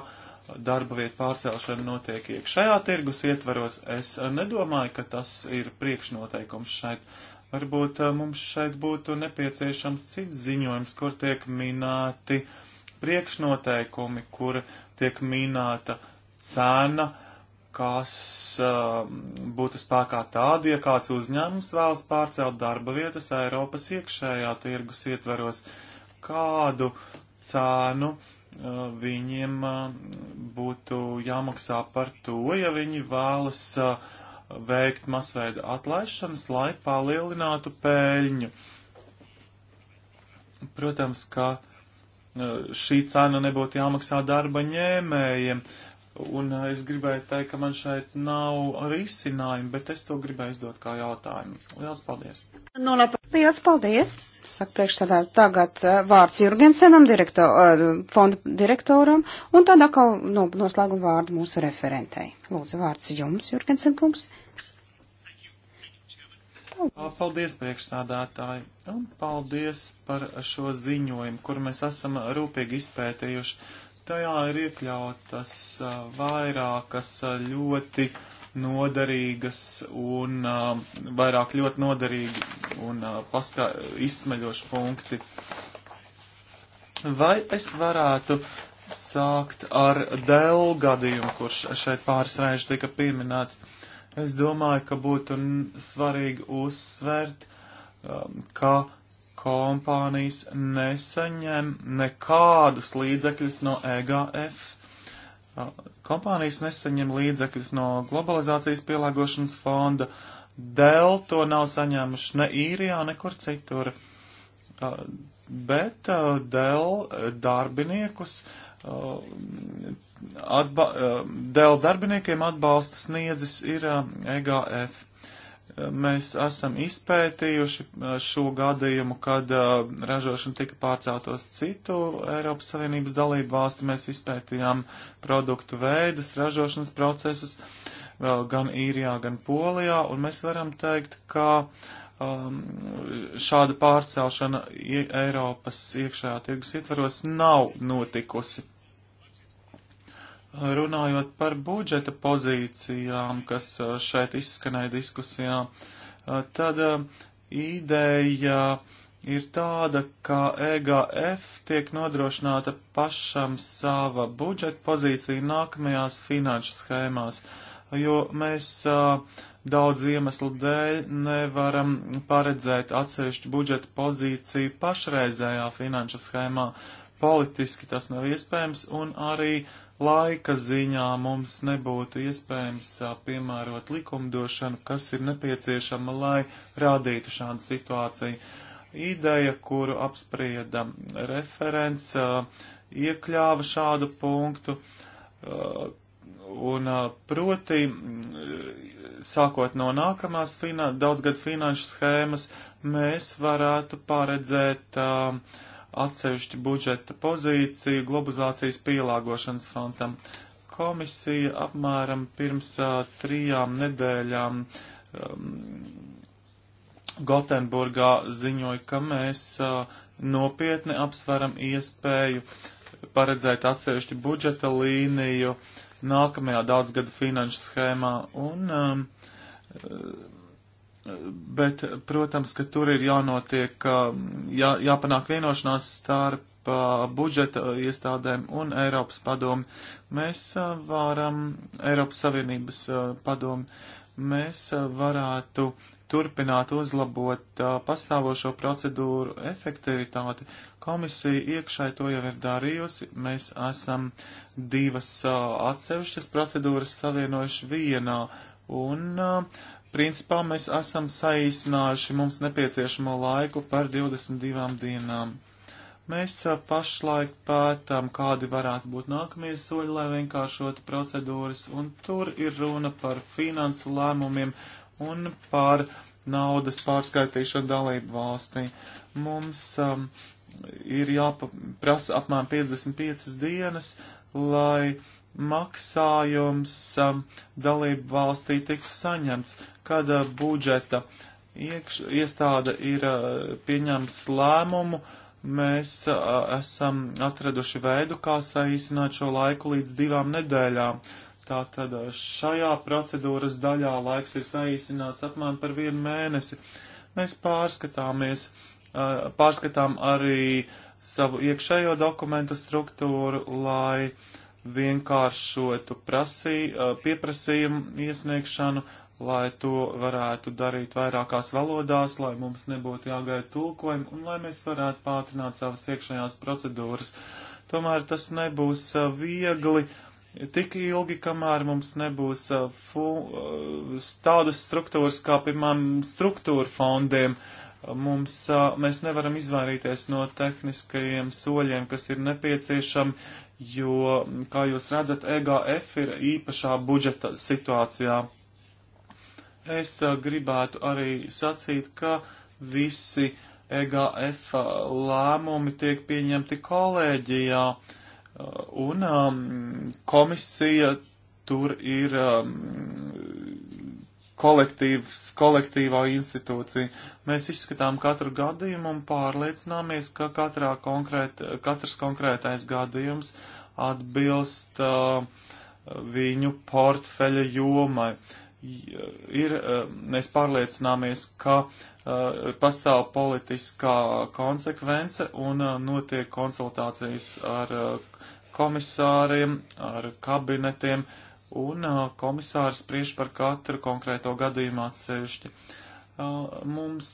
darba vietu pārcelšana notiek iekšējā tirgus ietvaros. Es nedomāju, ka tas ir priekšnoteikums šeit. Varbūt e, mums šeit būtu nepieciešams cits ziņojums, kur tiek minēti priekšnoteikumi, kur tiek minēta cena, kas uh, būtu spēkā tādi, ja kāds uzņēmums vēlas pārcelt darba vietas Eiropas iekšējā tirgus ietveros, kādu cēnu uh, viņiem uh, būtu jāmaksā par to, ja viņi vēlas uh, veikt masveida atlaišanas, lai palielinātu pēļņu. Protams, ka uh, šī cena nebūtu jāmaksā darba ņēmējiem, Un eh, es gribēju teikt, ka man šeit nav risinājumu, bet es to gribēju izdot kā jautājumu. Lielas paldies! No Lielas paldies! Saka priekšsēdētāji, tagad eh, vārds Jurgensenam, direkto, eh, fonda direktoram, un tad atkal nu, noslēguma vārdu mūsu referentei. Lūdzu, vārds jums, Jurgensen kungs. Paldies, paldies priekšsādātāji, un paldies par šo ziņojumu, kur mēs esam rūpīgi izpētījuši Tajā ir iekļautas vairākas ļoti noderīgas un vairāk ļoti noderīgi un paskā, izsmeļoši punkti. Vai es varētu sākt ar Dēlu gadījumu, kurš šeit pāris reizes tika pieminēts? Es domāju, ka būtu svarīgi uzsvērt, ka kompānijas nesaņem nekādus līdzekļus no EGF. Kompānijas nesaņem līdzekļus no globalizācijas pielāgošanas fonda. Dēl to nav saņēmuši ne īrijā, nekur citur. Bet Dēl darbiniekus atba, dēl darbiniekiem atbalsta sniedzis ir EGF. Mēs esam izpētījuši uh, šo gadījumu, kad uh, ražošana tika pārcelt uz citu Eiropas Savienības dalību valsti. Mēs izpētījām produktu veidus, ražošanas procesus vēl gan īrijā, gan polijā, un mēs varam teikt, ka uh, um, šāda pārcelšana Eiropas iekšējā tirgus ietvaros nav notikusi. Runājot par budžeta pozīcijām, kas uh, šeit izskanēja diskusijā, uh, tad uh, ideja ir tāda, ka EGF tiek nodrošināta pašam sava budžeta pozīcija nākamajās finanšu schēmās, jo mēs daudz iemeslu dēļ nevaram paredzēt atsevišķu budžeta pozīciju pašreizējā finanšu schēmā Politiski tas nav iespējams, un arī laika ziņā mums nebūtu iespējams piemērot likumdošanu, kas ir nepieciešama, lai rādītu šādu situāciju. Ideja, kuru apsprieda referents, iekļāva šādu punktu, un proti, sākot no nākamās finan daudzgad finanšu schēmas, mēs varētu paredzēt uh, atsevišķu budžeta pozīciju globalizācijas pielāgošanas fondam. Komisija apmēram pirms uh, trijām nedēļām um, Gotenburgā ziņoja, ka mēs uh, nopietni apsveram iespēju paredzēt atsevišķu budžeta līniju nākamajā daudzgada finanšu schēmā. Un, um, Bet, protams, ka tur ir jānotiek, jā, jāpanāk vienošanās starp budžeta iestādēm un Eiropas padomu. Mēs varam, Eiropas Savienības padomu, mēs varētu turpināt uzlabot pastāvošo procedūru efektivitāti. Komisija iekšai to jau ir darījusi. Mēs esam divas atsevišķas procedūras savienojuši vienā. Un uh, Principā mēs esam saīsinājuši mums nepieciešamo laiku par 22 dienām. Mēs a, pašlaik pētām, kādi varētu būt nākamie soļi, lai vienkāršotu procedūras, un tur ir runa par finansu lēmumiem un par naudas pārskaitīšanu dalību valstī. Mums um, ir jāprasa apmēram 55 dienas, lai maksājums um, dalību valstī tiktu saņemts kad eh, budžeta iekš, iestāde ir eh, pieņems lēmumu, mēs eh, esam atraduši veidu, kā saīsināt šo laiku līdz divām nedēļām. Tātad šajā procedūras daļā laiks ir saīsināts apmēram par vienu mēnesi. Mēs pārskatāmies, pārskatām arī savu iekšējo dokumentu struktūru, lai vienkāršotu prasī, pieprasījumu iesniegšanu lai to varētu darīt vairākās valodās, lai mums nebūtu jāgaida tulkojumi un lai mēs varētu pātrināt savas iekšējās procedūras. Tomēr tas nebūs uh, viegli tik ilgi, kamēr mums nebūs uh, uh, tādas struktūras kā, piemēram, struktūra fondiem. Mums, mēs nevaram izvairīties no tehniskajiem soļiem, kas ir nepieciešami, jo, kā jūs redzat, EGF ir īpašā budžeta situācijā. Es uh, gribētu arī sacīt, ka visi EGF uh, lēmumi tiek pieņemti kolēģijā, uh, un um, komisija tur ir um, kolektīvs, kolektīvā institūcija. Mēs izskatām katru gadījumu un pārliecināmies, ka katrā konkrēt, katrs konkrētais gadījums atbilst uh, viņu portfeļa jomai. Uh, ir, eh, mēs pārliecināmies, ka eh, pastāv politiskā konsekvence un eh, notiek konsultācijas ar komisāriem, ar kabinetiem, un komisārs spriež par katru konkrēto gadījumu atsevišķi. Mums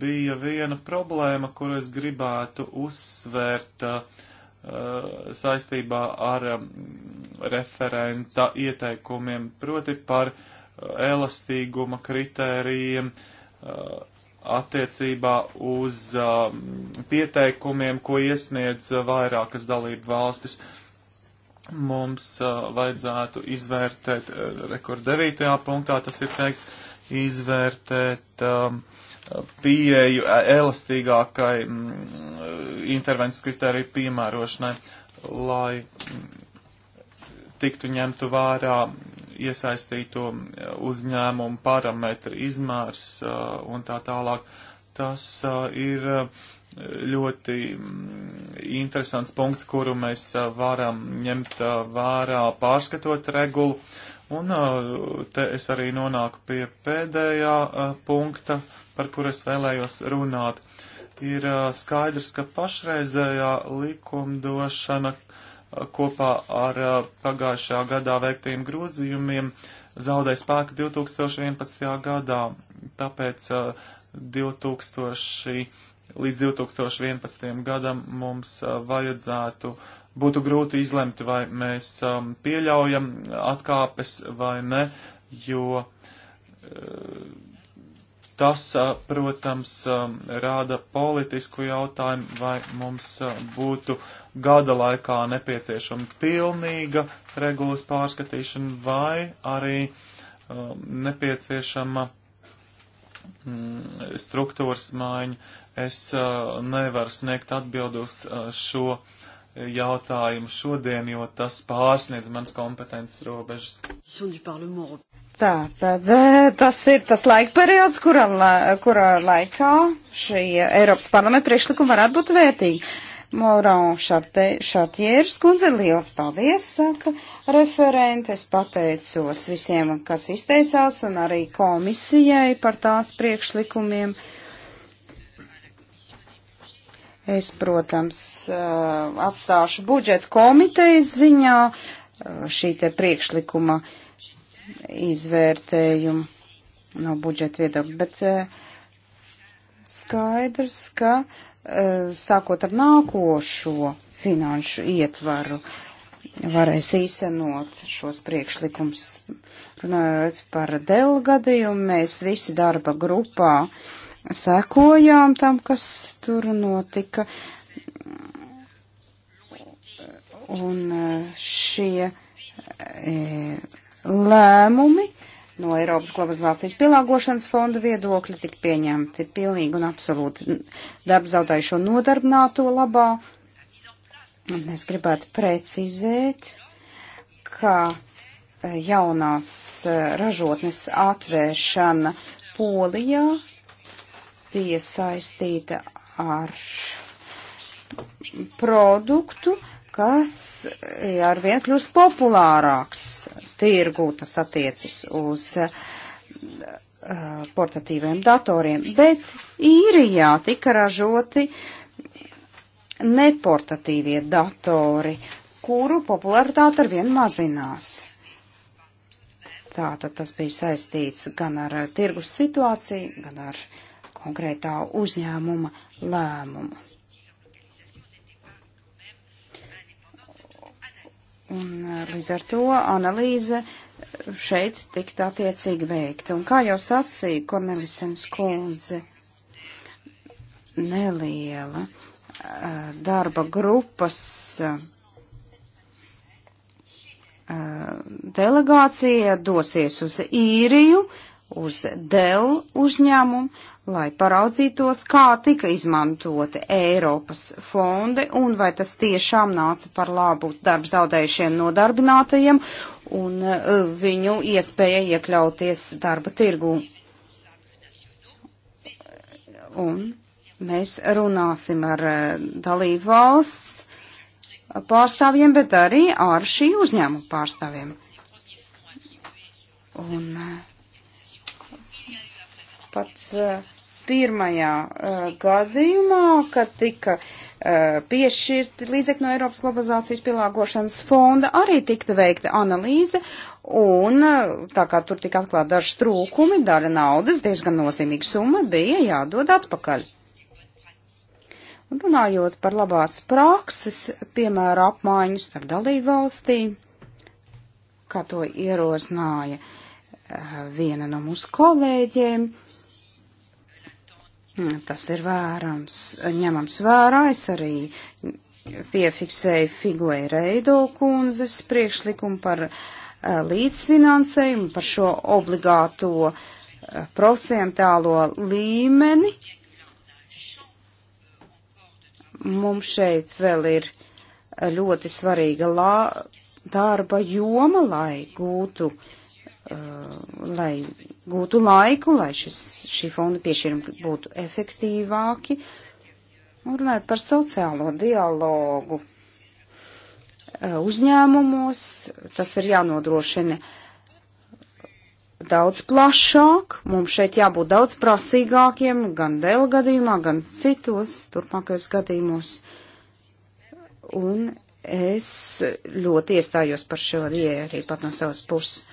bija viena problēma, kur es gribētu uzsvērt saistībā ar referenta ieteikumiem, proti par uh, elastīguma kritērijiem eh, attiecībā uz eh, pieteikumiem, ko iesniedz eh, vairākas dalību valstis. Mums vajadzētu izvērtēt, rekord 9. punktā tas ir teikts, izvērtēt um, pieeju elastīgākai mm, intervences kritēriju piemērošanai, lai mm, tiktu ņemtu vērā iesaistīto eh, uzņēmumu parametri, izmērs eh, un tā tālāk. Tas eh, ir ļoti mm, interesants punkts, kuru mēs varam ņemt vērā pārskatot regulu. Un te es arī nonāku pie pēdējā punkta, par kur es vēlējos runāt. Ir skaidrs, ka pašreizējā likumdošana uh, kopā ar pagājušā gadā veiktajiem grozījumiem zaudēja spēku 2011. gadā, tāpēc 2000, līdz 2011. gadam mums vajadzētu būtu grūti izlemt, vai mēs pieļaujam atkāpes vai ne, jo Tas, protams, rāda politisku jautājumu, vai mums būtu gada laikā nepieciešama pilnīga regulas pārskatīšana vai arī nepieciešama mm, struktūras maiņa. Es nevaru sniegt atbildus šo jautājumu šodien, jo tas pārsniedz manas kompetences robežas. Tā tad eh, tas ir tas laika periods, kurā, kurā laikā šī Eiropas parlamenta priekšlikuma varētu būt vērtīga. Morāna Šartjēras kundze, liels paldies, saka referente. Es pateicos visiem, kas izteicās, un arī komisijai par tās priekšlikumiem. Es, protams, eh, atstāšu budžetu komitejas ziņā eh, šī te priekšlikuma uh, izvērtējumu no budžeta viedokļa, bet eh, skaidrs, ka eh, sākot ar nākošo finanšu ietvaru varēs īstenot šos priekšlikums. Runājot par Delu gadījumu, mēs visi darba grupā sekojām tam, kas tur notika. Un eh, šie. E, lēmumi no Eiropas globalizācijas pielāgošanas fonda viedokļa tika pieņemti pilnīgi un absolūti darba zaudējušo nodarbināto labā. Un es gribētu precizēt, ka e, jaunās e, ražotnes atvēršana Polijā bija saistīta ar produktu, kas e, arvien kļūst populārāks tirgu, tas attiecis uz uh, portatīviem datoriem, bet īrijā tika ražoti neportatīvie datori, kuru popularitāte ar vien mazinās. Tātad tas bija saistīts gan ar tirgus situāciju, gan ar konkrētā uzņēmuma lēmumu. Un eh, līdz ar to analīze šeit tikt attiecīgi veikta. Un kā jau sacīja Kornelisens kundze, neliela eh, darba grupas eh, delegācija dosies uz īriju, uz Dell uzņēmumu, lai paraudzītos, kā tika izmantoti Eiropas fondi un vai tas tiešām nāca par labu darbs zaudējušiem nodarbinātajiem un eh, viņu iespēja iekļauties darba tirgū. Un mēs runāsim ar eh, dalību valsts pārstāvjiem, bet arī ar šī uzņēmuma pārstāvjiem. Un uh, pat pirmajā gadījumā, kad tika piešķirti līdzekļi no Eiropas globalizācijas pielāgošanas fonda, arī tikta veikta analīze, un tā kā tur tika atklāt daži trūkumi, daļa naudas, diezgan nozīmīga summa bija jādod atpakaļ. Un runājot par labās prakses, piemēra apmaiņu starp dalību valstī, kā to ierosināja viena no mūsu kolēģiem, uh, Nu, tas ir vērams, ņemams vērā. Es arī piefiksēju figuēju Reido kundzes priekšlikumu par uh, līdzfinansējumu, par šo obligāto uh, procentālo līmeni. Mums šeit vēl ir eh, ļoti svarīga lā, darba joma, lai gūtu uh, Uh, lai gūtu laiku, lai šis, šī fonda piešķirumi būtu efektīvāki. Un runājot par sociālo dialogu uh, uzņēmumos, tas ir jānodrošina daudz plašāk. Mums šeit jābūt daudz prasīgākiem gan dēla gadījumā, gan citos turpmākajos gadījumos. Un es ļoti iestājos par šo rieju arī pat no savas puses.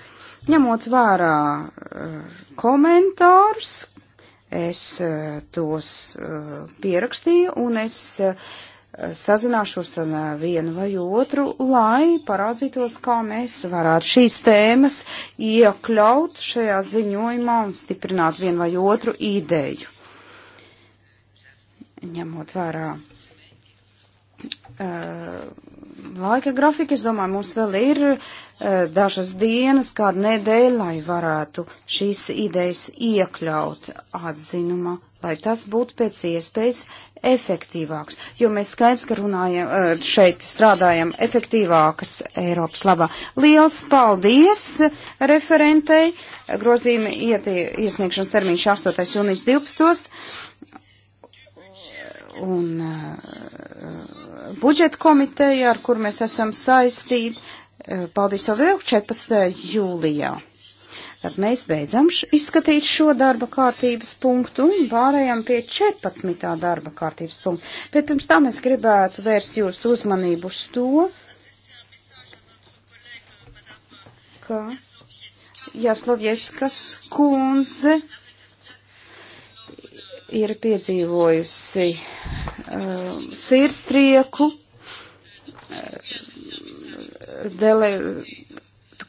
Ņemot vērā eh, komentārus, es eh, tos eh, pierakstīju un es sazināšos ar vienu vai otru, lai parādzītos, kā mēs varētu šīs tēmas iekļaut šajā ziņojumā un stiprināt vienu vai otru ideju. Ņemot vērā uh, laika grafiku, es domāju, mums vēl ir Eh, dažas dienas, kādu nedēļu, lai varētu šīs idejas iekļaut atzinumā, lai tas būtu pēc iespējas efektīvāks, jo mēs skaidrs, ka runājam, eh, šeit strādājam efektīvākas Eiropas labā. Liels paldies referentei, grozījumi ietie, iesniegšanas termiņš 8. jūnijas 12. Un uh, budžeta komiteja, ar kur mēs esam saistīti, uh, Eh, paldies jau vēl 14. jūlijā. Tad mēs beidzam izskatīt šo darba kārtības punktu un pārējām pie 14. darba kārtības punktu. Bet pirms tam es gribētu vērst jūsu uzmanību uz to, ka Jaslovieskas kundze ir piedzīvojusi uh, sirstrieku. Uh, dele,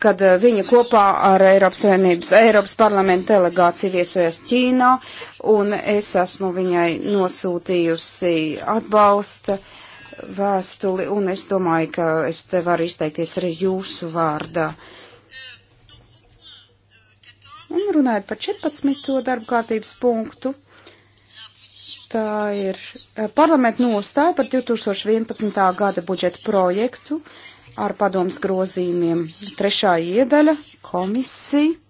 kad eh, viņa kopā ar Eiropas Savienības Eiropas parlamenta delegāciju viesojas Ķīnā, un es esmu viņai nosūtījusi atbalsta vēstuli, un es domāju, ka es te varu izteikties arī jūsu vārdā. Un runājot par 14. darba kārtības punktu, tā ir eh, parlamenta nostāja par 2011. gada budžeta projektu ar padomas grozījumiem. Trešā iedaļa - komisija.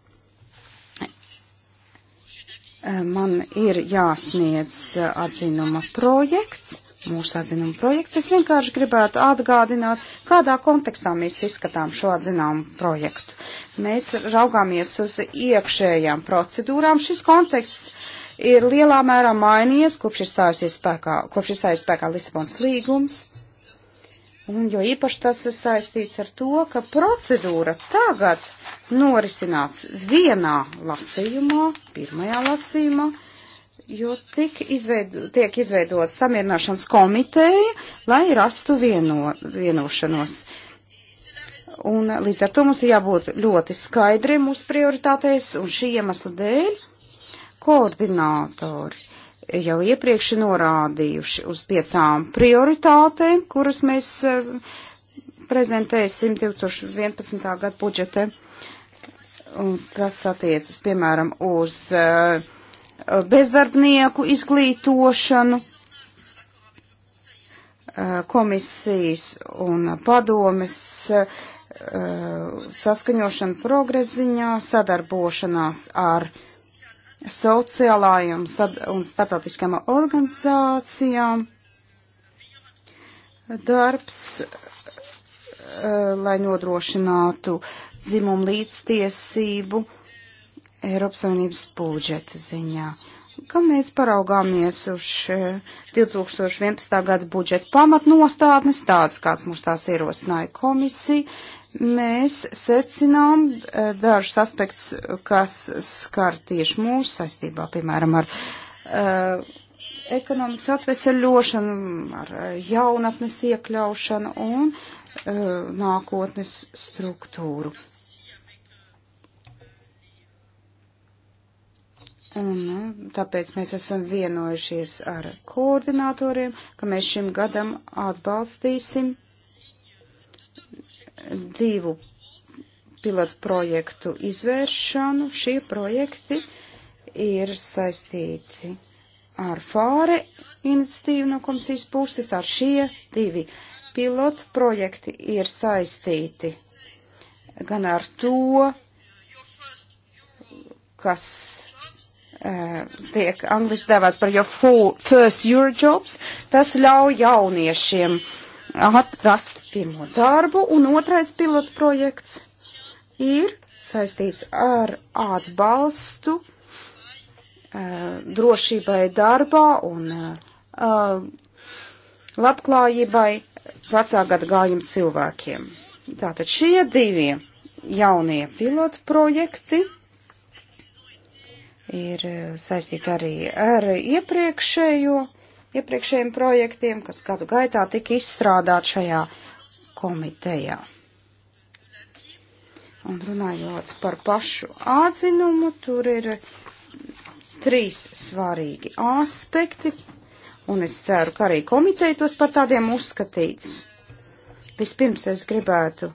Man ir jāsniedz atzinuma projekts, mūsu atzinuma projekts. Es vienkārši gribētu atgādināt, kādā kontekstā mēs izskatām šo atzināmu projektu. Mēs raugāmies uz iekšējām procedūrām. Šis konteksts ir lielā mērā mainījies, kopš ir stājusies spēkā, kopš ir stājusies spēkā Lisabons līgums Un jo īpaši tas ir saistīts ar to, ka procedūra tagad norisinās vienā lasījumā, pirmajā lasījumā, jo tik izveido, tiek izveidot samierināšanas komiteja, lai rastu vieno, vienošanos. Un līdz ar to mums ir jābūt ļoti skaidriem mūsu prioritātēs, un šī iemesla dēļ koordinātori jau iepriekš norādījuši uz piecām prioritātēm, kuras mēs e, prezentēsim 2011. gada budžete. Un tas attiecas, piemēram, uz e, bezdarbnieku izglītošanu, e, komisijas un padomes saskaņošanu progresiņā, sadarbošanās ar uh, sociālajām un starptautiskām organizācijām. Darbs, eh, lai nodrošinātu dzimumu līdztiesību Eiropas Savienības budžeta ziņā. Kā mēs paraugāmies uz 2011. Eh, gada budžeta pamatnostādnes, tāds kāds mums tās ierosināja komisija, Mēs secinām e, dažus aspektus, kas skar tieši mūsu saistībā, piemēram, ar uh, ekonomikas atveseļošanu, ar jaunatnes iekļaušanu un uh, nākotnes struktūru. Un nu, tāpēc mēs esam vienojušies ar koordinatoriem, ka mēs šim gadam atbalstīsim divu pilotu projektu izvēršanu. Šie projekti ir saistīti ar fāre iniciatīvu no komisijas puses, ar šie divi pilotu projekti ir saistīti gan ar to, kas uh, tiek angliski dēvēts par your first your jobs, tas ļauj jauniešiem uh, atrast pirmo darbu, un otrais pilotu projekts ir saistīts ar atbalstu uh, drošībai darbā un uh, labklājībai vecā gadagājuma cilvēkiem. Tātad šie divi jaunie pilotu projekti ir eh, saistīti arī ar iepriekšējo iepriekšējiem projektiem, kas gadu gaitā tika izstrādāt šajā komitejā. Un runājot par pašu atzinumu, tur ir trīs svarīgi aspekti, un es ceru, ka arī komiteja tos par tādiem uzskatīts. Vispirms es gribētu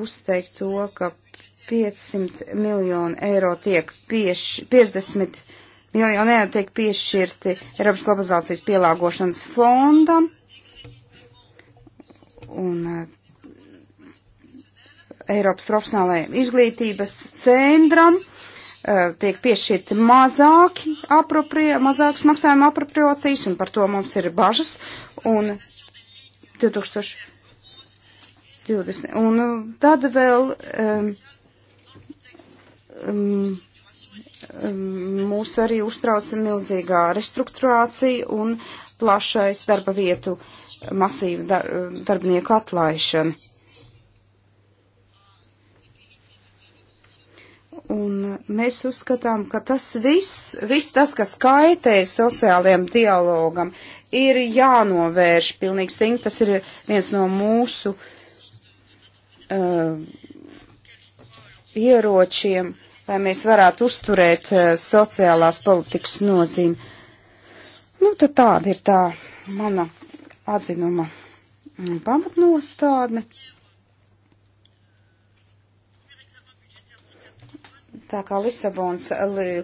uzteikt to, ka 500 miljonu eiro tiek pieš, 50 miljoni eiro tiek piešķirti Eiropas globalizācijas pielāgošanas fondam. Un eh, Eiropas profesionālajiem izglītības centram uh, tiek piešķirti mazāki aproprie, mazāks maksājuma apropriācijas, un par to mums ir bažas. Un 2020. Un eh, tad vēl um, um, mūs arī uztrauc milzīgā restruktūrācija un plašais darba vietu masīva dar, darbinieku atlaišana. Un mēs uzskatām, ka tas viss, viss tas, kas kaitē sociālajiem dialogam, ir jānovērš pilnīgi stingri. Tas ir viens no mūsu uh, ieročiem lai mēs varētu uzturēt eh, sociālās politikas nozīmi. Nu, tad tāda ir tā mana atzinuma pamatnostādne. Tā kā Lisabons,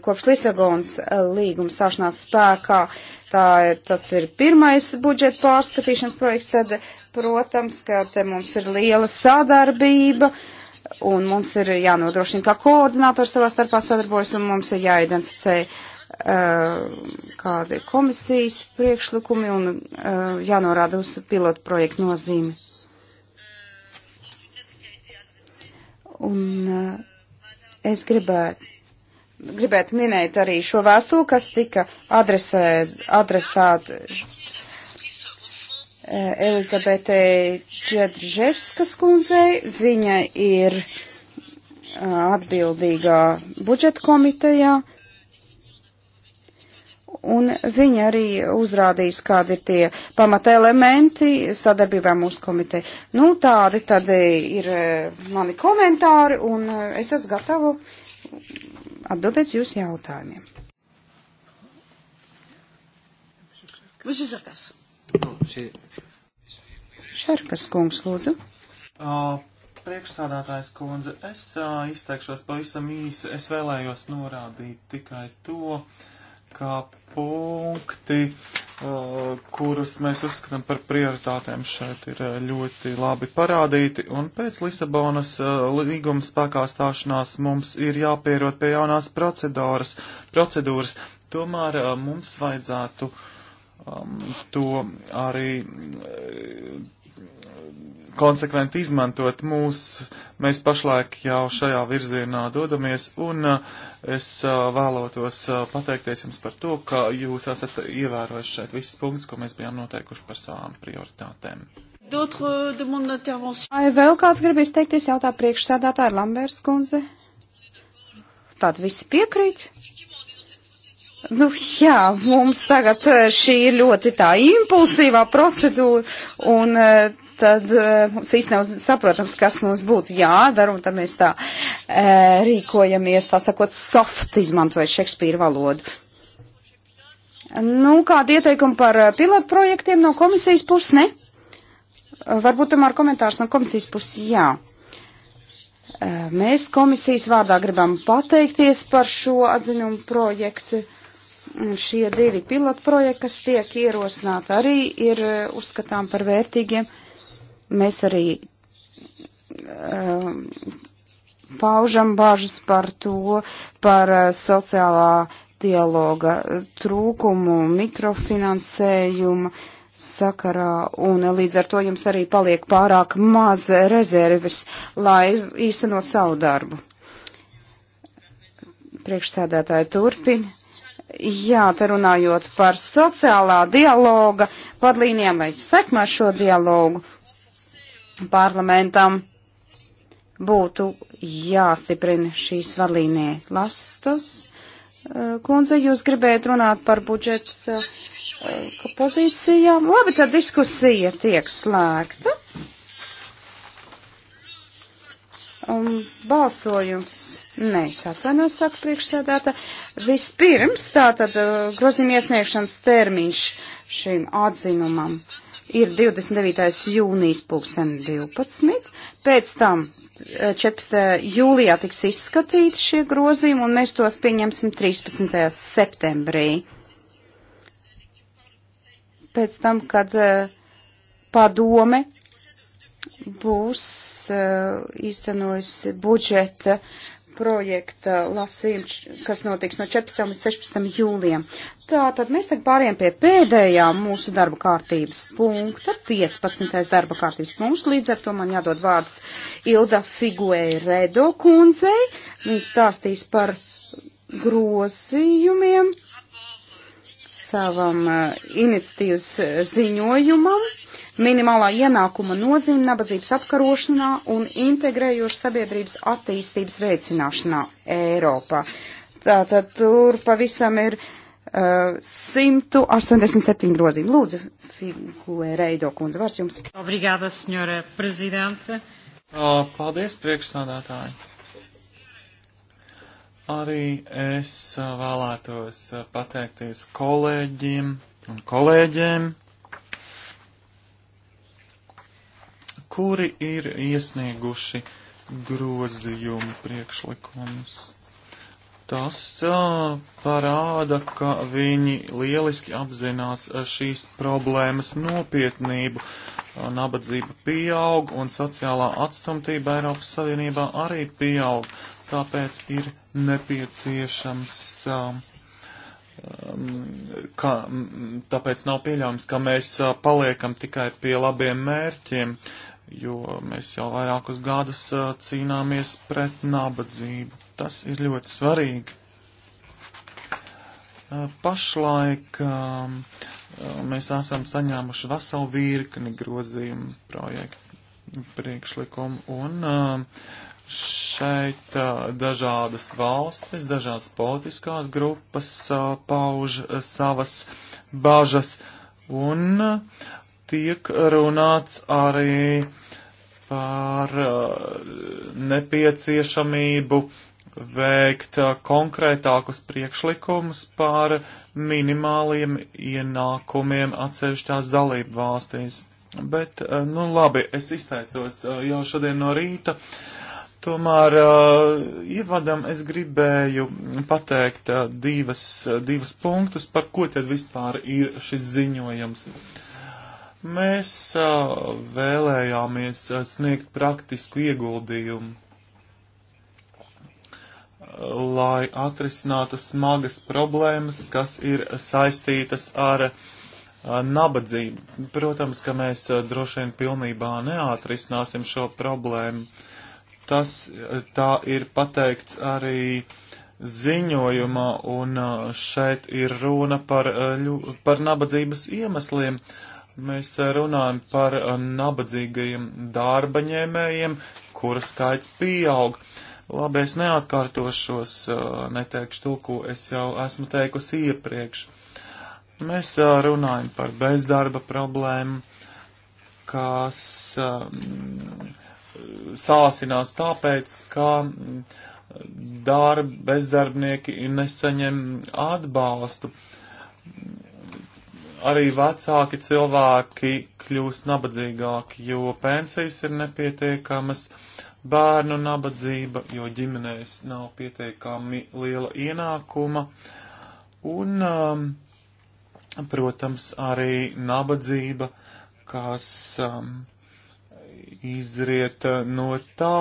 kopš Lisabonas eh, līguma stāšanās spēkā, tā, tas ir pirmais budžeta pārskatīšanas projekts, tad, protams, ka te mums ir liela sadarbība. Uh, Un mums ir jānodrošina, ka koordinātori savā starpā sadarbojas, un mums ir jāidentificē uh, kādi komisijas priekšlikumi un uh, jānorāda uz pilotu projektu nozīmi. Un uh, es gribētu gribētu minēt arī šo vēstuli, kas tika adresēta Eh, Elizabetei Čedrževskas kundzei. Viņa ir eh, atbildīgā budžeta komitejā. Un viņi arī uzrādīs, kādi ir tie pamata elementi sadarbībā mūsu komiteja. Nu, tādi tad eh, ir mani komentāri, un es esmu gatava atbildēt jūsu jautājumiem. Monsieur Sarkas. Nu, Šarkas kungs, lūdzu. Uh, priekšstādātājs kundze, es uh, izteikšos pavisam īsi. Es vēlējos norādīt tikai to, kā punkti, uh, kurus mēs uzskatām par prioritātēm šeit ir ļoti labi parādīti, un pēc Lisabonas uh, līguma spēkā stāšanās mums ir jāpierot pie jaunās procedūras. procedūras. Tomēr uh, mums vajadzētu uh, um, to arī eh, konsekventi izmantot mūs. Mēs pašlaik jau šajā virzienā dodamies, un eh, es eh, vēlotos pateikties jums par to, ka jūs esat ievērojuši šeit visas punktus, ko mēs bijām noteikuši par savām prioritātēm. Vai vēl kāds grib izteikties jautā priekšsēdātāja Lambērs kundze? Tātad visi piekrīt? Nu, jā, mums tagad eh, šī ir ļoti tā impulsīvā procedūra, un eh, tad eh, mums īsti nav saprotams, kas mums būtu jādara, un tad mēs tā e, rīkojamies, tā sakot, soft izmantojot Šekspīra valodu. Nu, kādi ieteikumi par pilotu projektiem no komisijas puses, ne? Varbūt tomēr komentārs no komisijas puses, jā. Mēs komisijas vārdā gribam pateikties par šo atziņumu projektu šie divi pilotprojekti, kas tiek ierosināti, arī ir eh, uzskatām par vērtīgiem. Mēs arī um, paužam bažas par to, par eh, sociālā dialoga eh, trūkumu, mikrofinansējumu sakarā, un līdz ar to jums arī paliek pārāk maz rezerves, lai īstenot savu darbu. Priekšsēdētāji turpina Jā, te runājot par sociālā dialoga padlīnijām vai sekmā šo dialogu parlamentam būtu jāstiprina šīs vadlīnija lastas. Eh, kundze, jūs gribējat runāt par budžeta eh, pozīcijām? Labi, tad diskusija tiek slēgta. Un balsojums, nē, es atvainojos, saka priekšsēdētā, vispirms tātad uh, grozījuma iesniegšanas termiņš šim atzinumam ir 29. jūnijas pulksten 12, pēc tam 14. Uh, jūlijā tiks izskatīti šie grozījumi, un mēs tos pieņemsim 13. septembrī. Pēc tam, kad uh, padome būs eh, īstenojusi budžeta projekta lasījums, kas notiks no 14. līdz 16. jūlijam. Tātad mēs tagad pāriem pie pēdējā mūsu darba kārtības punkta, 15. darba kārtības punkts. Līdz ar to man jādod vārds Ilda Figuei Redo kundzei. Viņa stāstīs par grozījumiem savam uh, iniciatīvas eh, ziņojumam minimālā ienākuma nozīme nabadzības apkarošanā un integrējošas sabiedrības attīstības veicināšanā Eiropā. Tātad tur pavisam ir uh, 187 grozījumi. Lūdzu, Figueiredo kundze, vārds jums. Obrigāda, senjora prezidente. Paldies, priekšstādātāji. Arī es uh, vēlētos uh, pateikties kolēģiem un kolēģiem kuri ir iesnieguši grozījumu priekšlikumus. Tas a, parāda, ka viņi lieliski apzinās šīs problēmas nopietnību. Nabadzība pieaug un sociālā atstumtība Eiropas Savienībā arī pieaug. Tāpēc ir nepieciešams, a, ka, tāpēc nav pieļaujams, ka mēs a, paliekam tikai pie labiem mērķiem jo mēs jau vairākus gadus cīnāmies pret nabadzību. Tas ir ļoti svarīgi. Pašlaik mēs esam saņēmuši veselu virkni grozījumu projektu priekšlikumu un šeit dažādas valstis, dažādas politiskās grupas pauž savas bažas un uh, tiek runāts arī par uh, nepieciešamību veikt uh, konkrētākus priekšlikumus par minimāliem ienākumiem atsevišķās dalību valstīs. Bet, uh, nu labi, es izteicos jau šodien no rīta. Tomēr ievadam es gribēju pateikt divas, divas punktus, par ko tad vispār ir šis ziņojums. Uh, Mēs a, uh, vēlējāmies a, uh, sniegt praktisku ieguldījumu, lai atrisinātu smagas problēmas, kas ir saistītas ar a, uh, nabadzību. Protams, ka mēs droši vien pilnībā neatrisināsim šo problēmu. Tas tā ir pateikts arī ziņojumā, un šeit ir runa par, par nabadzības iemesliem. Uh, mēs eh, runājam par eh, nabadzīgajiem darba ņēmējiem, kura skaits pieaug. Labi, es neatkārtošos, eh, neteikšu to, ko es jau esmu teikusi iepriekš. Mēs runājam par bezdarba problēmu, kas sāsinās tāpēc, ka mm, darb, bezdarbnieki nesaņem atbalstu arī vecāki cilvēki kļūst nabadzīgāki, jo pensijas ir nepietiekamas, bērnu nabadzība, jo ģimenēs nav pietiekami liela ienākuma, un, um, protams, arī nabadzība, kas um, izriet no tā,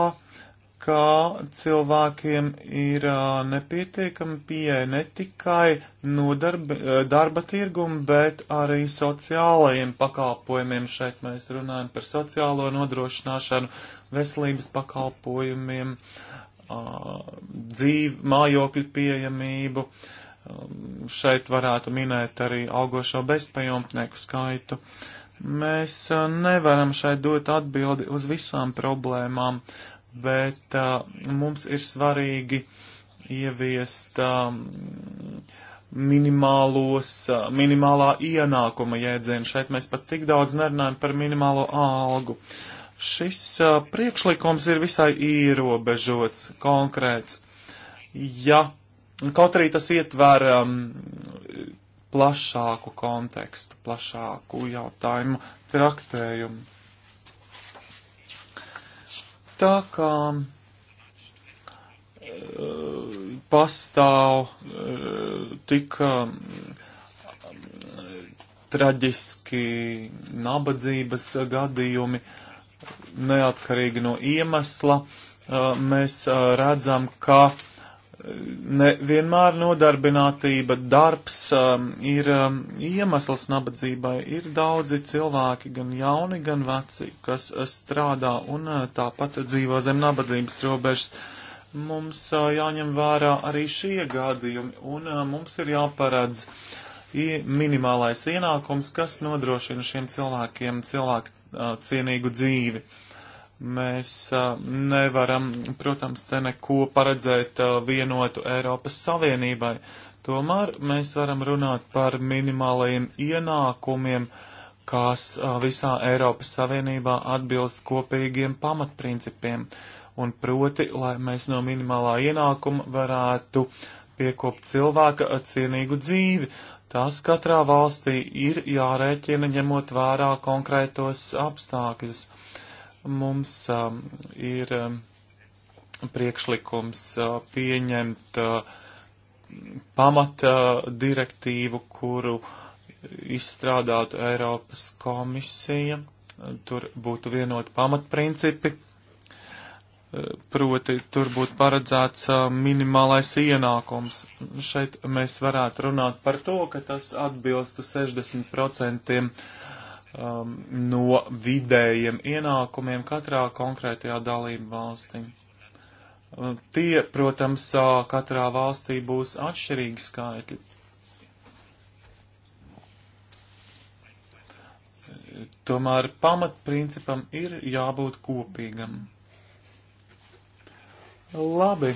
ka cilvēkiem ir nepietiekama pieeja ne tikai no darba, darba tirguma, bet arī sociālajiem pakalpojumiem. Šeit mēs runājam par sociālo nodrošināšanu, veselības pakalpojumiem, dzīv, mājokļu pieejamību. Šeit varētu minēt arī augošo bezpajumtnieku skaitu. Mēs nevaram šeit dot atbildi uz visām problēmām bet uh, mums ir svarīgi ieviest uh, minimālos, uh, minimālā ienākuma jēdzienu. Šeit mēs pat tik daudz nerunājam par minimālo algu. Šis uh, priekšlikums ir visai ierobežots, konkrēts. Ja, kaut arī tas ietver um, plašāku kontekstu, plašāku jautājumu traktējumu tā kā eh, pastāv eh, tik eh, traģiski nabadzības gadījumi, neatkarīgi no iemesla, mēs redzam, ka nevienmēr nodarbinātība, darbs um, ir um, iemesls nabadzībai. Ir daudzi cilvēki, gan jauni, gan veci, kas uh, strādā un uh, tāpat dzīvo zem nabadzības robežas. Mums uh, jāņem vērā arī šie gadījumi, un uh, mums ir jāparedz minimālais ienākums, kas nodrošina šiem cilvēkiem cilvēku uh, cienīgu dzīvi. Uh, Mēs a, nevaram, protams, te neko paredzēt a, vienotu Eiropas Savienībai. Tomēr mēs varam runāt par minimālajiem ienākumiem, kas a, visā Eiropas Savienībā atbilst kopīgiem pamatprincipiem. Un proti, lai mēs no minimālā ienākuma varētu piekopt cilvēka cienīgu dzīvi. Tas katrā valstī ir jārēķina ņemot vērā konkrētos apstākļus Mums um, ir um, priekšlikums uh, pieņemt uh, pamata direktīvu, kuru izstrādātu Eiropas komisija. Tur būtu vienoti pamatprincipi, proti tur būtu paredzēts uh, minimālais ienākums. Šeit mēs varētu runāt par to, ka tas atbilstu 60% um, no vidējiem ienākumiem katrā konkrētajā dalību valstī. Tie, protams, katrā valstī būs atšķirīgi skaitļi. Tomēr pamatprincipam ir jābūt kopīgam. Labi.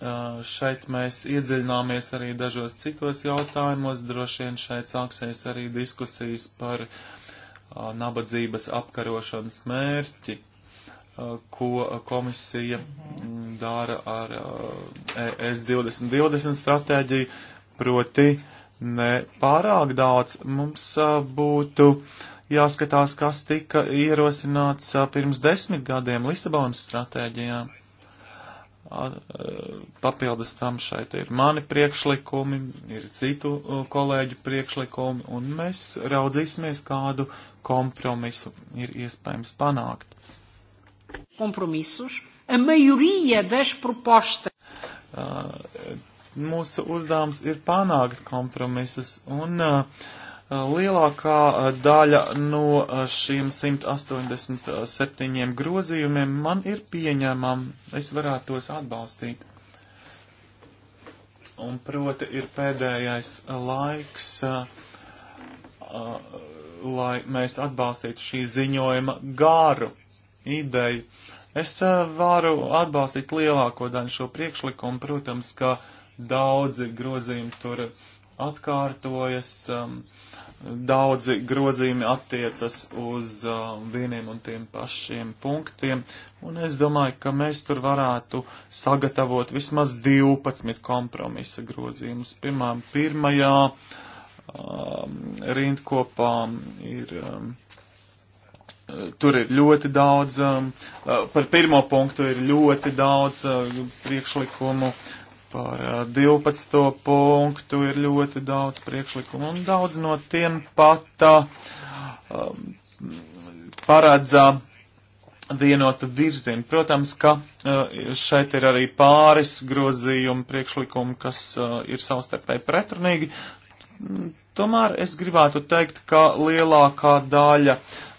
Uh, šeit mēs iedziļināmies arī dažos citos jautājumos. Droši vien šeit sāksies arī diskusijas par uh, nabadzības apkarošanas mērķi, uh, ko komisija mm, dara ar e ES 2020 stratēģiju, proti ne pārāk daudz. Mums būtu jāskatās, kas tika ierosināts pirms desmit gadiem Lisabonas stratēģijām E, papildus tam šeit ir mani priekšlikumi, ir citu e, kolēģu priekšlikumi, un mēs raudzīsimies, kādu kompromisu ir iespējams panākt. Kompromisus, a maioria das propostas. E, mūsu uzdevums ir panākt kompromisus, un uh, Lielākā daļa no šiem 187 grozījumiem man ir pieņemama, es varētu tos atbalstīt. Un proti ir pēdējais laiks, lai mēs atbalstītu šī ziņojuma garu, ideju. Es varu atbalstīt lielāko daļu šo priekšlikumu, protams, ka daudzi grozījumi tur atkārtojas. Um, Daudzi grozījumi attiecas uz uh, vieniem un tiem pašiem punktiem, un es domāju, ka mēs tur varētu sagatavot vismaz 12 kompromisa grozījumus. Pirmām, pirmajā um, rindkopā ir. Um, tur ir ļoti daudz, um, uh, par pirmo punktu ir ļoti daudz uh, priekšlikumu Par 12. punktu ir ļoti daudz priekšlikumu, un daudz no tiem pat um, paredzā vienotu virzienu. Protams, ka šeit ir arī pāris grozījumu priekšlikumu, kas ir savstarpēji pretrunīgi. Tomēr es gribētu teikt, ka lielākā daļa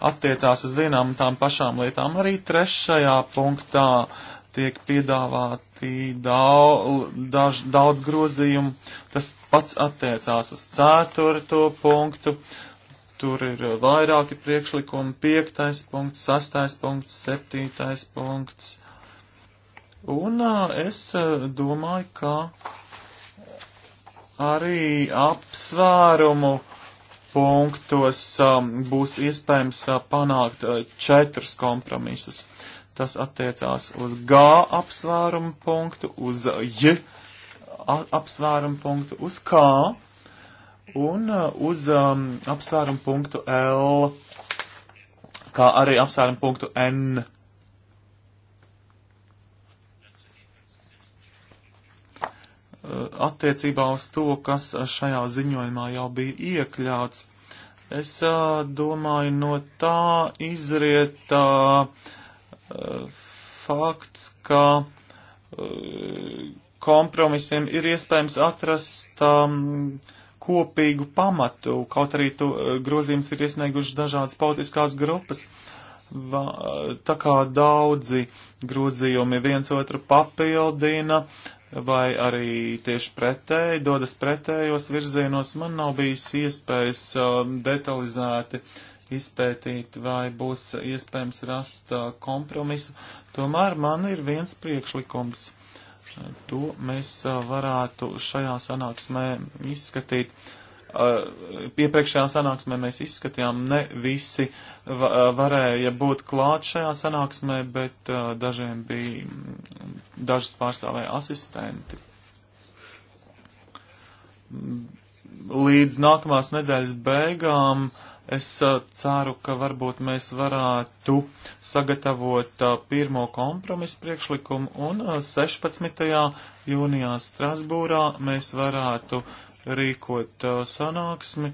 attiecās uz vienām un tām pašām lietām. Arī trešajā punktā tiek piedāvāti daudz, daž, daudz grozījumu. Tas pats attiecās uz ceturto punktu. Tur ir vairāki priekšlikumi - piektais punkts, sastais punkts, septītais punkts. Un es domāju, ka arī apsvērumu punktos būs iespējams panākt četrus kompromisus. Uh, Tas attiecās uz G apsvērumu punktu, uz J apsvērumu punktu, uz K un uh, uz um, apsvērumu punktu L, kā arī apsvērumu punktu N. Uh, attiecībā uz to, kas uh, šajā ziņojumā jau bija iekļauts. Es domāju, no tā izriet fakts, ka e, kompromisiem ir iespējams atrast um, kopīgu pamatu, kaut arī tu, e, grozījums ir iesnieguši dažādas politiskās grupas. Va, tā kā daudzi grozījumi viens otru papildina, vai arī tieši pretēji, dodas pretējos virzienos, man nav bijis iespējas um, detalizēti izpētīt, vai būs iespējams rast kompromisu. Tomēr man ir viens priekšlikums. To mēs varētu šajā sanāksmē izskatīt. Iepriekšējā sanāksmē mēs izskatījām, ne visi varēja būt klāt šajā sanāksmē, bet dažiem bija, dažas pārstāvēja asistenti. Līdz nākamās nedēļas beigām uh, Es uh, ceru, ka varbūt mēs varētu sagatavot uh, pirmo kompromisu priekšlikumu un 16. Uh, jūnijā Strasbūrā mēs varētu rīkot sanāksmi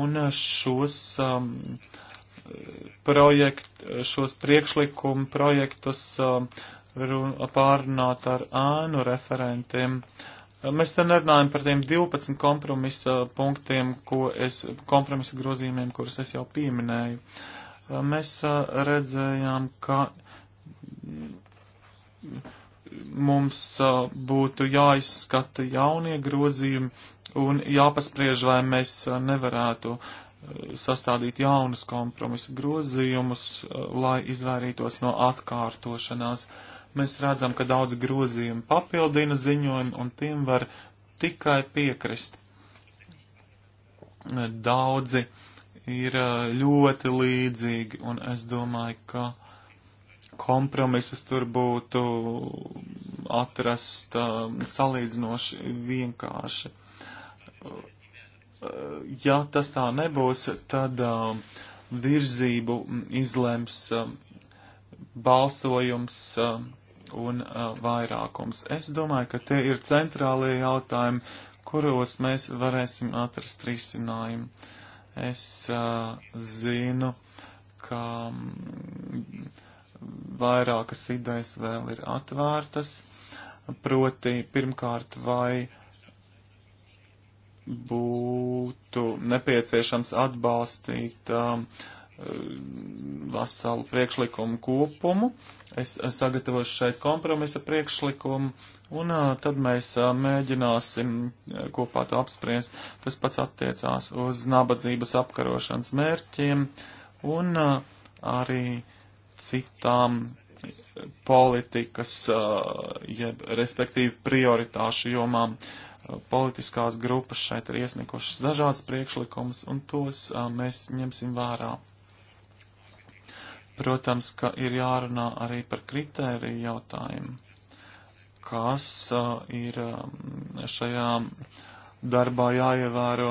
un šos um, projekt, šos priekšlikumu projektus um, pārunāt ar ānu referentiem. Uh, Mēs te nerunājam par tiem 12 kompromisa punktiem, ko es, kompromisa grozījumiem, kurus es jau pieminēju. Mēs redzējām, ka mums būtu jāizskata jaunie grozījumi un jāpaspriež, vai mēs nevarētu sastādīt jaunus kompromisa grozījumus, lai izvairītos no atkārtošanās. Uh, Mēs redzam, ka daudz grozījumu papildina ziņojumu, un tiem var tikai piekrist. Daudzi ir ļoti līdzīgi, un es domāju, ka kompromisus tur būtu atrast salīdzinoši vienkārši. Ja tas tā nebūs, tad virzību izlems balsojums un uh, vairākums. Es domāju, ka tie ir centrālie jautājumi, kuros mēs varēsim atrast risinājumu. Es uh, zinu, ka mm, vairākas idejas vēl ir atvērtas, proti pirmkārt vai būtu nepieciešams atbalstīt uh, Eh, veselu priekšlikumu kopumu. Es, es sagatavošu šeit kompromisa priekšlikumu, un eh, tad mēs eh, mēģināsim kopā to apspriest. Tas pats attiecās uz nabadzības apkarošanas mērķiem un arī citām politikas, jeb respektīvi prioritāšu jomām. Politiskās grupas šeit ir iesnikušas dažādas priekšlikumus, un tos mēs ņemsim vērā Protams, ka ir jārunā arī par kritēriju jautājumu, kas uh, ir um, šajā darbā jāievēro.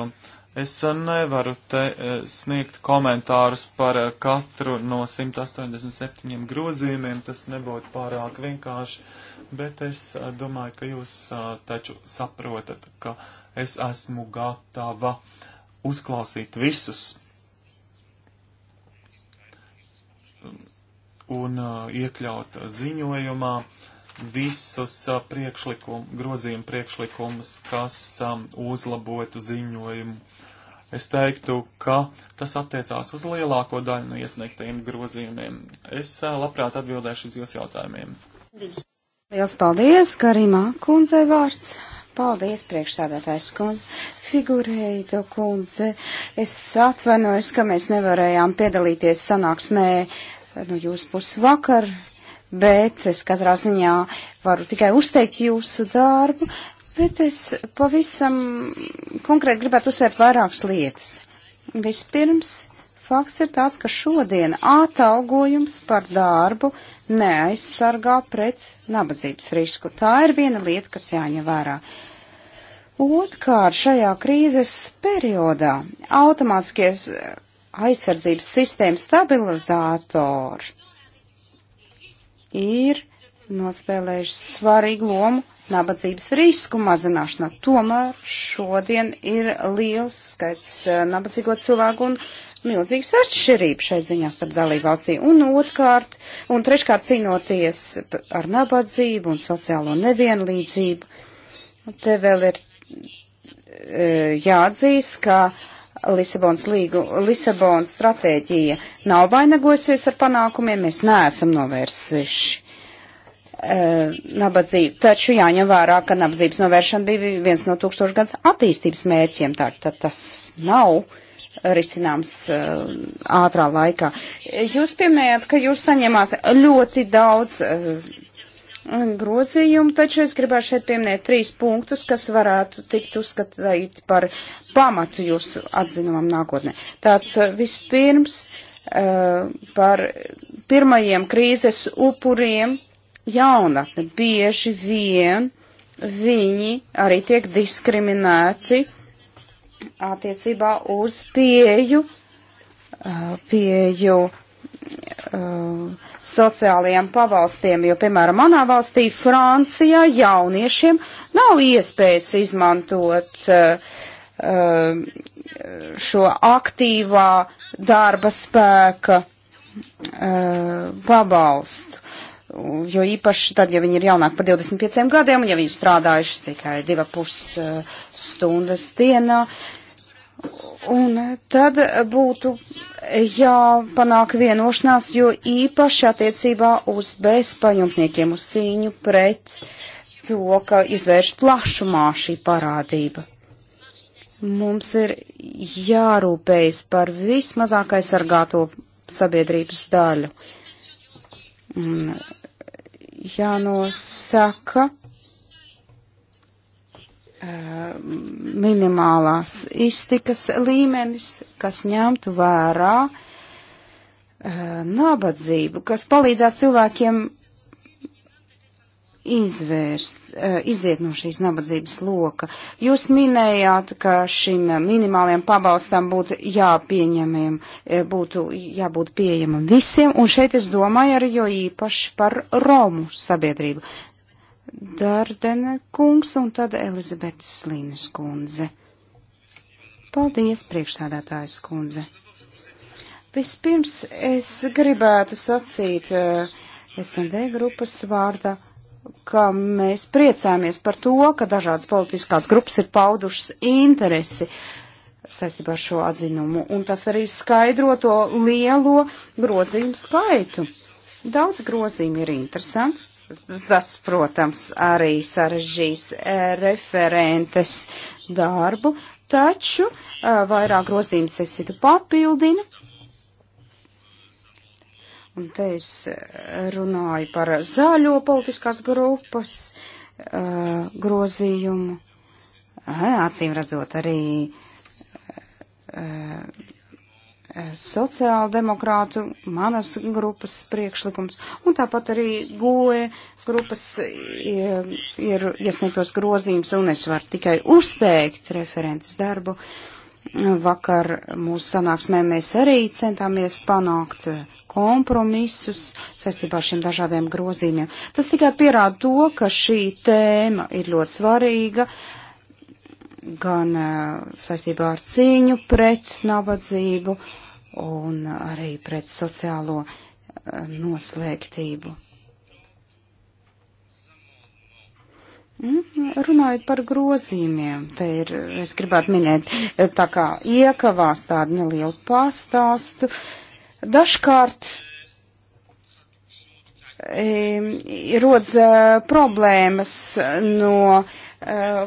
Es uh, nevaru te uh, sniegt komentārus par uh, katru no 187 grozījumiem, tas nebūtu pārāk vienkārši, bet es domāju, ka jūs taču saprotat, ka es esmu gatava uzklausīt visus un uh, iekļaut ziņojumā visus uh, priekšlikumu, grozījumu priekšlikumus, kas um, uzlabotu ziņojumu. Es teiktu, ka tas attiecās uz lielāko daļu no iesniegtajiem grozījumiem. Es uh, labprāt atbildēšu uz jūsu jautājumiem. Liels paldies, Karimā kundzei vārds. Paldies, priekšstādātājs kundze. Figurēito kundze, es atvainojos, ka mēs nevarējām piedalīties sanāksmē no nu jūsu puses vakar, bet es katrā ziņā varu tikai uzteikt jūsu darbu, bet es pavisam konkrēti gribētu uzsvērt vairākas lietas. Vispirms, fakts ir tāds, ka šodien atalgojums par darbu neaizsargā pret nabadzības risku. Tā ir viena lieta, kas jāņem vērā. Otkārt, šajā krīzes periodā automātiskie aizsardzības sistēma stabilizātori ir nospēlējuši svarīgu lomu nabadzības risku mazināšanā. Tomēr šodien ir liels skaits eh, nabadzīgo cilvēku un milzīgs atšķirība šai ziņā starp dalībvalstī. Un otrkārt, un treškārt cīnoties ar nabadzību un sociālo nevienlīdzību, te vēl ir e, jāatzīst, ka Lisabons, līgu, Lisabons stratēģija nav vainagosies ar panākumiem, mēs neesam novērsuši eh, nabadzību. Taču jāņem vērā, ka nabadzības novēršana bija viens no tūkstošgads attīstības mērķiem, tā tad tas nav risināms uh, ātrā laikā. Jūs pieminējat, ka jūs saņemat ļoti daudz uh, grozījumu, taču es gribētu šeit pieminēt trīs punktus, kas varētu tikt uzskatīt par pamatu jūsu atzinumam nākotnē. Tātad eh, vispirms uh, par pirmajiem krīzes upuriem jaunatne. Bieži vien viņi arī tiek diskriminēti attiecībā uz pieju, uh, pieju uh, sociālajiem pabalstiem, jo, piemēram, manā valstī Francijā jauniešiem nav iespējas izmantot eh, eh, šo aktīvā darba spēka eh, pabalstu. Jo īpaši tad, ja viņi ir jaunāki par 25 gadiem un ja viņi strādājuši tikai 2,5 stundas dienā, uh, Un tad būtu jāpanāk vienošanās, jo īpaši attiecībā uz bezpajumtniekiem, uz cīņu pret to, ka izvērš plašumā šī parādība. Mums ir jārūpējas par vismazāk aizsargāto sabiedrības daļu. Un jānosaka. Ja Uh, minimālās iztikas līmenis, kas ņemtu vērā uh, nabadzību, kas palīdzētu cilvēkiem izvērst, uh, iziet no šīs nabadzības loka. Jūs minējāt, ka šim minimālajam pabalstam būtu jāpieņemiem, eh, būtu jābūt pieejamam visiem, un šeit es domāju arī jo īpaši par Romu sabiedrību. Dārdena kungs un tad Elizabetes Līnas kundze. Paldies, priekšsādātājs kundze. Vispirms es gribētu sacīt uh, eh, SND grupas vārdā, ka mēs priecāmies par to, ka dažādas politiskās grupas ir paudušas interesi saistībā ar šo atzinumu, un tas arī skaidro to lielo grozījumu skaitu. Daudz grozījumu ir interesanti, Tas, protams, arī sarežģīs e, referentes darbu, taču e, vairāk grozījums es citu papildinu. Un te es e, runāju par zaļo politiskās grupas uh, grozījumu. Acīm redzot arī uh, sociāldemokrātu manas grupas priekšlikums, un tāpat arī goe grupas ir, ir iesniegtos grozījums, un es varu tikai uzteikt referentes darbu. Vakar mūsu sanāksmē mēs arī centāmies panākt kompromisus saistībā ar šiem dažādiem grozījumiem. Tas tikai pierāda to, ka šī tēma ir ļoti svarīga gan saistībā ar cīņu pret nabadzību, uh, un arī pret sociālo eh, noslēgtību. Mm, runājot par grozījumiem, te ir, es gribētu minēt, eh, tā kā iekavās tādu nelielu pastāstu. Dažkārt e, rodas eh, problēmas no Uh,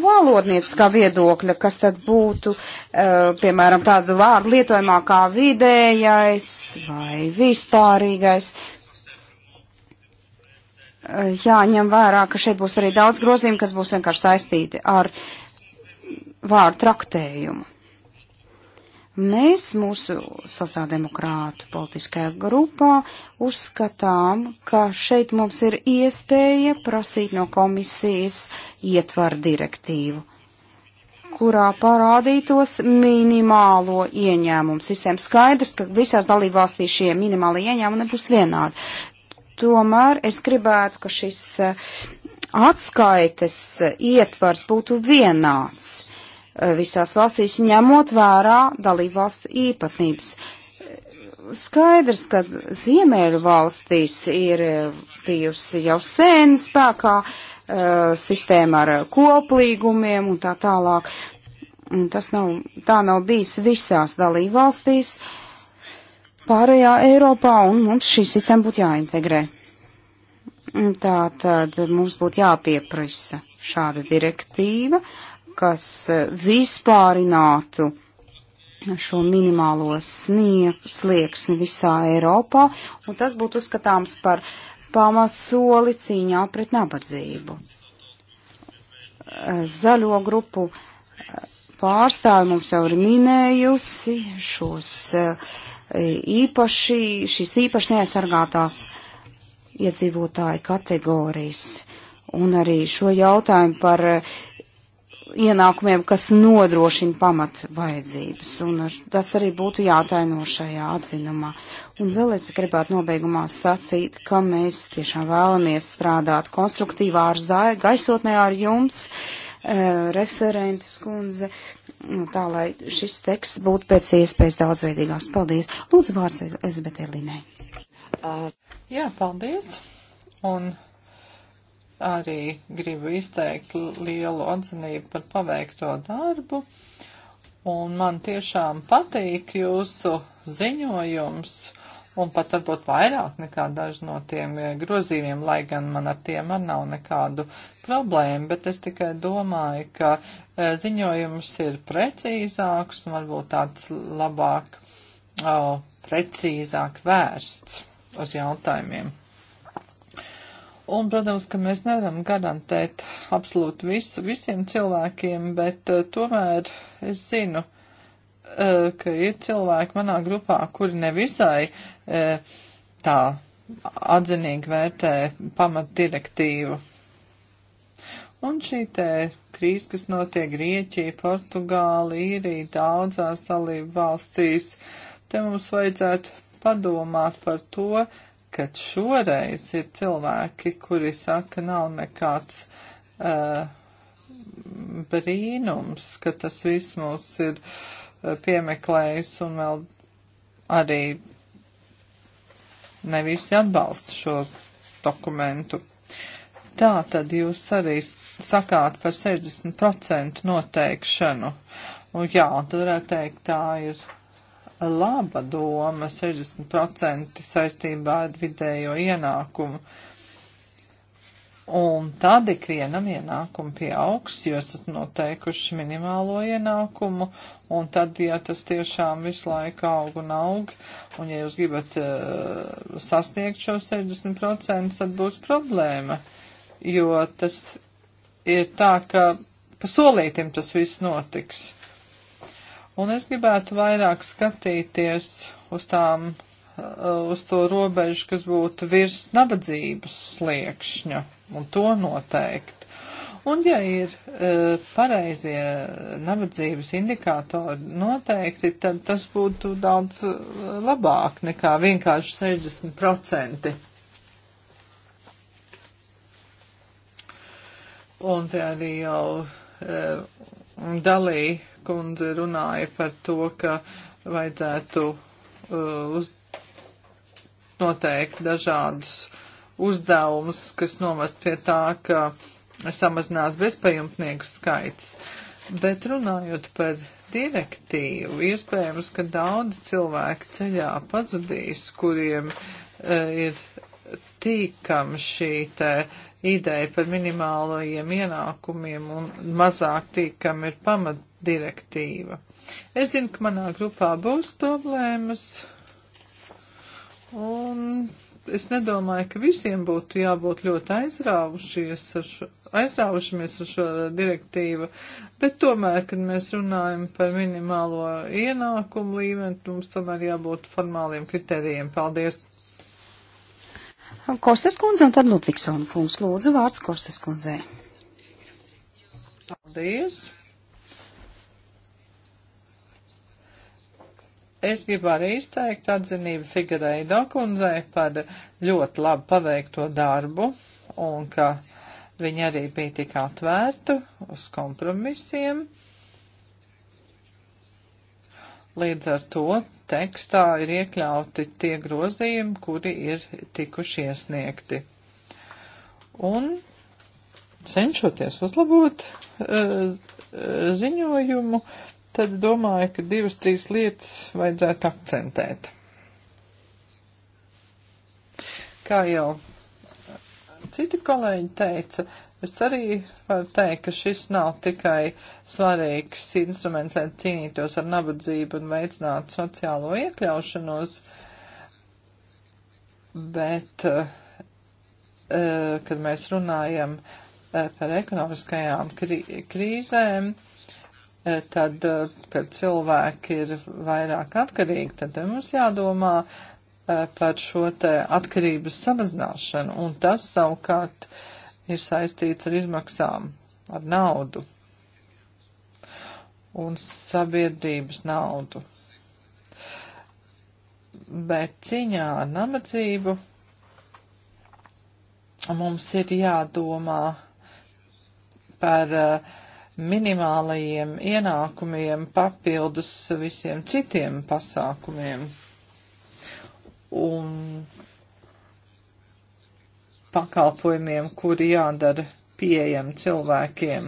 valodnieciskā viedokļa, kas tad būtu, uh, piemēram, tādu vārdu lietojumā kā vidējais vai vispārīgais. Uh, Jāņem vērā, ka šeit būs arī daudz grozījumu, kas būs vienkārši saistīti ar vārdu traktējumu. Mēs mūsu sociāldemokrātu politiskajā grupā uzskatām, ka šeit mums ir iespēja prasīt no komisijas ietvar direktīvu, kurā parādītos minimālo ieņēmumu sistēmu. Skaidrs, ka visās dalībvalstīs šie minimāli ieņēmumi nebūs vienādi. Tomēr es gribētu, ka šis eh, atskaites eh, ietvars būtu vienāds Eh, visās valstīs, ņemot vērā dalību valstu īpatnības. Skaidrs, ka Ziemeļu valstīs ir eh, bijusi jau sen spēkā uh, sistēma ar koplīgumiem un tā tālāk. Un tas nav, tā nav bijis visās dalību valstīs, pārējā Eiropā, un mums šī sistēma būtu jāintegrē. Tā tad mums būtu jāpieprasa šāda direktīva, uh, kas eh, vispārinātu šo minimālo snieg, slieksni visā Eiropā, un tas būtu uzskatāms par pamatsoli cīņā pret nabadzību. Eh, zaļo grupu eh, pārstāvi mums jau ir minējusi šos īpaši, šīs īpaši neaizsargātās iedzīvotāju kategorijas, un arī šo jautājumu par uh, ienākumiem, kas nodrošina pamat vajadzības, un tas arī būtu jātaino šajā atzinumā. Un vēl es gribētu nobeigumā sacīt, ka mēs tiešām vēlamies strādāt konstruktīvā ar zāju, gaisotnē ar jums, e, eh, referentes kundze, nu, tā lai šis teksts būtu pēc iespējas daudzveidīgāks. Paldies! Lūdzu, vārds Elizabetē Linē. Jā, paldies! Un arī gribu izteikt lielu atzinību par paveikto darbu. Un man tiešām patīk jūsu ziņojums, un pat varbūt vairāk nekā daži no tiem grozījumiem, lai gan man ar tiem ar nav nekādu problēmu, bet es tikai domāju, ka e, ziņojums ir precīzāks un varbūt tāds labāk, o, precīzāk vērsts uz jautājumiem. Un, protams, ka mēs nevaram garantēt absolūti visu visiem cilvēkiem, bet uh, tomēr es zinu, uh, ka ir cilvēki manā grupā, kuri nevisai uh, tā atzinīgi vērtē pamatdirektīvu. Un šī te krīze, kas notiek Grieķija, Portugāla, Īrija, daudzās dalību valstīs, te mums vajadzētu padomāt par to, uh, ka šoreiz ir cilvēki, kuri saka, nav nekāds uh, brīnums, ka tas viss mūs ir uh, piemeklējis un vēl arī ne visi atbalsta šo dokumentu. Tā tad jūs arī sakāt par 60% noteikšanu. Un jā, un tad varētu teikt, tā ir laba doma 60% saistībā ar vidējo ienākumu. Un tad ikvienam ienākumu pieaugs, jo esat noteikuši minimālo ienākumu, un tad, ja tas tiešām visu laiku aug un aug, un ja jūs gribat uh, sasniegt šo 60%, tad būs problēma, jo tas ir tā, ka pa solītim tas viss notiks. Un es gribētu vairāk skatīties uz tām, uh, uz to robežu, kas būtu virs nabadzības sliekšņa, un to noteikt. Un ja ir e, pareizie nabadzības indikātori noteikti, tad tas būtu daudz uh, labāk nekā vienkārši 60%. Un te arī jau e, dalīja kundze runāja par to, ka vajadzētu uh, uz, noteikt dažādus uzdevumus, kas novest pie tā, ka samazinās bezpajumtnieku skaits. Bet runājot par direktīvu, iespējams, ka daudz cilvēku ceļā pazudīs, kuriem uh, ir tīkam šī te uh, ideja par minimālajiem ienākumiem un mazāk tīkam ir pamatdirektīva. Es zinu, ka manā grupā būs problēmas, un es nedomāju, ka visiem būtu jābūt ļoti aizrāvušies ar šo, aizrāvušamies ar šo direktīvu, bet tomēr, kad mēs runājam par minimālo ienākumu līmeni, mums tomēr jābūt formāliem kritērijiem. Paldies! Kostas kundze un tad Ludvigsona kungs. Lūdzu, vārds Kostas kundzei. Paldies! Es gribu arī izteikt atzinību Figurai Dokundzei par ļoti labi paveikto darbu un ka viņa arī bija tik atvērta uz kompromisiem. Līdz ar to tekstā ir iekļauti tie grozījumi, kuri ir tikuši iesniegti. Un cenšoties uzlabot e, e, ziņojumu, tad domāju, ka divas, trīs lietas vajadzētu akcentēt. Kā jau citi kolēģi teica, Es arī varu teikt, ka šis nav tikai svarīgs instruments, lai cīnītos ar nabadzību un veicinātu sociālo iekļaušanos, bet, eh, kad mēs runājam eh, par ekonomiskajām krīzēm, eh, tad, kad cilvēki ir vairāk atkarīgi, tad mums jādomā par šo te atkarības samazināšanu, un tas savukārt uh, ir saistīts ar izmaksām, ar naudu un sabiedrības naudu. Bet ciņā ar nabadzību mums ir jādomā par eh, minimālajiem ienākumiem papildus visiem citiem pasākumiem. Un pakalpojumiem, kuri jādara pieejam cilvēkiem.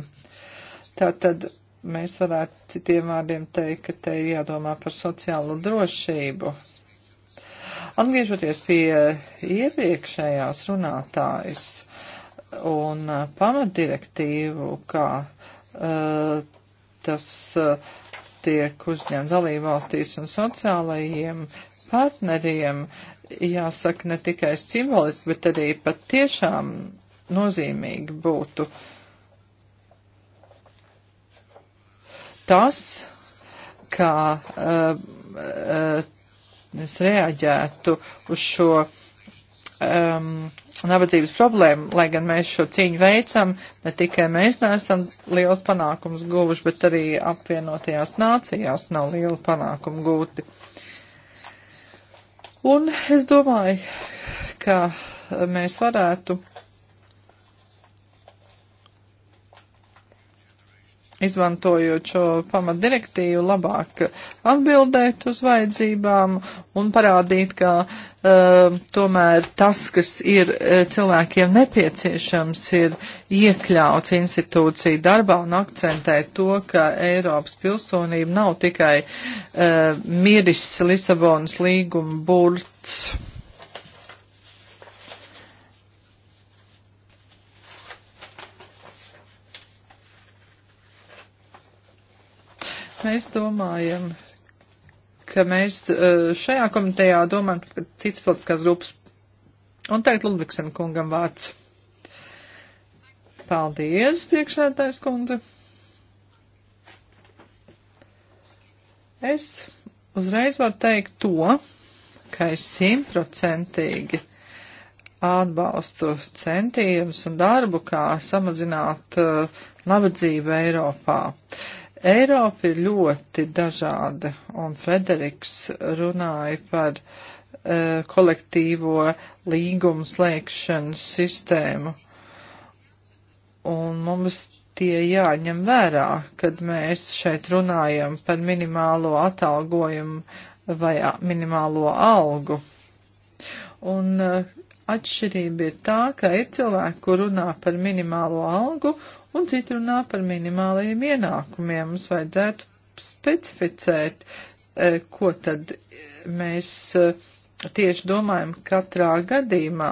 Tātad mēs varētu citiem vārdiem teikt, ka te ir jādomā par sociālo drošību. Atgriežoties pie iepriekšējās runātājas un pamatdirektīvu, kā uh, eh, tas uh, tiek uzņemts dalībvalstīs un sociālajiem partneriem, uh, jāsaka ne tikai simboliski, bet arī pat tiešām nozīmīgi būtu tas, kā uh, uh, es reaģētu uz šo um, nabadzības problēmu, lai gan mēs šo cīņu veicam, ne tikai mēs neesam liels panākums guvuši, bet arī apvienotajās nācijās nav liela panākuma gūti. Uh, Un es domāju, ka mēs varētu izmantojot šo pamatdirektīvu, labāk atbildēt uz vajadzībām un parādīt, ka uh, tomēr tas, kas ir uh, cilvēkiem nepieciešams, ir iekļauts institūciju darbā un akcentēt to, ka Eiropas pilsonība nav tikai uh, miris Lisabonas līguma burts. Mēs domājam, ka mēs eh, šajā komitejā domājam par citas politiskās grupas. Un tagad Ludvigsen kungam vārds. Paldies, priekšsēdētājs kundze. Es uzreiz varu teikt to, ka es simtprocentīgi atbalstu centījumus un darbu, kā samazināt uh, eh, nabadzību Eiropā. Uh, Eiropa ir ļoti dažāda, un Frederiks runāja par uh, kolektīvo līgumu slēgšanas sistēmu. Un mums tie jāņem vērā, kad mēs šeit runājam par minimālo atalgojumu vai minimālo algu. Un uh, atšķirība ir tā, ka ir cilvēki, kur runā par minimālo algu, un citi runā par minimālajiem ienākumiem. Mums vajadzētu specificēt, e, ko tad mēs e, tieši domājam katrā gadījumā.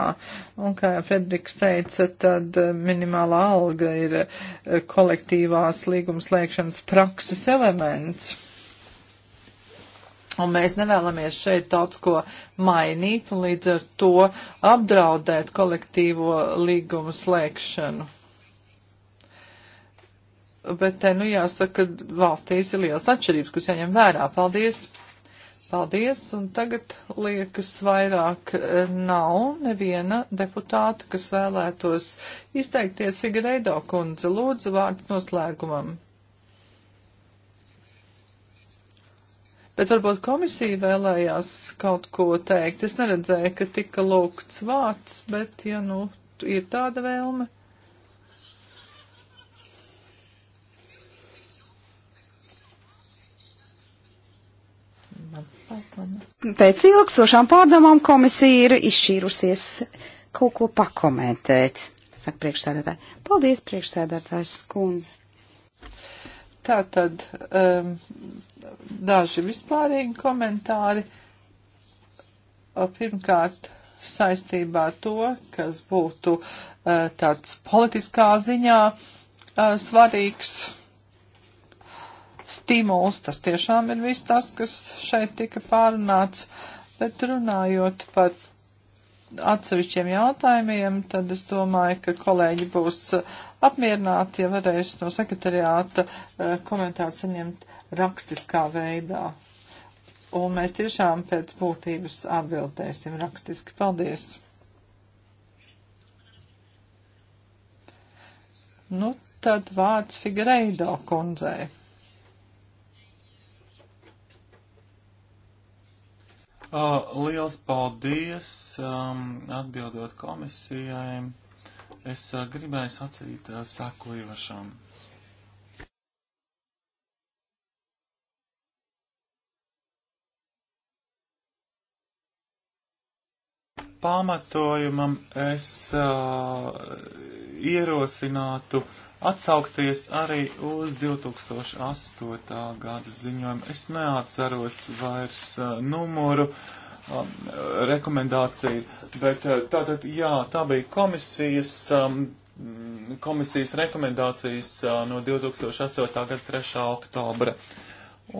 Un kā Frederiks teica, tad e, minimālā alga ir kolektīvās līgumslēgšanas prakses elements. Un mēs nevēlamies šeit daudz ko mainīt un līdz ar to apdraudēt kolektīvo līgumu slēgšanu bet te nu jāsaka, ka valstīs ir liels atšķirības, kas jāņem vērā. Paldies! Paldies! Un tagad liekas vairāk eh, nav neviena deputāta, kas vēlētos izteikties Figureido kundze. Lūdzu, vārds noslēgumam. Bet varbūt komisija vēlējās kaut ko teikt. Es neredzēju, ka tika lūgts vārds, bet, ja nu, ir tāda vēlme. Pēc ilgstošām pārdomām komisija ir izšķīrusies kaut ko pakomentēt, saka priekšsēdētāji. Paldies, priekšsēdētājs skundze. Tā tad um, daži vispārīgi komentāri. Pirmkārt, saistībā ar to, kas būtu uh, tāds politiskā ziņā uh, svarīgs stimuls. Tas tiešām ir viss tas, kas šeit tika pārunāts, bet runājot par atsevišķiem jautājumiem, tad es domāju, ka kolēģi būs apmierināti, ja varēs no sekretariāta eh, komentāru saņemt rakstiskā veidā. Un mēs tiešām pēc būtības atbildēsim rakstiski. Paldies! Nu, tad vārds Figureido kundzei. Liels paldies atbildot komisijai. Es gribēju sacīt sakojošam. pamatojumam es uh, ierosinātu atsaukties arī uz 2008. gada ziņojumu. Es neatceros vairs uh, numuru um, rekomendāciju, bet uh, tātad, jā, tā bija komisijas, um, komisijas rekomendācijas uh, no 2008. gada 3. oktobra.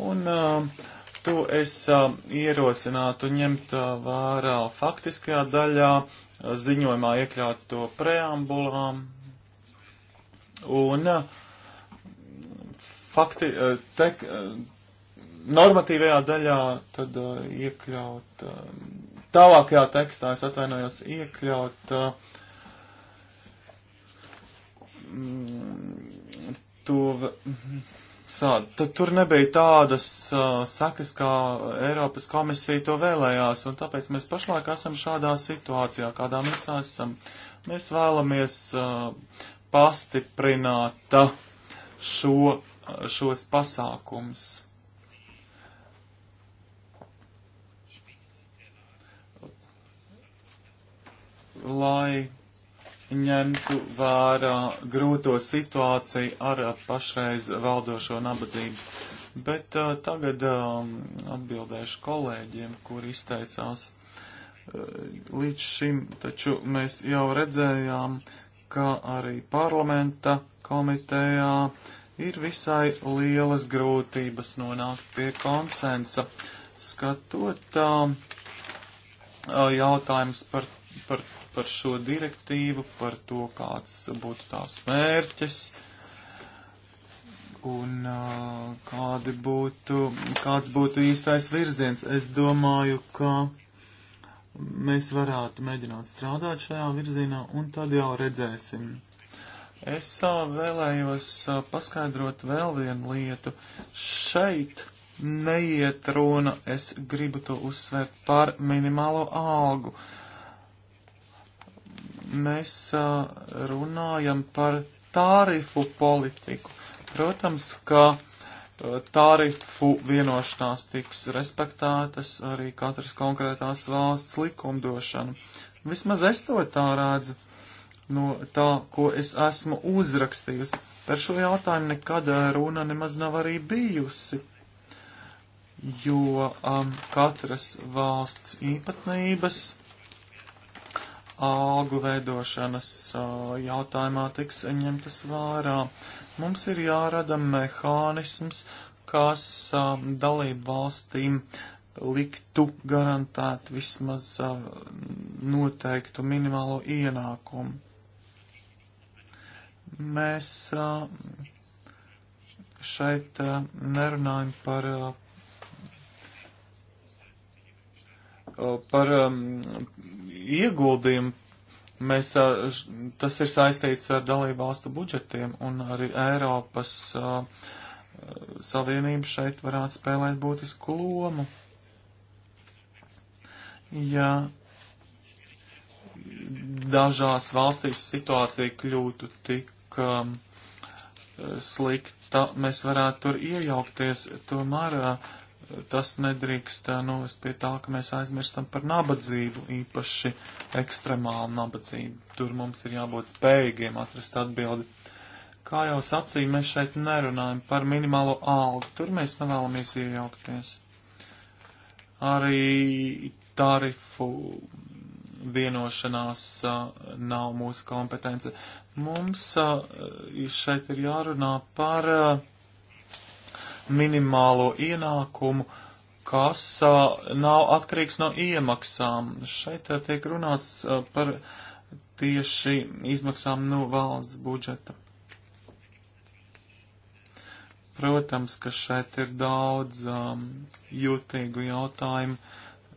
Un uh, to es uh, ierosinātu ņemt uh, vērā faktiskajā daļā, ziņojumā iekļaut to preambulām, Un uh, fakti, uh, te, uh, normatīvajā daļā tad iekļaut, tālākajā tekstā es atvainojos iekļaut to sādu. Tad tur nebija tādas uh, sakas, kā Eiropas komisija to vēlējās, un tāpēc mēs pašlaik esam šādā situācijā, kādā mēs esam. Mēs vēlamies uh, pastiprināta šo, šos pasākums. Lai ņemtu vērā grūto situāciju ar pašreiz valdošo nabadzību. Bet uh, tagad um, atbildēšu kolēģiem, kuri izteicās. Uh, līdz šim taču mēs jau redzējām, uh, kā arī parlamenta komitejā ir visai lielas grūtības nonākt pie konsensa, skatot um, uh, jautājums par, par, par šo direktīvu, par to, kāds būtu tās mērķis un uh, kādi būtu, kāds būtu īstais virziens. Es domāju, ka mēs varētu mēģināt strādāt šajā virzienā, un tad jau redzēsim. Es vēlējos paskaidrot vēl vienu lietu. Šeit neiet runa, es gribu to uzsvērt par minimālo algu. Mēs runājam par tārifu politiku. Protams, ka Tārifu vienošanās tiks respektētas arī katras konkrētās valsts likumdošana. Vismaz es to tā redzu no tā, ko es esmu uzrakstījusi. Par šo jautājumu nekad eh, runa nemaz nav arī bijusi, jo um, katras valsts īpatnības algu veidošanas jautājumā tiks ņemtas vērā. Mums ir jārada mehānisms, kas dalību valstīm liktu garantēt vismaz noteiktu minimālo ienākumu. Mēs šeit nerunājam par par um, ieguldījumi, mēs, tas ir saistīts ar dalībvalstu budžetiem un arī Eiropas Savienība šeit varētu spēlēt būtisku lomu. Ja dažās valstīs situācija kļūtu tik um, slikta, mēs varētu tur iejaukties. Tomēr uh, tas nedrīkst eh, novest nu, pie tā, ka mēs aizmirstam par nabadzību, īpaši ekstremālu nabadzību. Tur mums ir jābūt spējīgiem atrast atbildi. Kā jau sacīju, mēs šeit nerunājam par minimālo algu, tur mēs nevēlamies iejaukties. Arī tarifu vienošanās a, eh, nav mūsu kompetence. Mums a, eh, šeit ir jārunā par a, minimālo ienākumu, kas nav atkarīgs no iemaksām. Šeit eh, tiek runāts eh, par tieši izmaksām no valsts budžeta. Protams, ka šeit ir daudz um, jūtīgu jautājumu.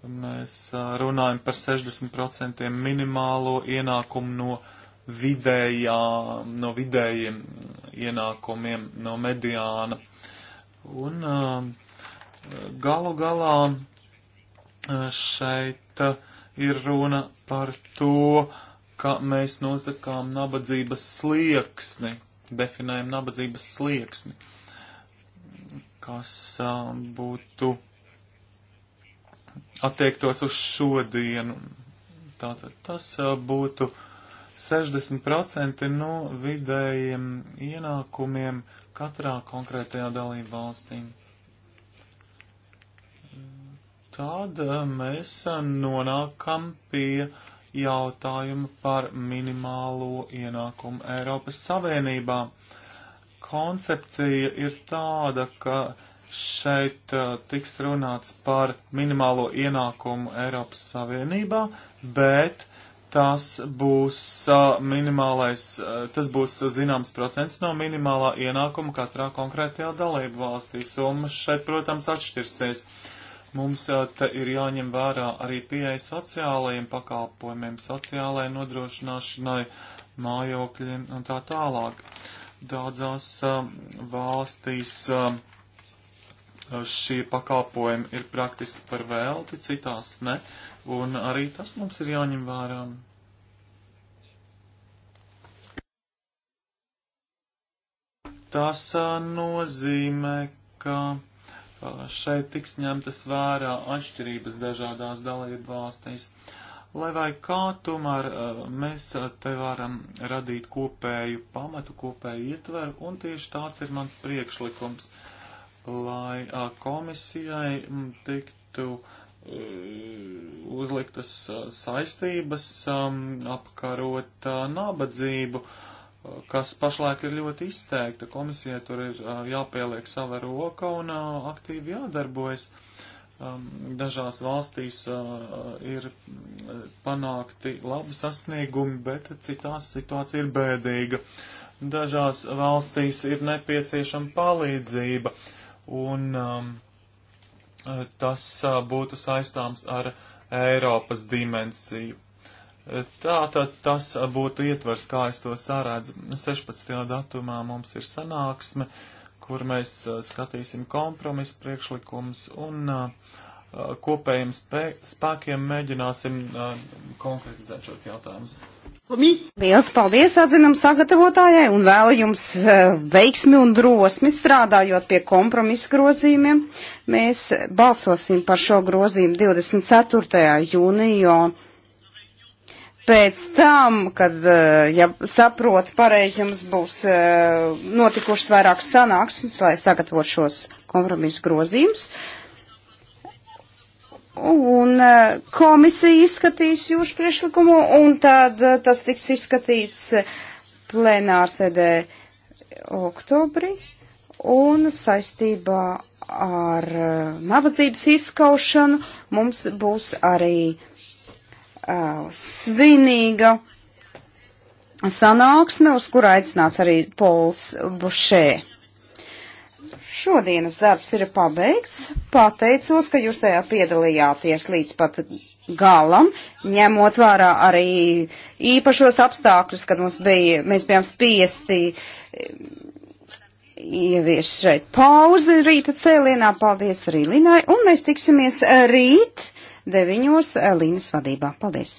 Mēs uh, runājam par 60% minimālo ienākumu no vidējā, no vidējiem ienākumiem, no mediāna. Un um, galu galā uh, šeit uh, ir runa par to, ka mēs nosakām nabadzības slieksni, definējam nabadzības slieksni, kas uh, būtu attiektos uz šodienu. Tātad tas būtu 60% no vidējiem ienākumiem katrā konkrētajā dalību valstī. Tad eh, mēs eh, nonākam pie jautājuma par minimālo ienākumu Eiropas Savienībā. Koncepcija ir tāda, ka šeit uh, tiks runāts par minimālo ienākumu Eiropas Savienībā, bet tās būs minimālais, tas būs zināms procents no minimālā ienākuma katrā konkrētajā dalību valstī. Summas šeit, protams, atšķirsies. Mums te ir jāņem vērā arī pieeja sociālajiem pakalpojumiem, sociālajai nodrošināšanai, mājokļiem un tā tālāk. Daudzās valstīs šie pakalpojumi ir praktiski par velti, citās ne Un arī tas mums ir jāņem vērā. Tas nozīmē, ka šeit tiks ņemtas vērā atšķirības dažādās dalību valstīs. Lai vai kā, tomēr mēs te varam radīt kopēju pamatu, kopēju ietveru, un tieši tāds ir mans priekšlikums, lai komisijai tiktu uh, Uh, uzliktas uh, saistības um, apkarot uh, nabadzību, kas pašlaik ir ļoti izteikta. Komisija tur ir jāpieliek sava roka un aktīvi jādarbojas. Um, dažās valstīs ir panākti labi sasniegumi, bet citās situācija ir bēdīga. Dažās valstīs ir nepieciešama palīdzība un um, tas būtu saistāms ar Eiropas dimensiju. Tātad tas būtu ietvers, kā es to sārādzu. 16. datumā mums ir sanāksme, kur mēs skatīsim kompromisu priekšlikums un kopējiem spēkiem mēģināsim konkretizēt šos jautājumus. Liels paldies atzinam sagatavotājai un vēlu jums eh, veiksmi un drosmi strādājot pie kompromisa grozījumiem. Mēs balsosim par šo grozījumu 24. jūnijā pēc tam, kad, eh, ja saprotu pareizi, jums būs eh, notikušas vairākas sanāksmes, lai sagatavot šos kompromisu grozījumus, Un uh, komisija izskatīs jūsu priekšlikumu, un tad uh, tas tiks izskatīts uh, plenārsēdē oktobrī. Un saistībā ar nabadzības izskaušanu mums būs arī uh, svinīga sanāksme, uz kur aicināts arī Pols Bušē. Šodienas darbs ir pabeigts. Pateicos, ka jūs tajā piedalījāties līdz pat galam, ņemot vērā arī īpašos apstākļus, kad mums bija, mēs bijām spiesti eh, ievies šeit pauzi rīta cēlienā. Paldies arī Linai, un mēs tiksimies rīt deviņos eh, Līnas vadībā. Paldies!